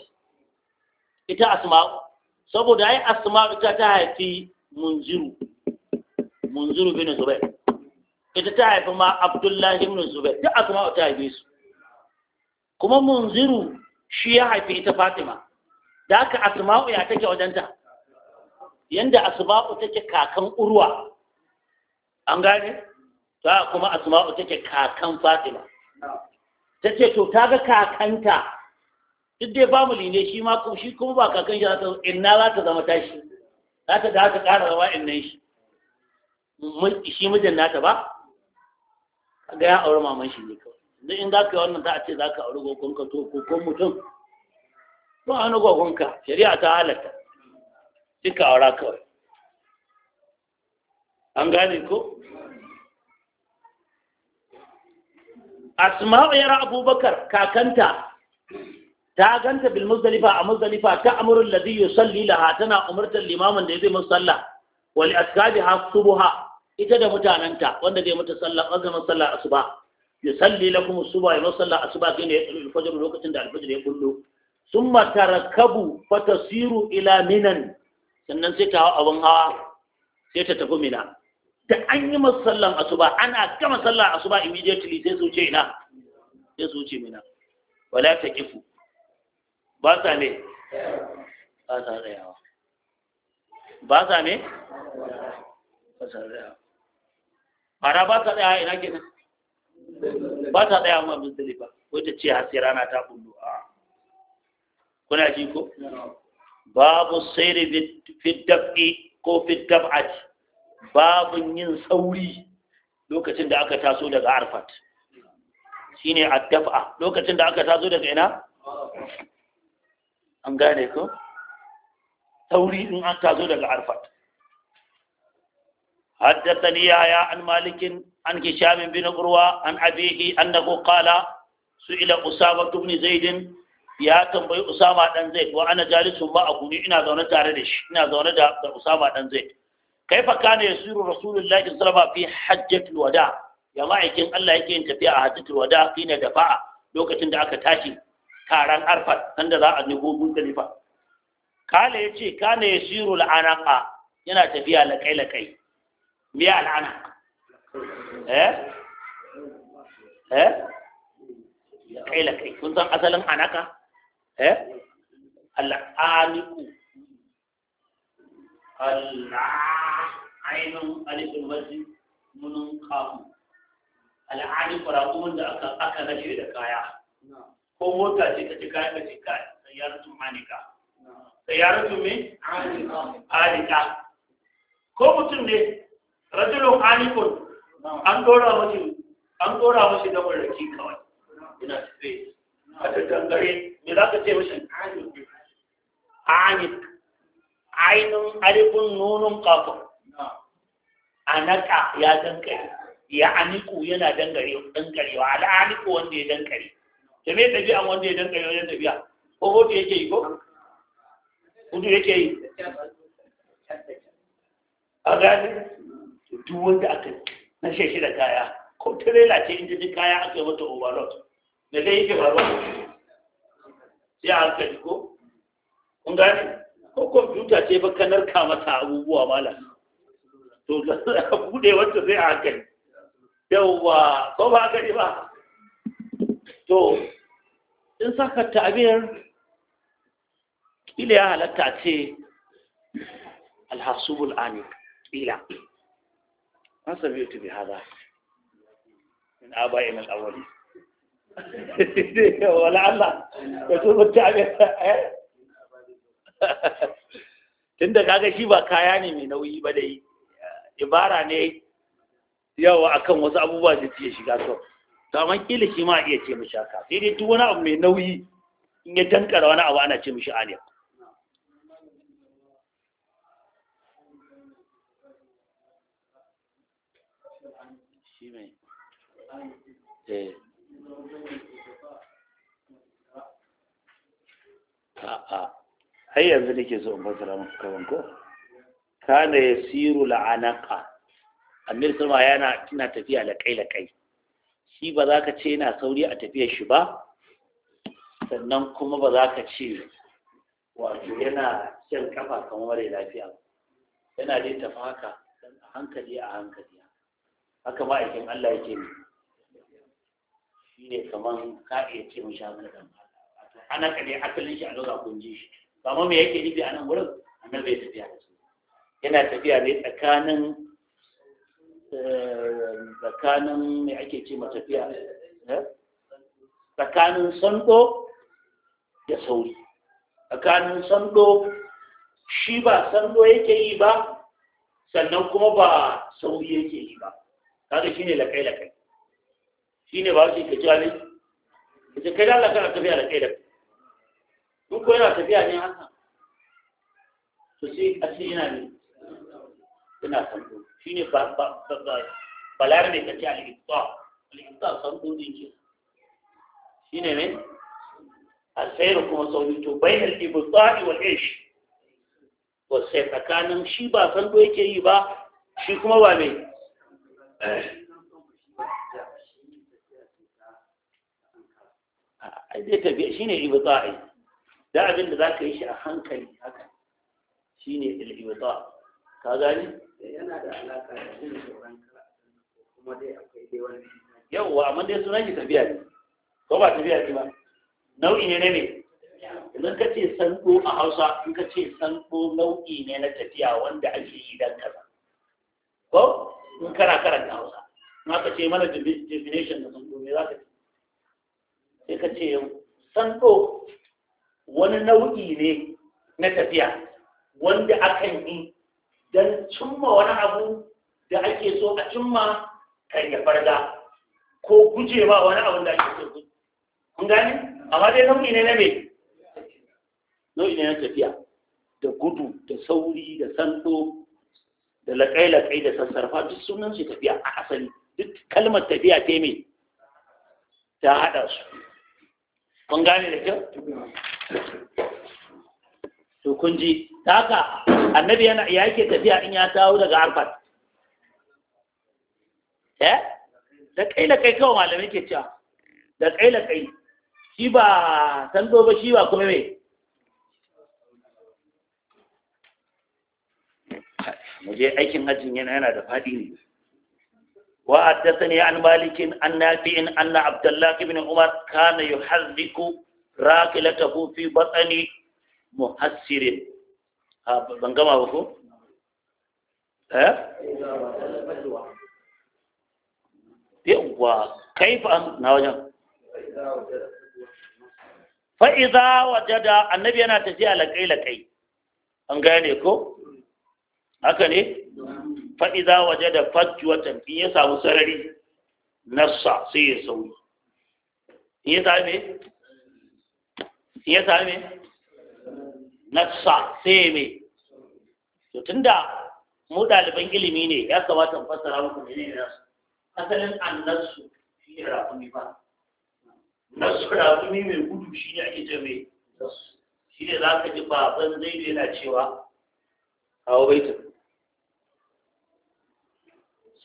ita asma'u saboda ai asma'u ita ta haifi munziru munziru bin zubair ita ta haifi ma abdullahi bin zubair duk asma'u ta haife su kuma munziru shi ya haifi ita fatima da ka asma'u ya take wajenta yanda asma'u take kakan urwa an gane ta kuma asma'u take kakan fatima ta ce to ta ga kakanta duk dai famili ne shi ma shi kuma ba kakan shi zata inna za ta zama tashi za ta dawo ta ƙara zama innan shi shi mijin nata ba ga ya aure maman shi ne kawai duk in za ka yi wannan za a ce za ka auri gogonka to kokon mutum ba wani gogonka shari'a ta halatta duka aura kawai an gane ko asma'u ra abubakar kakanta ta ganta bil muzdalifa a muzdalifa ta amuru alladhi yusalli laha tana umurtar limamin da zai musu sallah wal ashabiha subha ita da mutananta wanda zai mata sallah wanda mata sallah asuba yusalli lakum subha ya mata sallah asuba ya al-fajr lokacin da al ya kullu summa tarakabu fatasiru ila minan sannan sai ta hawa abun hawa sai ta tafi mina da an yi masu sallan asuba ana gama sallan asuba immediately sai su ce ina sai su ce mina wala ta kifu ba sa me ba sa tsayawa ba sa me ba sa tsayawa ana ba sa tsayawa ina kenan ba sa tsayawa ma ba? ko ta ce har sai rana ta bullo a kuna ji ko babu sayri fi dafi ko fi dab'ati babun yin sauri lokacin da aka taso daga arfat shine addafa lokacin da aka taso daga ina an gane ko sauri in an taso daga arfat حدثني يحيى عن an عن kishamin bin عروة an abihi annahu qala Su'ila usama ibn zaid ya tambayi Usama dan Zaid wa ana jalisun ba a guni ina zaune tare da shi ina zaune da Usama dan Zaid kaifa kana yasiru rasulullahi sallallahu alaihi wasallam fi hajjatul wada ya ma'aikin Allah yake yin tafiya a hajjatul wada shine da fa'a lokacin da aka tashi taron arfat sanda za a nugo muzdalifa kala yace kana yasiru al'anaqa yana tafiya lakai lakai me al'anaq eh eh lakai lakai kun san asalin anaka eh al'aniku al'ainun alifin masjid munin kafin al'adun kwarakumin da aka aka rashe da kaya ko mota ce ta ci kaya ka ci kaya sayyaratun manika sayyaratun me alika ko mutum ne rajulun alikun an dora mashi an dora mashi da warraki kawai ina tafe a tattangare me za ka ce mashi anik ainun alifun nunun kafin a naka ya dankare ya aniku yana dankare dankarewa al'aniku wanda ya dankare da me tafiya wanda ya dankare wajen tafiya ko hoto yake yi ko kudu yake yi a gani duk wanda aka na shi da kaya ko trailer ce inda duk kaya aka yi mata overload da dai yake faruwa Ya a hankali ko kun gani? ko kwamfuta ce ba kanar ka mata abubuwa mala to a bude wacce sai a hankali yauwa ko ba gani ba to in saka tabiyar ƙila ya halatta ce alhasubul ani ƙila an sami yutu tubi haza min aba yi min awali wala Allah ya tuba ta'abiyar eh? tunda kaga shi ba kaya ne mai nauyi ba dai ibara ne yawa akan wasu abubuwa da ya shiga to kamar kila shi ma iya ce mishi haka sai dai duk wani abu mai nauyi in ya tankara wani abu ana ce mishi aniya eh. a'a har yanzu nake so in fassara muku kaman ko ya yasiru la'anaka amir sama yana tana tafiya laƙai laƙai shi ba za ka ce yana sauri a tafiyar shi ba sannan kuma ba za ka ce wato yana shan kafa kamar mara lafiya yana dai tafi haka a hankali a hankali haka ma'aikin Allah yake ne shi ne kamar ka iya ce mashi haka ana ka akalin shi a lura kun ji shi amma mai yake nufi a nan wurin annabi bai tafiya da su yana tafiya ne tsakanin eh, tsakanin me ake ce ma tafiya eh? tsakanin sando da sauri tsakanin sando shi ba sando yake yi ba sannan kuma ba sauri yake yi ba kaga shine lakai lakai shine ba su ka cewa ne kai da Allah kana tafiya lakai lakai in ko yana tafiya ne haka to sai a ce yana ne yana santo shi ne balar ne kace al'ibta al'ibta santo ne ke shi ne sai da kuma sauri to bai al'ibta wal ish Ko sai tsakanin shi ba santo yake yi ba shi kuma ba mai zai tafiya shi ne tsari. da abin da za ka yi shi a hankali haka shi ne ilibata ka gani eh, yana da alaƙa da yin sauran kuma dai akwai dai wani yawwa amma dai suna shi tafiya ne ko ba tafiya ne ba nau'i ne ne idan ka ce sanɗo a hausa in ka ce sanɗo nau'i ne na tafiya wanda ake yi dan kaza ko in kana karanta hausa in ka ce mana definition da sanɗo me za ka ce sai ka ce sanɗo wani nau'i ne na tafiya wanda akan yi don cimma wani abu da ake so a cimma kan ya farga ko guje ba wani abu da ake so kun gane amma dai nau'i ne na me nau'i ne na tafiya da gudu da sauri da santo da laƙai-laƙai da sassarfa duk sunan shi tafiya a asali duk kalmar tafiya ta me ta haɗa su kun gane da kyau to kun ji haka annabi yana ya yake tafiya in ya dawo daga arfat eh da kai da kai kawai malamai ke cewa da kai da kai shi ba san ba shi ba kuma me muje aikin hajjin yana yana da faɗi ne wa haddathani an malikin an in anna abdullah ibn umar kana yuharriku raqilatahu fi batni muhassirin ha ban gama ba ko eh yawa kaifa na wajen fa idza wajada annabi yana tafiya lakai lakai an gane ko haka ne fa idza wajada fajwatan in ya samu sarari nassa sai ya sauri. in ya same sai ya sami nassa sai me to tunda mu daliban ilimi ne ya kamata mu fassara muku ne ne nasu asalin annasu shi ne rakumi ba nasu rakumi mai gudu shi ne ake ce mai shi ne za ka ji baban zai yana cewa kawo baitin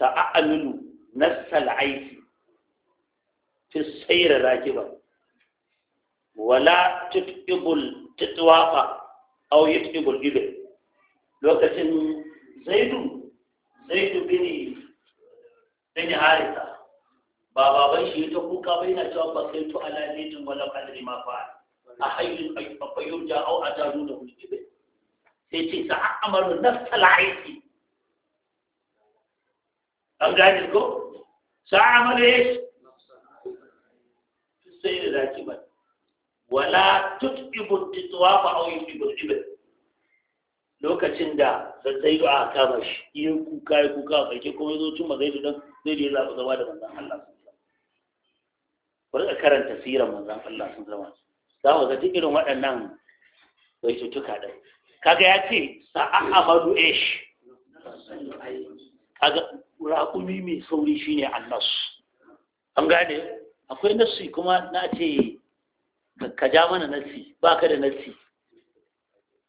sa'a'amilu nassal aiki fi sayar ba. wala tutibul titwafa aw yutibul ibil lokacin zaidu zaidu bin bin harisa ba baban shi ta kuka bai na cewa ba kai to ala lidin wala qadri ma fa a hayyun ayyuka yurja aw ataru da ibil sai ce sa amaru nafsal aiki an gaji ko sa amaru sai da zaki ba wala tut'ibu titwa fa au yusibu ibn lokacin da yi a kama shi yin kuka ya kuka a ƙarshe kuma zo tun mazaidu don zai je zaɓi zama da manzan Allah sun zama. wani rika karanta siran manzan Allah sun zama. Za mu zaci irin waɗannan bai cutuka ɗai Kaga ya ce sa'a Amadu Esh. Kaga raƙumi mai sauri shine annas. An gane akwai nasu kuma na ce ka ja mana nassi ba ka da nassi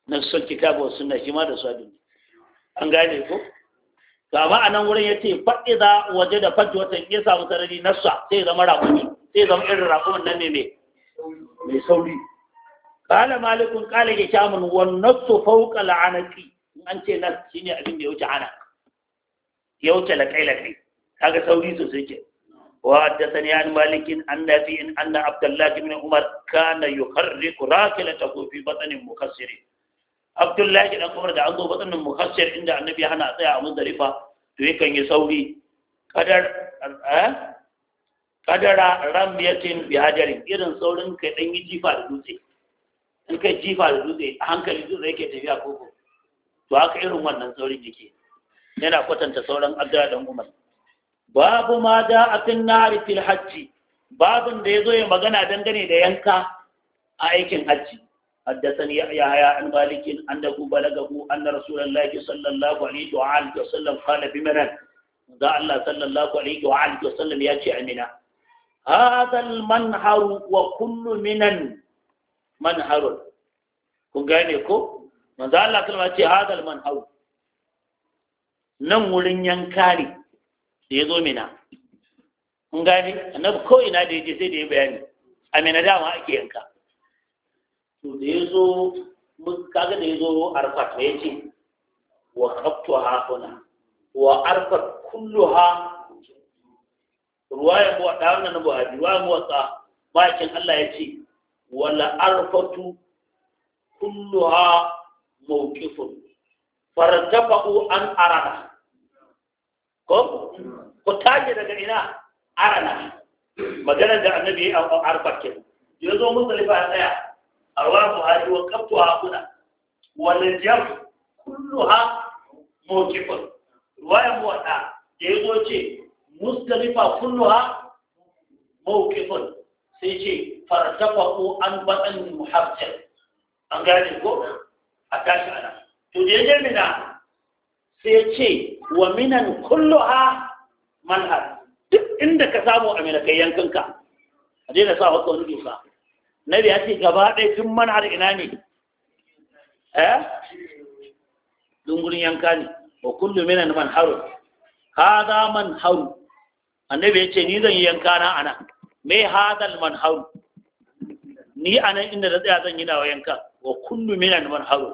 nassul kitabu wasu na shi ma da sadu an gane ko to amma a nan wurin ya ce faɗi za waje da faɗi wata ya samu sarari nassa sai zama rakumi sai zama irin rakumin nan ne ne mai sauri Kala malikun Kala ya shamun wannan nassu fawqa la'anati an ce nas shine abin da ya wuce ana ya wuce laƙai-laƙai kaga sauri sosai ke وحدثني عن مالك عن نافع أن عبد الله بن عمر كان يحرك راكلته في بطن مكسر عبد الله بن عمر ده عنده بطن مكسر عند النبي هنا تسيا مزدلفة to yakan yi sauri kadara ramiyatin bi hajarin irin saurin kai dan yi jifa da dutse in kai jifa da dutse a hankali dutse yake tafiya koko to haka irin wannan saurin yake yana kwatanta sauran abdullah dan umar babu ma da a fin nari fil hajji babin da ya zo ya magana dangane da yanka a aikin hajji haddasan ya ya ya an malikin an da ku balaga ku an rasulullahi sallallahu alaihi wa alihi wa sallam qala bi manan da Allah sallallahu alaihi wa alihi wa sallam ya ce amina hada man Haru. wa kullu minan Haru, ku gane ko manzo Allah sallallahu alaihi wa sallam ya ce hada man Haru. nan wurin yankari ne da ya zo mina mun gani na ko ina da ya je sai da ya bayani a mina dama ake yanka to da ya zo kaga da ya zo arfat ne ya ce wa kaftu ha kuna wa arfat kullu ha ruwaya mu wa ɗan nan ba ruwaya ya buwa tsa bakin Allah ya ce wala arfatu ha mawqifun fartafa'u an arara ko ku tashi daga ina arana maganar da annabi a arfa ya zo musulifa a tsaya a ruwa buhari wa kaftu a kuna wani jam kullu ha mokifin ruwayan wata da ya zo ce musulifa kullu ha mokifin sai ce fartafa ko an baɗan muhabjar an gane ko a tashi ana to da ya je na, sai ce wa minan kullu ha manhaj duk inda ka samu a mai yankanka a daina sa wasu wani dusa na biya ce gaba ɗaya tun manhaj ina ne eh dungurin yanka ne wa na minan ha za manharu annabi ya ce ni zan yi yanka na anan me hadal manharu ni anan inda da tsaya zan yi nawa yanka wa yana minan manharu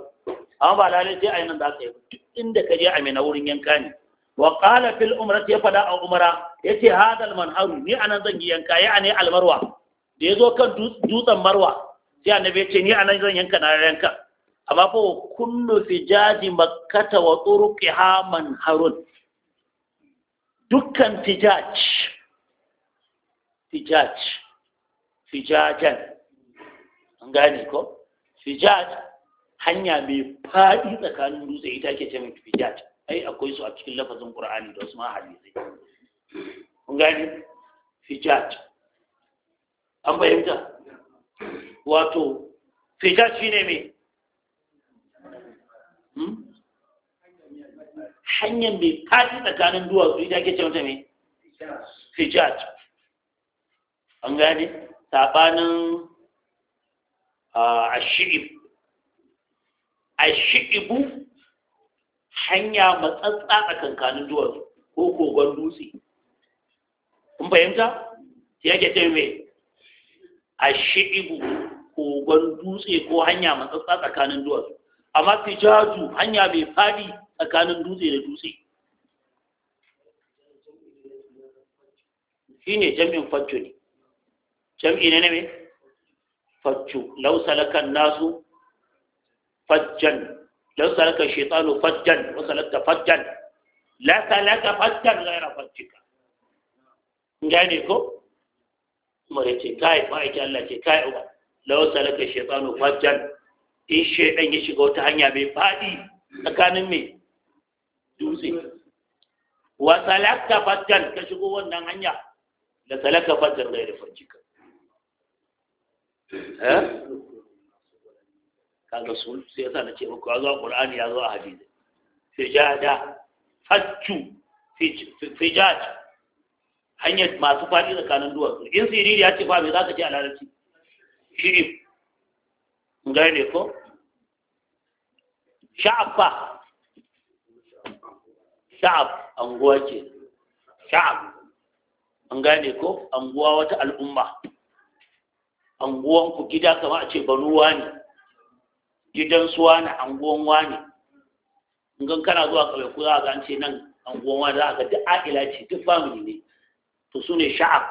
amma ba lalace sai a nan za ka yi duk inda ka je a mai na wurin yanka ne wa qala fil umrati ya fada a umra yace hadal manharu ni anan zan yi yanka ya almarwa da yazo kan dutsen marwa sai annabi yace ni anan zan yanka na yanka amma fa kullu fijaji makkata wa turuqiha manharun dukkan fijaj fijaj fijajan an gane ko fijaj hanya mai faɗi tsakanin dutse ita ke fijaj ai akwai su a cikin lafazin qur'ani da wasu ma hadisi kun gani fijaj an fahimta wato fijaj shine me hmm? hanyar mai faɗi tsakanin duwatsu ita ke cewa mata me fijaj an gane ah, shi'ib a shi'ibu hanya matsatsa a kankanin duwatsu ko kogon dutse kun fahimta sai ake ce mai a shi'ibu kogon dutse ko hanya matsatsa tsakanin duwatsu amma tijaju hanya mai fadi tsakanin dutse da dutse Shi ne jami'in faccio ne jam'i ne ne faccio lau salakan nasu fajjan لو سلك الشيطان فجا وسلكت Fajjan لا سلك فجا غير فجك gane ko mara ce kai ma'aikin Allah ce kai uba law salaka shaytanu fajjan in shaydan ya shiga wata hanya mai fadi tsakanin me dutse wa salaka fajjan ka shigo wannan hanya da salaka fajjan da ya fajjika eh kaga su sai yasa na ce muku ya zo a qur'ani ya zo a hadisi sijada hajju sijaj hanyar masu faɗi tsakanin duwatsu in siriri ya ce fa me za ka ce a larabci shiri gane ko sha'afa sha'af anguwa ce sha'af an gane ko anguwa wata al'umma anguwanku gida kama a ce banuwa ne gidan suwa na anguwan wani in kana zuwa kawai ko za ka an ce nan anguwan wani za ka duk a'ila ce duk family ne to su ne sha'ab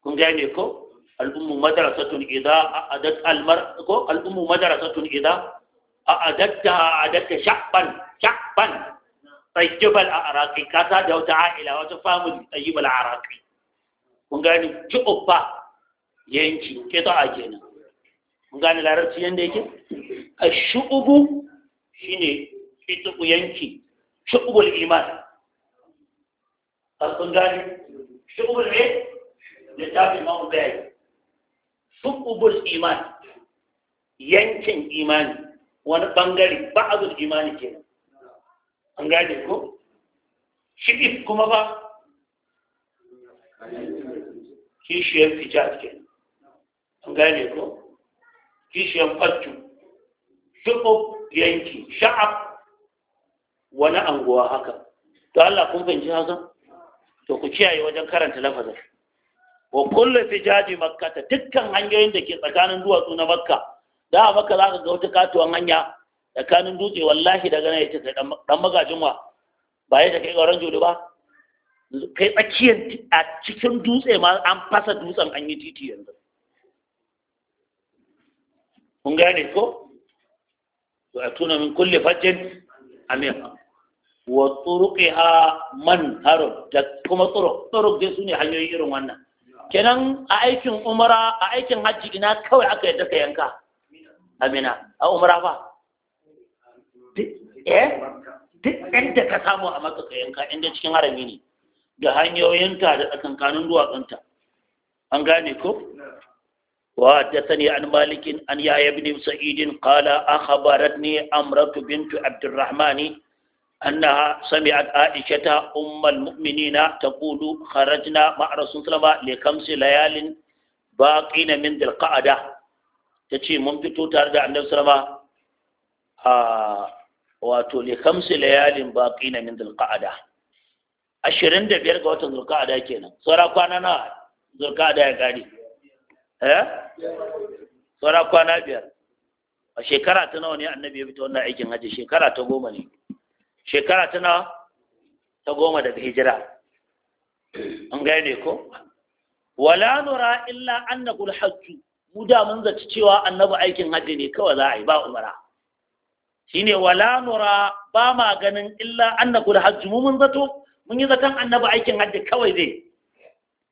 kun gane ko al'ummu madrasatun idza a'adat almar ko al'ummu madrasatun idza a'adatta a'adatta sha'ban sha'ban tayyibal araqi kasa da wata a'ila wata family tayyibal araqi kun gane ki uffa yanki kita a kenan gane larabci yadda yake a shu'ubu shi ne fituku yanki shu'ubul iman a sun gane shu'ubul ne littafin mamu bayani shu'ubul iman yankin imani wani bangare ba'adul imani ke an gane ko shi'ib kuma ba kishiyar fijar ke an gane ko kishiyan fattu shukub yanki sha'ab wani anguwa haka to Allah kun fahimci haka to ku kiyaye wajen karanta lafazin wa kullu fijaji makkata dukkan hanyoyin da ke tsakanin duwatsu na makka da a makka za ka ga wata katuwan hanya tsakanin dutse wallahi daga nan yace dan magajin wa ba yace kai garan jodi ba kai tsakiyar a cikin dutse ma an fasa dutsen an yi titi yanzu kun gane ko to a tuna min kulle fajjin amin wa ha man harab da kuma turuq turuq dai sune hanyoyi irin wannan kenan a aikin umara a aikin hajji ina kawai aka yadda ka yanka amina a umara ba eh duk inda ka samu a maka ka yanka inda cikin harami ne da hanyoyinta da tsakankanin duwatsunta an gane ko وحدثني عن مالك عن يحيى بن سعيد قال أخبرتني أمرة بنت عبد الرحمن أنها سمعت عائشة أم المؤمنين تقول خرجنا مع رسول الله صلى الله عليه وسلم لخمس ليال باقين من ذي القعدة تشي ممكن تارجع عند صلى الله عليه وسلم wato li kamsi layalin baƙi na min zulqa'ada ashirin da biyar ga watan zulqa'ada kenan saura kwana na zulqa'ada ya gari eh tsara kwana biyar a shekara ta nawa ne annabi ya fita wannan aikin hajji shekara ta goma ne shekara ta nawa ta goma daga hijira an ne ko wala nura illa annahu hajju mu da mun zaci cewa annabi aikin hajji ne kawai za a yi ba umara shine wala nura ba ma ganin illa annahu hajju mu mun zato mun yi zaton annabi aikin hajji kawai zai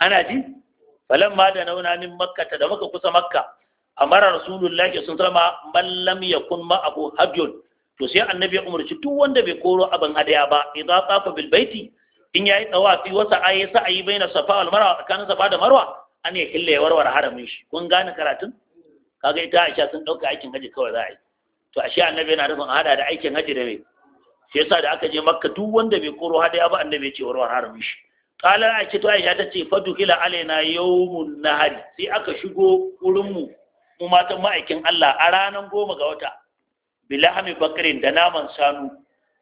ana ji ma da nauna min ta da muka kusa makka amara rasulullahi sun zama mallam ya ma abu habyun to sai annabi ya umarci duk wanda bai koro abin hadaya ba idza tsafa bil baiti in yayi tawafi wasa ayi ayi baina safa wal marwa tsakanin safa da marwa an ya kille warware haramin shi kun gane karatun kaga ita Aisha sun dauka aikin haji kawai za a yi to ashe annabi yana nufin hada da aikin haji da me Sai yasa da aka je makka duk wanda bai koro hadaya ba annabi ya ce warware haramin shi kalar aisha to aisha ta ce fadu hila alaina yawmun nahari sai aka shigo wurin mu matan ma'aikin Allah a ranar goma ga wata bilahami bakirin da naman sanu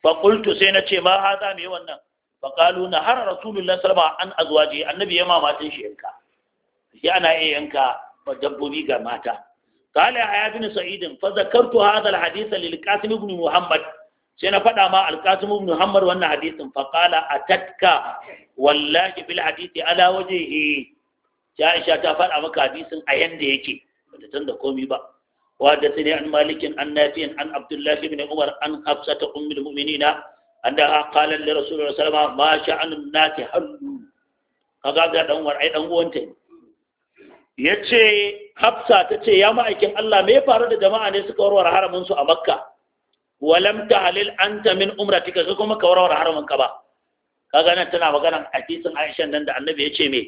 fakultu sai na ce ma haza me wannan faƙalu na har rasulullah salama an azwaje annabi ya mamatin shi yanka shi ana iya yanka ba dabbobi ga mata قال sa'idin بن سعيد فذكرت هذا الحديث للقاسم بن Muhammad. sai na faɗa ma alƙasim ibn Muhammad wannan hadisin fa qala atatka wallahi bil hadisi ala wajhihi Aisha ta faɗa maka hadisin a yanda yake bata san da komai ba wa da sani an malikin an nafi'in an Abdullah ibn Umar an Hafsa ta ummul mu'minina annaha qalat li Rasulullah sallallahu alaihi wasallam ma sha'anun nati hallu kaga ga dan Umar ai dan uwanta ne yace Hafsa tace ya ma'aikin Allah me ya faru da jama'a ne suka warware haramin su a Makka walam tahlil anta min umratika kai kuma ka warware haramin ka ba Ka nan tana magana hadisin Aisha nan da Annabi ya ce me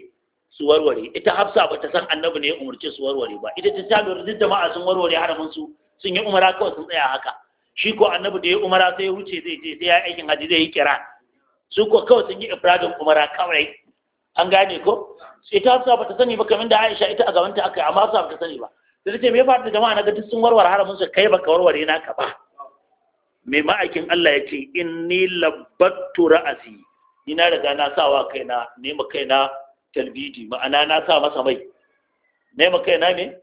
su warware ita Hafsa ba ta san Annabi ne ya umurce su warware ba ita ta tabi duk jama'a sun warware haramin su sun yi umara kawai sun tsaya haka shi ko Annabi da ya umara sai ya wuce zai je sai ya aikin haji zai yi kira su ko kawai sun yi ifradin umara kawai an gane ko ita Hafsa ba ta sani ba kamar da Aisha ita a gabanta aka yi amma Hafsa ba ta sani ba sai ta ce me ya faru da jama'a na ga duk sun warware haramin su kai baka warware naka ba mai ma'aikin Allah ya ce in ni labbattu ra'asi ni na riga na sawa kaina nema kaina talbidi ma'ana na sa masa mai nema kaina ne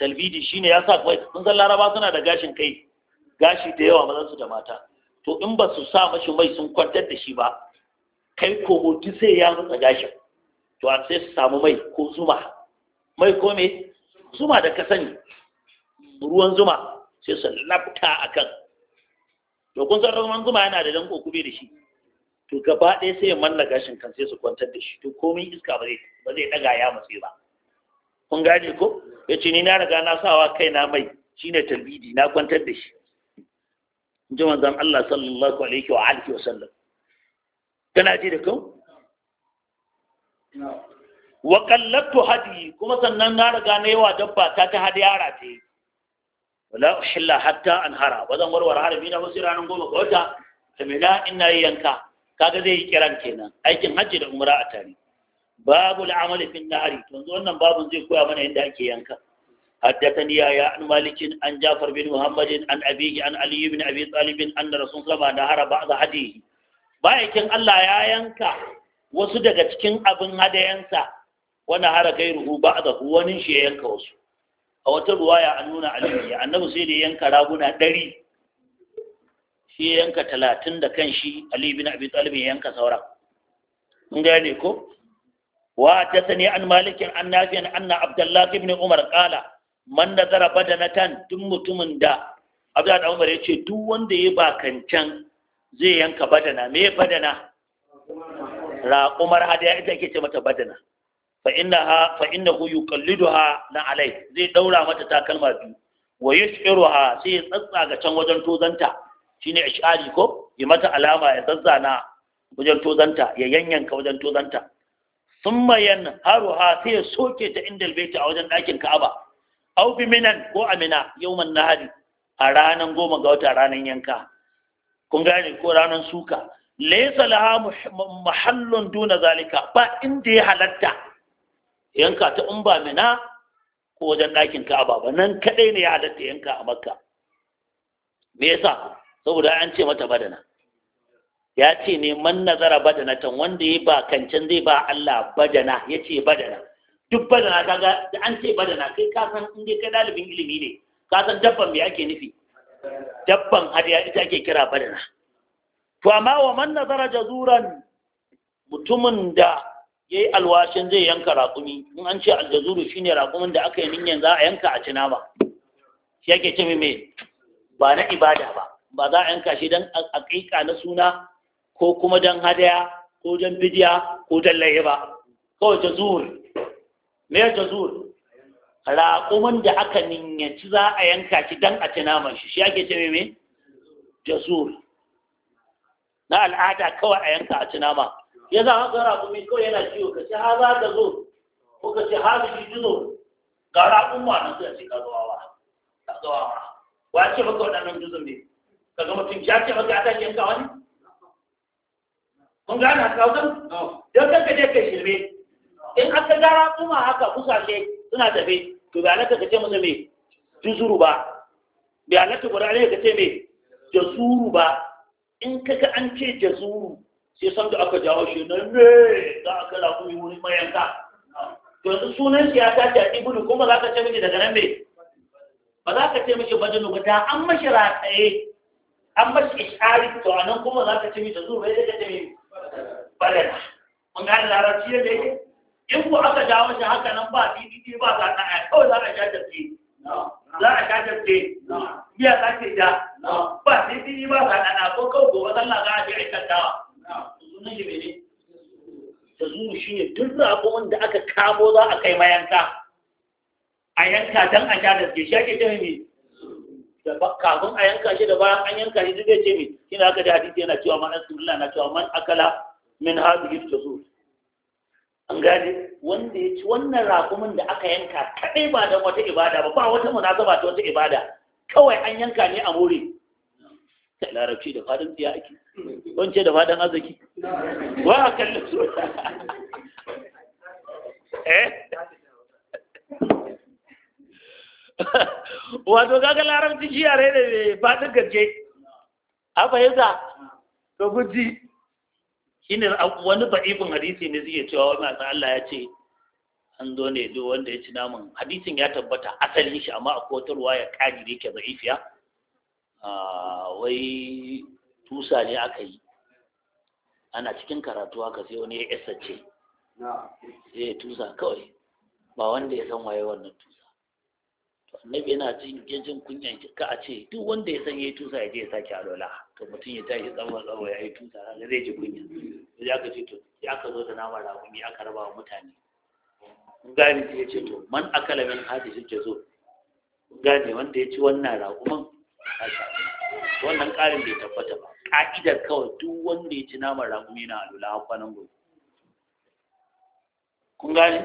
talbidi shine ya sa kai sun san laraba suna da gashin kai gashi da yawa mazan su da mata to in ba su sa mashi mai sun kwantar da shi ba kai ko hoti sai ya mutsa gashin to a sai su samu mai ko zuma mai ko me zuma da ka sani ruwan zuma sai su labta akan to kun san rasman zuma yana da danko kube da shi to gaba ɗaya sai ya mallaka gashin kan sai su kwantar da shi to komai iska ba zai ba zai daga ya matsi ba kun gane ko ya ce ni na riga na sawa kaina mai shine talbidi na kwantar da shi in ji manzon Allah sallallahu alaihi wa alihi wa sallam kana ji da kau wa qallabtu hadi kuma sannan na riga na yawa dabba ta ta hadiyara ta yi wala uhilla hatta anhara ba zan warware harami na wasu ranar goma ga wata Amina mina ina yi yanka kaga zai yi kiran kenan aikin hajji da umra a tare babu al'amali fin nari to yanzu wannan zai koya mana yadda ake yanka حدثني يا bin مالك عن جعفر بن محمد na أبيه عن علي بن أبي طالب أن رسول الله نهر بعض هديه بايكن الله يا ينكا wasu daga cikin abin hadayensa wani hara gairuhu ba da wani shi yanka wasu a wata ruwaya ya nuna aliyu annabi sai da yanka raguna ɗari shi ya yanka talatin da kan shi aliyu bin abi talibin ya yanka sauran in gane ko wa ta sani an malikin an nafiyan anna abdullahi ibn umar kala man nazara badanatan tun mutumin da abdullahi da umar ya ce duk wanda ya bakancan zai yanka badana me badana raƙumar hadaya ita ke ce mata badana fa innaha fa innahu na alai zai ɗaura mata takalma biyu wa yushiruha sai ya tsatsa ga can wajen tozanta shine ishari ko ya mata alama ya zazzana wajen tozanta ya yanyanka wajen tozanta thumma yanharuha sai ya soke ta inda a wajen dakin Ka'aba aw minan ko amina yawman nahari a ranan goma ga wata ranan yanka kun gane ko ranar suka laysa laha muhallun duna zalika ba inda ya halatta yanka ta umba mina ko wajen ɗakin ka'aba ba nan kaɗai ne ya halatta yanka a makka me yasa saboda an ce mata badana ya ce ne man nazara can wanda ya ba kancan zai ba Allah badana ya ce badana duk badana kaga da an ce badana kai ka san in dai kai ɗalibin ilimi ne ka san dabban me ake nufi dabban hadiya ita ake kira badana to amma wa man nazara jazuran mutumin da ya yi alwashin zai yanka raƙumi in an ce aljazuru shine raƙumin da aka yi ninyan za a yanka a cina ba shi yake ce mai ba na ibada ba ba za a yanka shi don aƙiƙa na suna ko kuma don hadaya ko don bidiya ko don laye ba kawai jazur me ya jazur raƙumin da aka ninyaci za a yanka shi don a cina man shi shi yake ce mai jazur na al'ada kawai a yanka a cina ba ya za ka mai kawai yana ciwo ka ce haza da ka zo ko ka ce haza da shi juzo ga raƙun ma nan sai ce ka zuwa ka zuwa wa wa ce maka waɗannan juzon ne ka ga mutum ya ce maka ta yanka wani kun gane haka wajen don kanka je ka shirme in aka gara raƙun ma haka kusashe suna tafe to bai halatta ka ce musu mai jizuru ba bai halatta guda ne ka ce mai jazuru ba in ga an ce jazuru shi san da aka jawo shi nan ne za a kala kuma wurin mayanka to yanzu sunan shi ya tashi a ibnu kuma za ka ce miki daga nan ne. ba za ka ce miki bajinu ba ta an mashi ratsaye an mashi ishari to a nan kuma za ka ce miki zuwa ya ce miki balala mun gane larabci ne in ku aka jawo shi haka nan ba didi, ba za ka ai kawai za ka sha tafi za a sha tafi biya za ke ja ba didi, ba za ka na ko kawai gobe zalla za a je dawa. sunan shi zuru shi ne duk raƙumin da aka kamo za a kai mayanka a yanka don a sha da shi ake ce mai kafin a yanka shi da bayan an yanka shi duk zai ce mai shi na aka da hadisi yana cewa man asibila na cewa man akala min hadu yi ta zuru an gane wanda ya ci wannan rakumin da aka yanka kaɗai ba don wata ibada ba ba wata munasaba ta wata ibada kawai an yanka ne a muri ta larabci da fadan tsiya ake wance da fadan arziki wa a kallon su eh wato gaga larabci shi yare ne mai faɗin gaske a fahimta ka guji shi ne wani ba'ibin hadisi ne zai cewa wani masu Allah ya ce an zo ne duk wanda ya ci namun hadisin ya tabbata asalin shi amma a kotarwa ya ƙari da yake za'ifiya wai tusa ne aka yi ana cikin karatu aka sai wani ya isace sai eh, tusa kawai ba wanda ya san waye wannan tusa to annabi yana jin jin kunyan ka a ce duk wanda ya san yayi tusa ya je ya sake alola to mutum ya tashi tsawon tsawon ya yi tusa da zai ji kunya sai aka ce to ya aka zo da nama rakumi aka raba wa mutane gani ya ce to man akala min hadisi jazo gane wanda ya ci wannan rakuman wannan ƙarin bai tabbata ba ƙa'idar kawai duk wanda ya ci naman raƙumi na alula kwanan gudu kun gane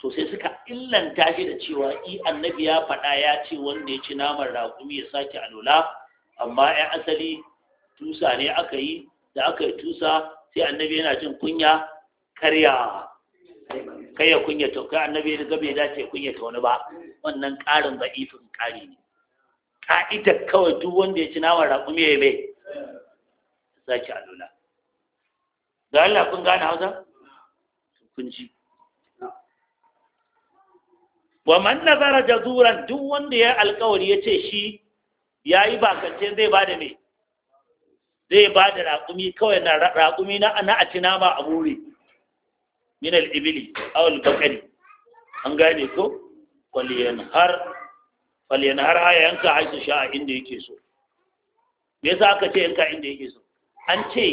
to sai suka illanta shi da cewa i annabi ya faɗa ya ce wanda ya ci naman raƙumi ya sake alula amma ya asali tusa ne aka yi da aka yi tusa sai annabi yana jin kunya karya kai ya kunya to kai annabi ya ga bai dace kunya ta wani ba wannan ƙarin ba ifin ƙari ne ka'ida kawai duk wanda ya ci naman raƙumi ya yi mai a alula da Allah kun gane hausa kun ci. wa man nazara jazuran duk wanda ya alkawari ya ce shi ya yi bakance zai ba da me zai ba da raƙumi kawai na raƙumi na ana a ci nama a buri min al-ibili awal bakari an gane ko kwaliyan har falyan har haya yanka haisu sha inda yake so me yasa aka ce yanka inda yake so an ce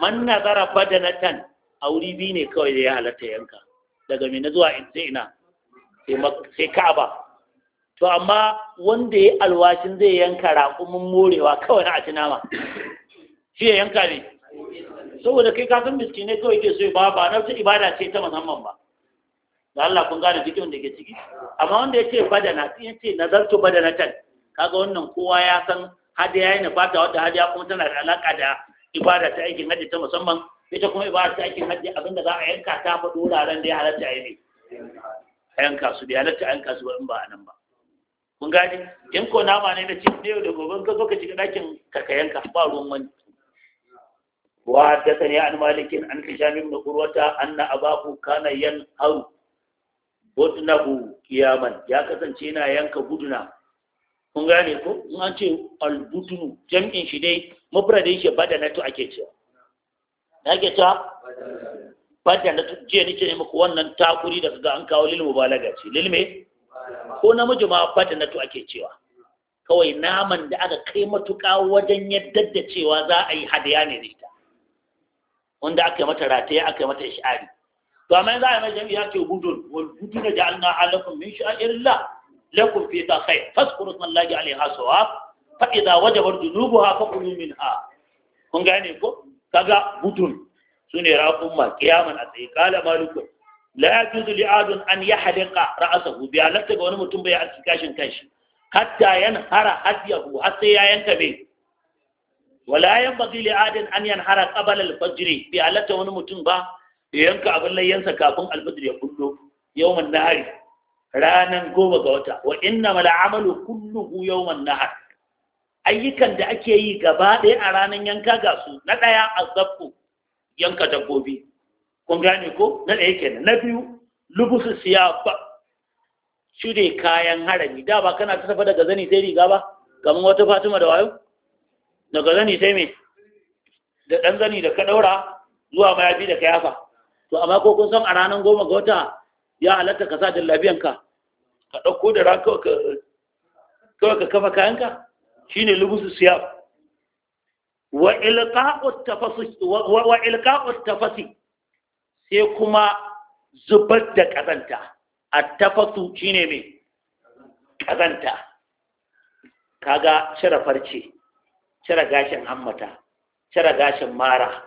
man nazara badanatan auri bi ne kawai da ya halatta yanka daga mina zuwa sai ina sai ka'aba to amma wanda ya alwashin zai yanka raƙumin morewa kawai na a ci nama shi ya yanka ne saboda kai kasan biski ne kawai ke so ba ba na ibada ce ta musamman ba da Allah kun gane duk wanda ke ciki amma wanda ya ce badana sai ya ce nazartu badanatan kaga wannan kowa ya san hadiya yana fata wata hadiya kuma tana da alaka da ibada ta aikin hajji ta musamman ita kuma ibada ta aikin hajji abinda za a yanka ta faɗi wuraren da ya halatta ya ne a yanka su bai halatta a yanka su ba in ba a nan ba kun gane in ko nama ne na ci ne da gobe ka zo ka shiga ɗakin ka yanka ba ruwan wani وحدثني عن مالك عن هشام بن قروة أن أباه كان ينهر Wadnahu kiyaman ya kasance yana yanka guduna. kun gane ko in an ce albudunu jam'in shi dai mafradin shi badanatu ake cewa ake ta badanatu je ni ce muku wannan takuri da ga an kawo lil mubalaga ce lil me ko namiji ma badanatu ake cewa kawai naman da aka kai matuƙa wajen yadda da cewa za a yi hadaya ne da ita wanda aka yi mata rataya aka yi mata ishari to amma za a mai jami'a ke gudun wal gudu da ja'alna alakum min sha'irillah lakum fi ta khair fazkuru smallahi alaiha sawab fa idza wajabat dunubuha faqulu minha kun gane ko kaga gudun sune rafun ma kiyaman a tsaye kala malikun la yajuzu li adun an yahliqa ra'sahu bi alatta ga wani mutum bai aski kashin kanshi hatta yanhara hadiyahu har sai ya yanka bai wala yanbaghi li adin an yanhara qabala al-fajr bi alatta wani mutum ba ya yanka abin layyansa kafin alfajir ya kullo yawon nahari ranan goma ga wata wa inna mala amalu hu yawon nahar ayyukan da ake yi gaba ɗaya a ranar yanka ga su na ɗaya a azabku yanka dabbobi kun gane ko na ɗaya ke na biyu lubusu siyafa shude kayan harami da ba kana ta tafa daga zani sai riga ba kamar wata fatima da wayo daga zani sai me da ɗan zani da ka ɗaura zuwa mayafi da ka yafa to amma ko kun san a ranar goma ga wata ya halatta ka sa jallabiyan ka ɗauko da ran kawai ka kafa kayanka shi ne lubusu siya. wa ilka'ut tafasi sai kuma zubar da ƙazanta a tafasu shi ne mai ƙazanta kaga cire farce cire gashin hammata cire gashin mara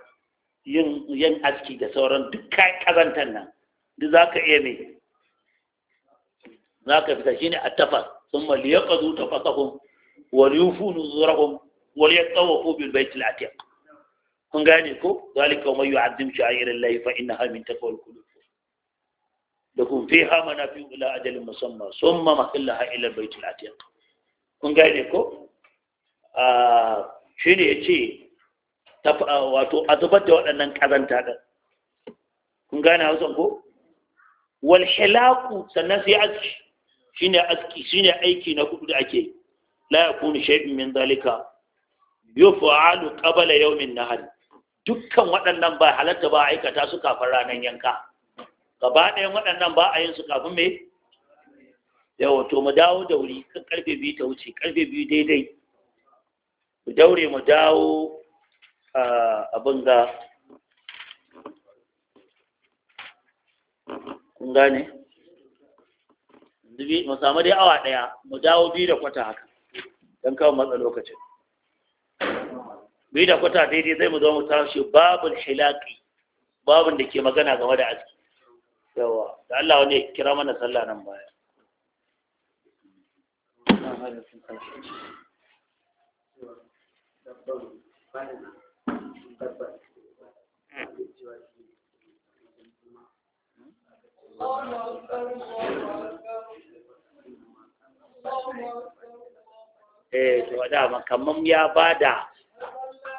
yin aski da sauran duk kazantar nan duk za ka iya ne za ka fita shi ne a tafas sun ya ƙazu ta fasahun waliyufu nuzurahun waliyar tsawafu bil baitul atiq kun gane ko zalika wa yu'azzim sha'ir Allah fa innaha min kun fi hama na fi ila ajalin musamma summa mahallaha ila baitul atiq kun gane ko ah, shi ne ya ce. wato a zubar da waɗannan ƙazanta ɗin kun gane hausan ko wal hilaku sannan sai aski shine aski shine aiki na kudu da ake la yakunu shay'un min zalika yau qabla yawmin nahar dukkan waɗannan ba halatta ba aikata su kafin ranar yanka gaba ɗayan waɗannan ba a yin su kafin me yawa to mu dawo da wuri kan karfe biyu ta wuce karfe biyu daidai mu daure mu dawo abin ga ne gane mu samu dai awa daya mu dawo biyu da kwata haka don kawo matsa lokacin biyu da kwata daidai zai mu zo mu tashi babul hilaki babun da ke magana game da aski yawa da Allah wani ya kira mana sallah nan baya Thank you. eh to dama kamar ya bada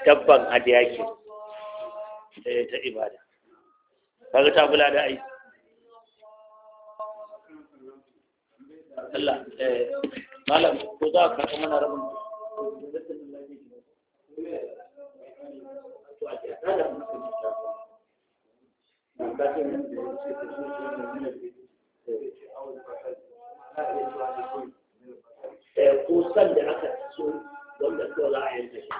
dabban hadiya ke eh, ta ibada kaga ta bula da ai Allah eh malam ko za ka kuma na ake kada mu su ta ba ka ce da shi ta shi ne ko san da aka so wanda ko za a yanke shi